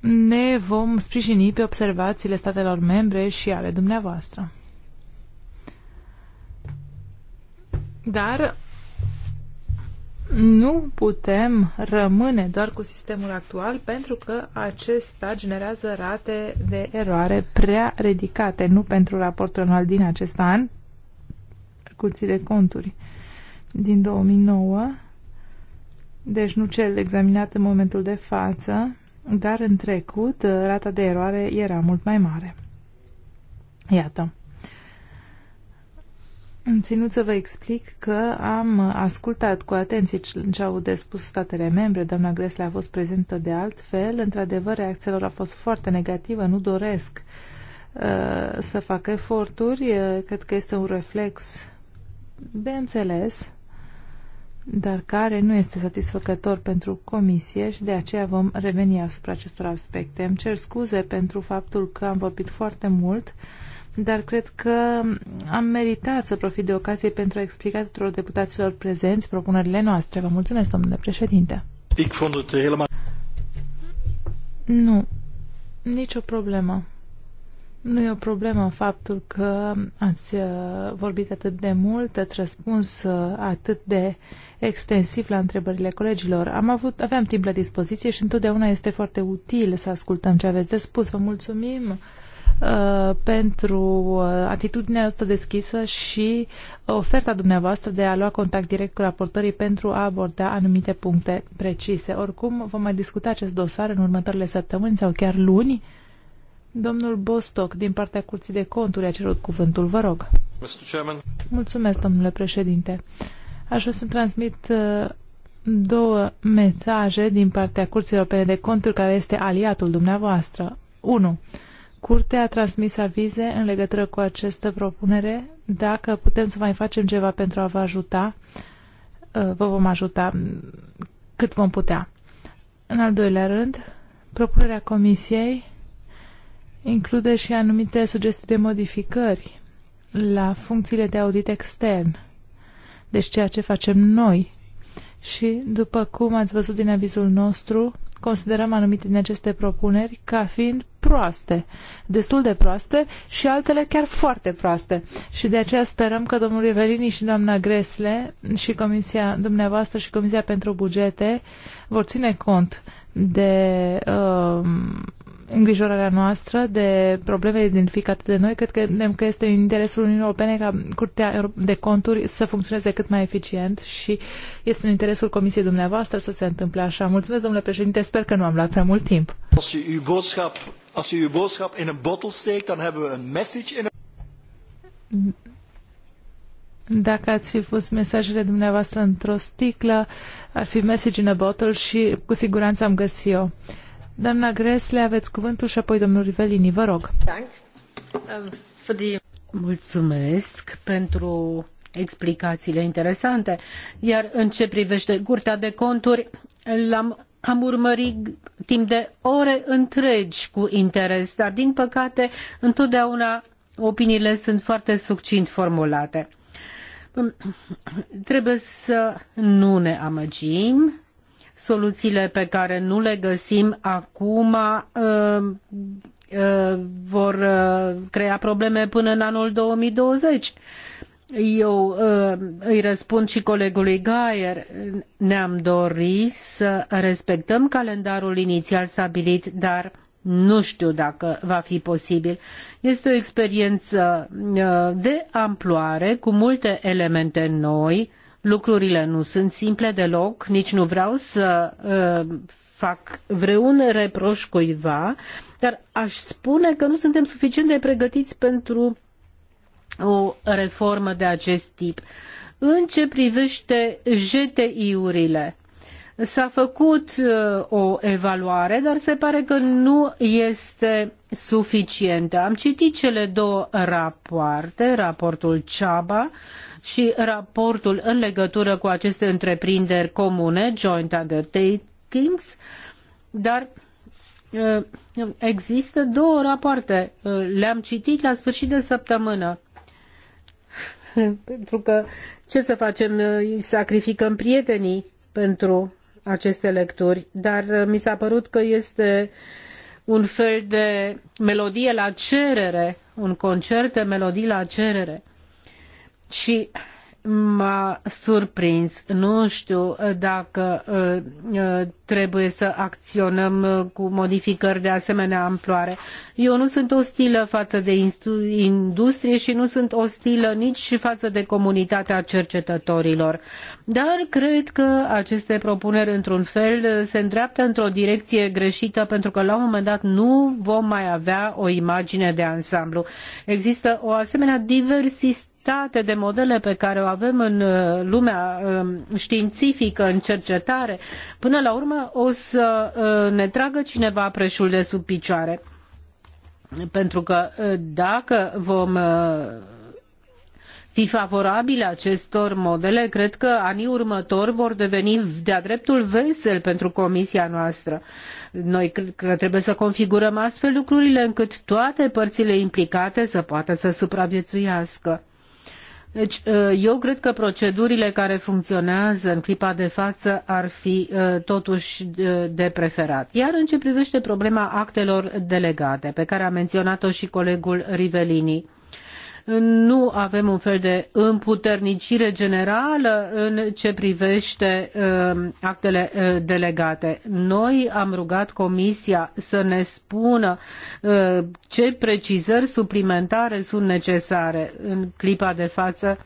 ne vom sprijini pe observațiile statelor membre și ale dumneavoastră. Dar nu putem rămâne doar cu sistemul actual pentru că acesta generează rate de eroare prea ridicate, nu pentru raportul anual din acest an, curții de conturi din 2009, deci nu cel examinat în momentul de față, dar în trecut rata de eroare era mult mai mare. Iată. Am ținut să vă explic că am ascultat cu atenție ce au de spus statele membre. Doamna Gresle a fost prezentă de altfel. Într-adevăr, reacția lor a fost foarte negativă. Nu doresc uh, să fac eforturi. Uh, cred că este un reflex de înțeles, dar care nu este satisfăcător pentru comisie și de aceea vom reveni asupra acestor aspecte. Îmi cer scuze pentru faptul că am vorbit foarte mult dar cred că am meritat să profit de ocazie pentru a explica tuturor deputaților prezenți propunerile noastre. Vă mulțumesc, domnule președinte. Nu, nicio problemă. Nu e o problemă faptul că ați uh, vorbit atât de mult, ați răspuns uh, atât de extensiv la întrebările colegilor. Am avut, aveam timp la dispoziție și întotdeauna este foarte util să ascultăm ce aveți de spus. Vă mulțumim Uh, pentru uh, atitudinea asta deschisă și oferta dumneavoastră de a lua contact direct cu raportorii pentru a aborda anumite puncte precise. Oricum, vom mai discuta acest dosar în următoarele săptămâni sau chiar luni. Domnul Bostock, din partea Curții de Conturi, a cerut cuvântul. Vă rog. Mulțumesc, domnule președinte. Aș vrea să transmit uh, două mesaje din partea Curții Europene de Conturi, care este aliatul dumneavoastră. 1. Curtea a transmis avize în legătură cu această propunere. Dacă putem să mai facem ceva pentru a vă ajuta, uh, vă vom ajuta cât vom putea. În al doilea rând, propunerea Comisiei include și anumite sugestii de modificări la funcțiile de audit extern, deci ceea ce facem noi. Și, după cum ați văzut din avizul nostru, considerăm anumite din aceste propuneri ca fiind proaste, destul de proaste și altele chiar foarte proaste. Și de aceea sperăm că domnul Rivelini și doamna Gresle și comisia dumneavoastră și comisia pentru bugete vor ține cont de uh, îngrijorarea noastră, de probleme identificate de noi. Cred că, că este în interesul Uniunii Europene ca Curtea de Conturi să funcționeze cât mai eficient și este în interesul Comisiei dumneavoastră să se întâmple așa. Mulțumesc, domnule președinte, sper că nu am luat prea mult timp. Als u uw boodschap in een bottle steekt, dan hebben we een message in een... Dacă ați fi pus mesajele dumneavoastră într-o sticlă, ar fi message in a bottle și cu siguranță am găsit eu. Doamna Gresle, aveți cuvântul și apoi domnul Rivelini, vă rog. Ehm, Mulțumesc pentru explicațiile interesante. Iar în ce privește Curtea de Conturi, l-am am urmărit timp de ore întregi cu interes, dar din păcate întotdeauna opiniile sunt foarte succint formulate. Trebuie să nu ne amăgim. Soluțiile pe care nu le găsim acum uh, uh, vor uh, crea probleme până în anul 2020. Eu uh, îi răspund și colegului Gaier. Ne-am dorit să respectăm calendarul inițial stabilit, dar nu știu dacă va fi posibil. Este o experiență uh, de amploare, cu multe elemente noi. Lucrurile nu sunt simple deloc, nici nu vreau să uh, fac vreun reproș cuiva, dar aș spune că nu suntem suficient de pregătiți pentru o reformă de acest tip. În ce privește JTI-urile, S-a făcut uh, o evaluare, dar se pare că nu este suficientă. Am citit cele două rapoarte, raportul CEABA și raportul în legătură cu aceste întreprinderi comune, joint undertakings, dar uh, există două rapoarte. Uh, le-am citit la sfârșit de săptămână. (laughs) pentru că ce să facem, îi sacrificăm prietenii pentru aceste lecturi, dar uh, mi s-a părut că este un fel de melodie la cerere, un concert de melodii la cerere. Și m-a surprins. Nu știu dacă uh, uh, trebuie să acționăm uh, cu modificări de asemenea amploare. Eu nu sunt ostilă față de industrie și nu sunt ostilă nici față de comunitatea cercetătorilor. Dar cred că aceste propuneri, într-un fel, se îndreaptă într-o direcție greșită pentru că la un moment dat nu vom mai avea o imagine de ansamblu. Există o asemenea diversitate diversitate de modele pe care o avem în uh, lumea um, științifică, în cercetare, până la urmă o să uh, ne tragă cineva preșul de sub picioare. Pentru că uh, dacă vom fi favorabile acestor modele, cred că anii următori vor deveni de-a dreptul vesel pentru comisia noastră. Noi cred că trebuie să configurăm astfel lucrurile încât toate părțile implicate să poată să supraviețuiască. Deci, uh, eu cred că procedurile care funcționează în clipa de față ar fi uh, totuși uh, de preferat. Iar în ce privește problema actelor delegate, pe care a menționat-o și colegul Rivelini, nu avem un fel de împuternicire generală în ce privește um, actele uh, delegate. Noi am rugat Comisia să ne spună uh, ce precizări suplimentare sunt necesare în clipa de față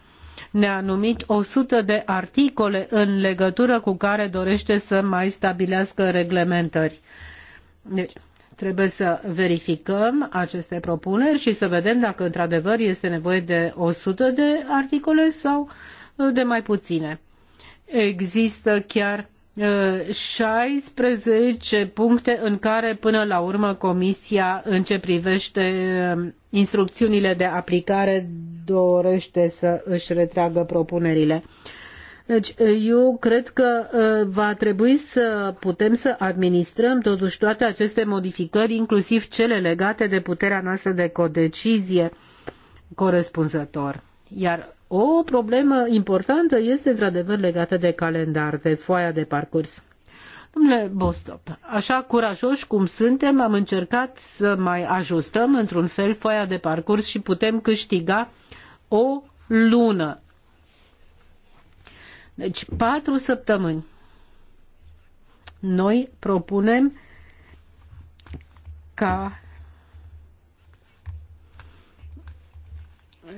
ne-a numit 100 de articole în legătură cu care dorește să mai stabilească reglementări. Deci, Trebuie să verificăm aceste propuneri și să vedem dacă într-adevăr este nevoie de 100 de articole sau uh, de mai puține. Există chiar 16 uh, puncte în care până la urmă Comisia în ce privește uh, instrucțiunile de aplicare dorește să își retragă propunerile. Deci eu cred că va trebui să putem să administrăm totuși toate aceste modificări, inclusiv cele legate de puterea noastră de codecizie corespunzător. Iar o problemă importantă este într-adevăr legată de calendar, de foaia de parcurs. Domnule Bostop, așa curajoși cum suntem, am încercat să mai ajustăm într-un fel foaia de parcurs și putem câștiga o lună deci patru săptămâni. Noi propunem ca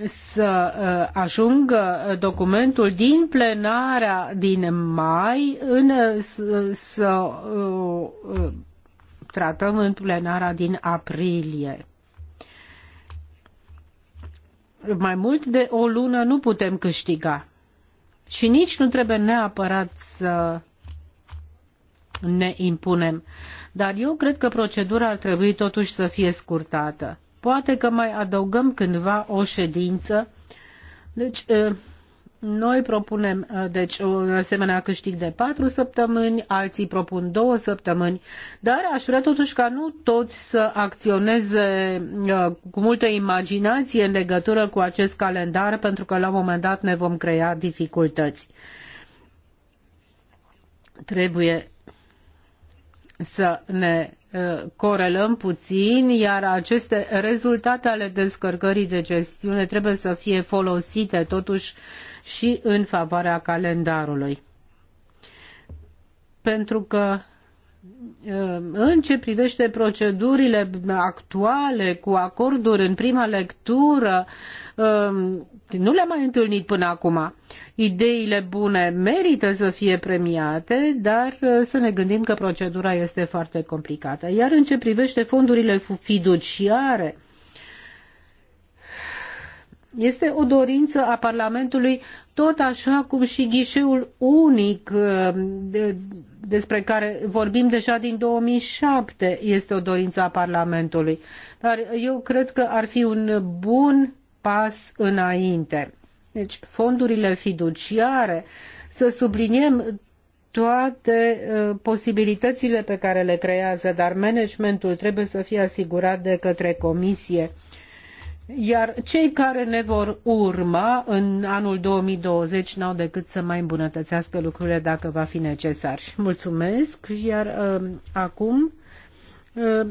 să uh, ajungă documentul din plenarea din mai în, uh, să, să uh, tratăm în plenara din aprilie. Mai mult de o lună nu putem câștiga și nici nu trebuie neapărat să ne impunem. Dar eu cred că procedura ar trebui totuși să fie scurtată. Poate că mai adăugăm cândva o ședință. Deci, eh, noi propunem, uh, deci, un asemenea câștig de patru săptămâni, alții propun două săptămâni, dar aș vrea totuși ca nu toți să acționeze uh, cu multă imaginație în legătură cu acest calendar, pentru că la un moment dat ne vom crea dificultăți. Trebuie să ne uh, corelăm puțin, iar aceste rezultate ale descărcării de gestiune trebuie să fie folosite totuși și în favoarea calendarului. Pentru că uh, în ce privește procedurile actuale cu acorduri în prima lectură, um, nu le-am mai întâlnit până acum. Ideile bune merită să fie premiate, dar uh, să ne gândim că procedura este foarte complicată. Iar în ce privește fondurile fiduciare, este o dorință a Parlamentului, tot așa cum și ghișeul unic uh, despre care vorbim deja din 2007 este o dorință a Parlamentului. Dar eu cred că ar fi un bun pas înainte. Deci fondurile fiduciare, să subliniem toate uh, posibilitățile pe care le creează, dar managementul trebuie să fie asigurat de către comisie. Uh, iar cei care ne vor urma în anul 2020 n-au decât să mai îmbunătățească lucrurile dacă va fi necesar. Mulțumesc, iar uh, acum uh,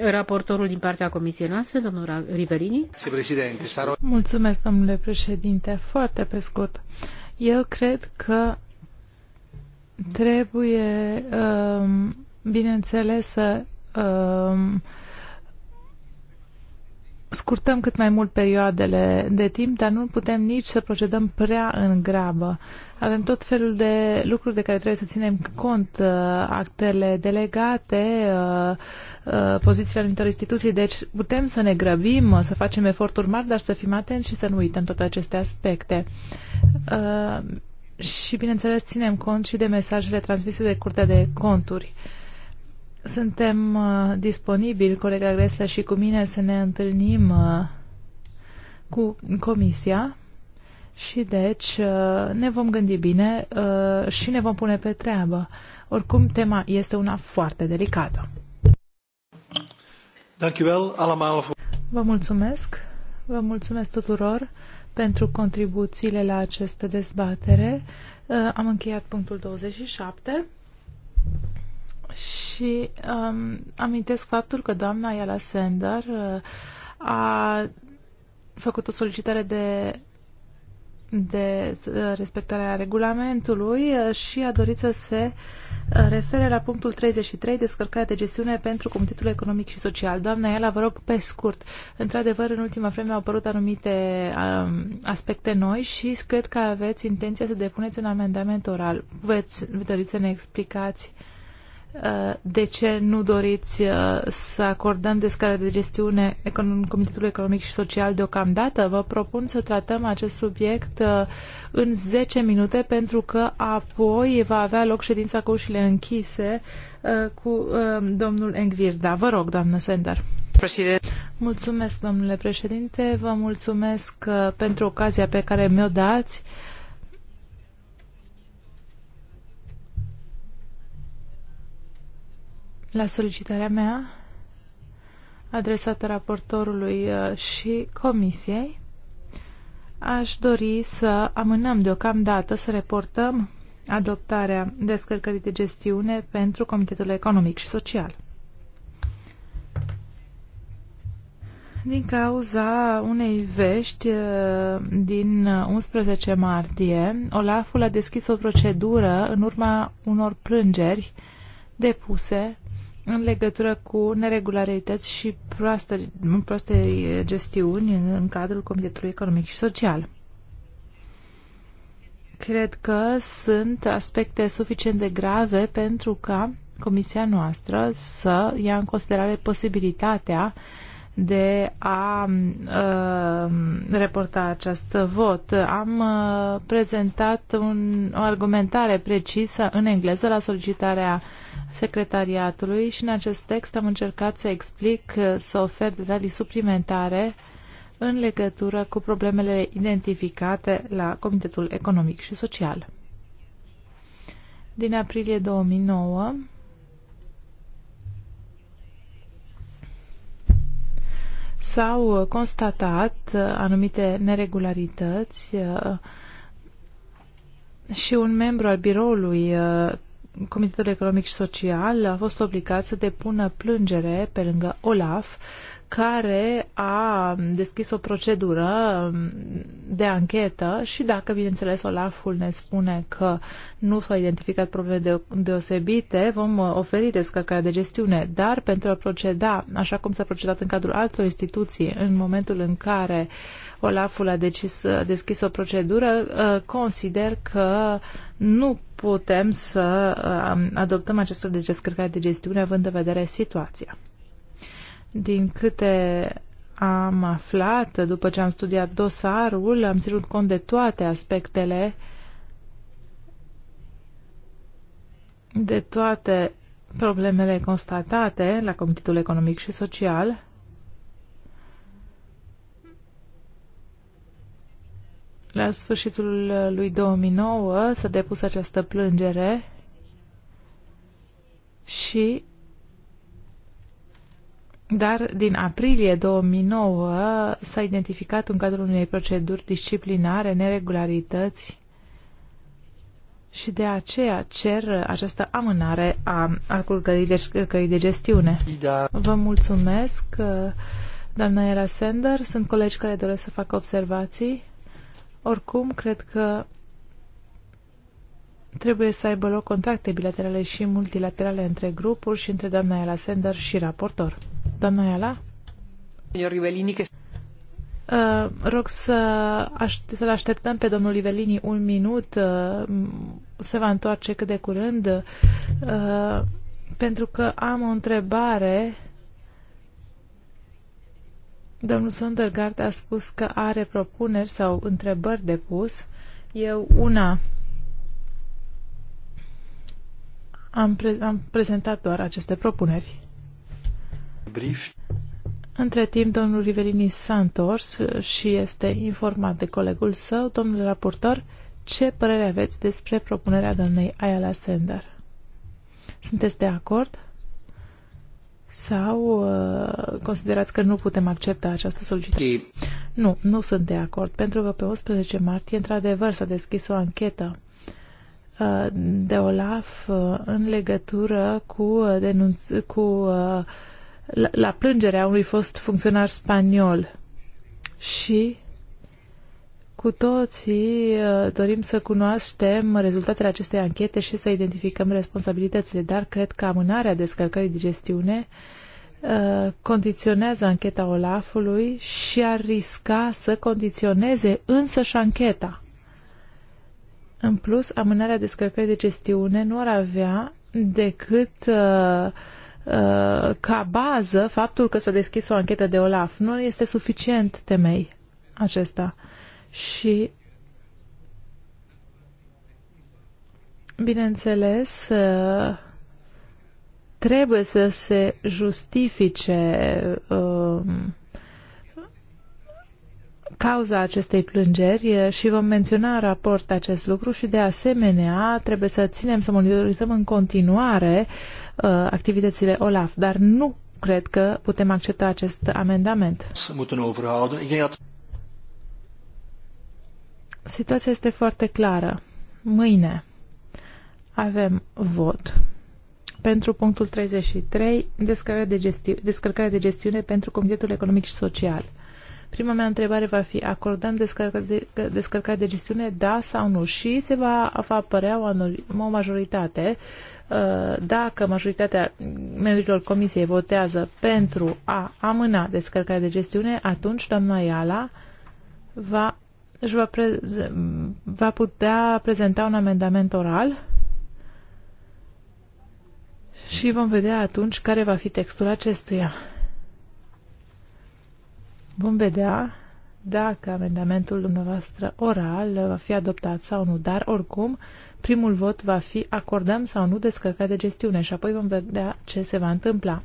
raportorul din partea comisiei noastre, domnul Riverini. Mulțumesc, domnule președinte. Foarte pe scurt. Eu cred că trebuie, um, bineînțeles, să scurtăm cât mai mult perioadele de timp, dar nu putem nici să procedăm prea în grabă. Avem tot felul de lucruri de care trebuie să ținem cont, uh, actele delegate, uh, uh, pozițiile anumitor instituții, deci putem să ne grăbim, să facem eforturi mari, dar să fim atenți și să nu uităm toate aceste aspecte. Și, bineînțeles, ținem cont și de mesajele transmise de Curtea de Conturi suntem uh, disponibili, colega Gresla și cu mine, să ne întâlnim uh, cu comisia și deci uh, ne vom gândi bine și ne vom pune pe treabă. Oricum, tema este una foarte delicată. Vă mulțumesc. Vă mulțumesc tuturor pentru contribuțiile la această dezbatere. Am încheiat punctul 27. Și um, amintesc faptul că doamna Iala Sender uh, a făcut o solicitare de de uh, respectarea regulamentului uh, și a dorit să se uh, refere la punctul 33, descărcarea de gestiune pentru Comitetul Economic și Social. Doamna Ela, vă rog pe scurt. Într-adevăr, în ultima vreme au apărut anumite um, aspecte noi și cred că aveți intenția să depuneți un amendament oral. Veți doriți să ne explicați uh, Uh, de ce nu doriți uh, să acordăm descară de gestiune Comitetului Economic și Social deocamdată? Vă propun să tratăm acest subiect uh, în 10 minute pentru că apoi va avea loc ședința cu ușile închise cu domnul Engvirda. Vă rog, doamnă Sender. Președinte. Mulțumesc, domnule președinte, vă mulțumesc pentru ocazia pe care mi-o dați. la solicitarea mea adresată raportorului uh, și comisiei, aș dori să amânăm deocamdată, să reportăm adoptarea descărcării de gestiune pentru Comitetul Economic și Social. Din cauza unei vești uh, din 11 martie, Olaful a deschis o procedură în urma unor plângeri depuse în legătură cu neregularități și proaste, proaste gestiuni în cadrul Comitetului Economic și Social. Cred că sunt aspecte suficient de grave pentru ca comisia noastră să ia în considerare posibilitatea de a uh, reporta acest vot. Am uh, prezentat un, o argumentare precisă în engleză la solicitarea uh, secretariatului și în acest text am încercat să explic, uh, să ofer detalii suplimentare în legătură cu problemele identificate la Comitetul Economic și Social. Din aprilie 2009, s-au uh, constatat uh, anumite neregularități și un membru al biroului Comitetul Economic și Social a fost obligat să depună plângere pe lângă OLAF, care a deschis o procedură de anchetă și dacă, bineînțeles, OLAF-ul ne spune că nu s-au identificat probleme de deosebite, vom uh, oferi descărcarea de gestiune. Dar pentru a proceda așa cum s-a procedat în cadrul altor instituții, în momentul în care uh, Olaful a, decis, să deschis o procedură, uh, consider că nu putem să uh, adoptăm această descărcare de gestiune având în vedere situația. Din câte am aflat, după ce am studiat dosarul, am ținut cont de toate aspectele de toate problemele constatate la Comitetul Economic și Social La sfârșitul lui 2009 s-a depus această plângere și dar din aprilie 2009 s-a identificat în cadrul unei proceduri disciplinare neregularități și de aceea cer această amânare a, a curcării de, de gestiune. Da. Vă mulțumesc, doamna Era Sender. Sunt colegi care doresc să facă observații. Oricum, cred că trebuie să aibă loc contracte bilaterale și multilaterale între grupuri și între doamna Ayala Sender și raportor. Doamna Ayala? Uh, rog să aș- să-l așteptăm pe domnul Ivelini un minut. Uh, se va întoarce cât de curând. Uh, pentru că am o întrebare Domnul Sondergaard a spus că are propuneri sau întrebări de pus. Eu una am, pre- am prezentat doar aceste propuneri. Brief. Între timp, domnul Rivelini s-a întors și este informat de colegul său, domnul raportor, ce părere aveți despre propunerea doamnei Ayala Sender? Sunteți de acord? sau uh, considerați că nu putem accepta această solicitare? Nu, nu sunt de acord, pentru că pe 11 martie, într-adevăr, s-a deschis o anchetă uh, de OLAF uh, în legătură cu, uh, denunț- cu la, la plângerea unui fost funcționar spaniol și cu toții uh, dorim să cunoaștem rezultatele acestei anchete și să identificăm responsabilitățile, dar cred că amânarea descărcării de uh, condiționează ancheta Olafului și ar risca să condiționeze însă și ancheta. În plus, amânarea descărcării de gestiune nu ar avea decât uh, uh, ca bază faptul că s-a deschis o anchetă de Olaf. Nu este suficient temei acesta. Uh, și bineînțeles trebuie să se justifice um, cauza acestei plângeri și vom menționa în raport acest lucru și de asemenea trebuie să ținem să monitorizăm în continuare uh, activitățile OLAF, dar nu cred că putem accepta acest amendament. Situația este foarte clară. Mâine avem vot pentru punctul 33, descărcarea de, gesti- descărcarea de gestiune pentru Comitetul Economic și Social. Prima mea întrebare va fi, acordăm descărcarea de, descărcare de gestiune, da sau nu? Și se va, va apărea o, anul, o majoritate. Uh, dacă majoritatea membrilor comisiei votează pentru a amâna descărcarea de gestiune, atunci doamna Iala va își deci va, preze- va putea prezenta un amendament oral și vom vedea atunci care va fi textul acestuia. Vom vedea dacă amendamentul dumneavoastră oral va fi adoptat sau nu, dar oricum primul vot va fi acordăm sau nu descărcat de gestiune și apoi vom vedea ce se va întâmpla.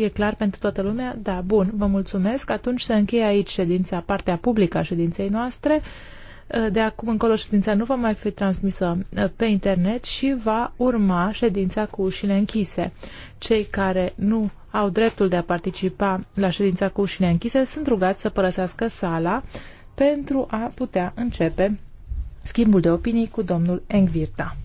E clar pentru toată lumea? Da, bun, vă mulțumesc. Atunci se încheie aici ședința, partea publică a ședinței noastre. De acum încolo ședința nu va mai fi transmisă uh, pe internet și va urma ședința cu ușile închise. Cei care nu au dreptul de a participa la ședința cu ușile închise sunt rugați să părăsească sala pentru a putea începe schimbul de opinii cu domnul Engvirta.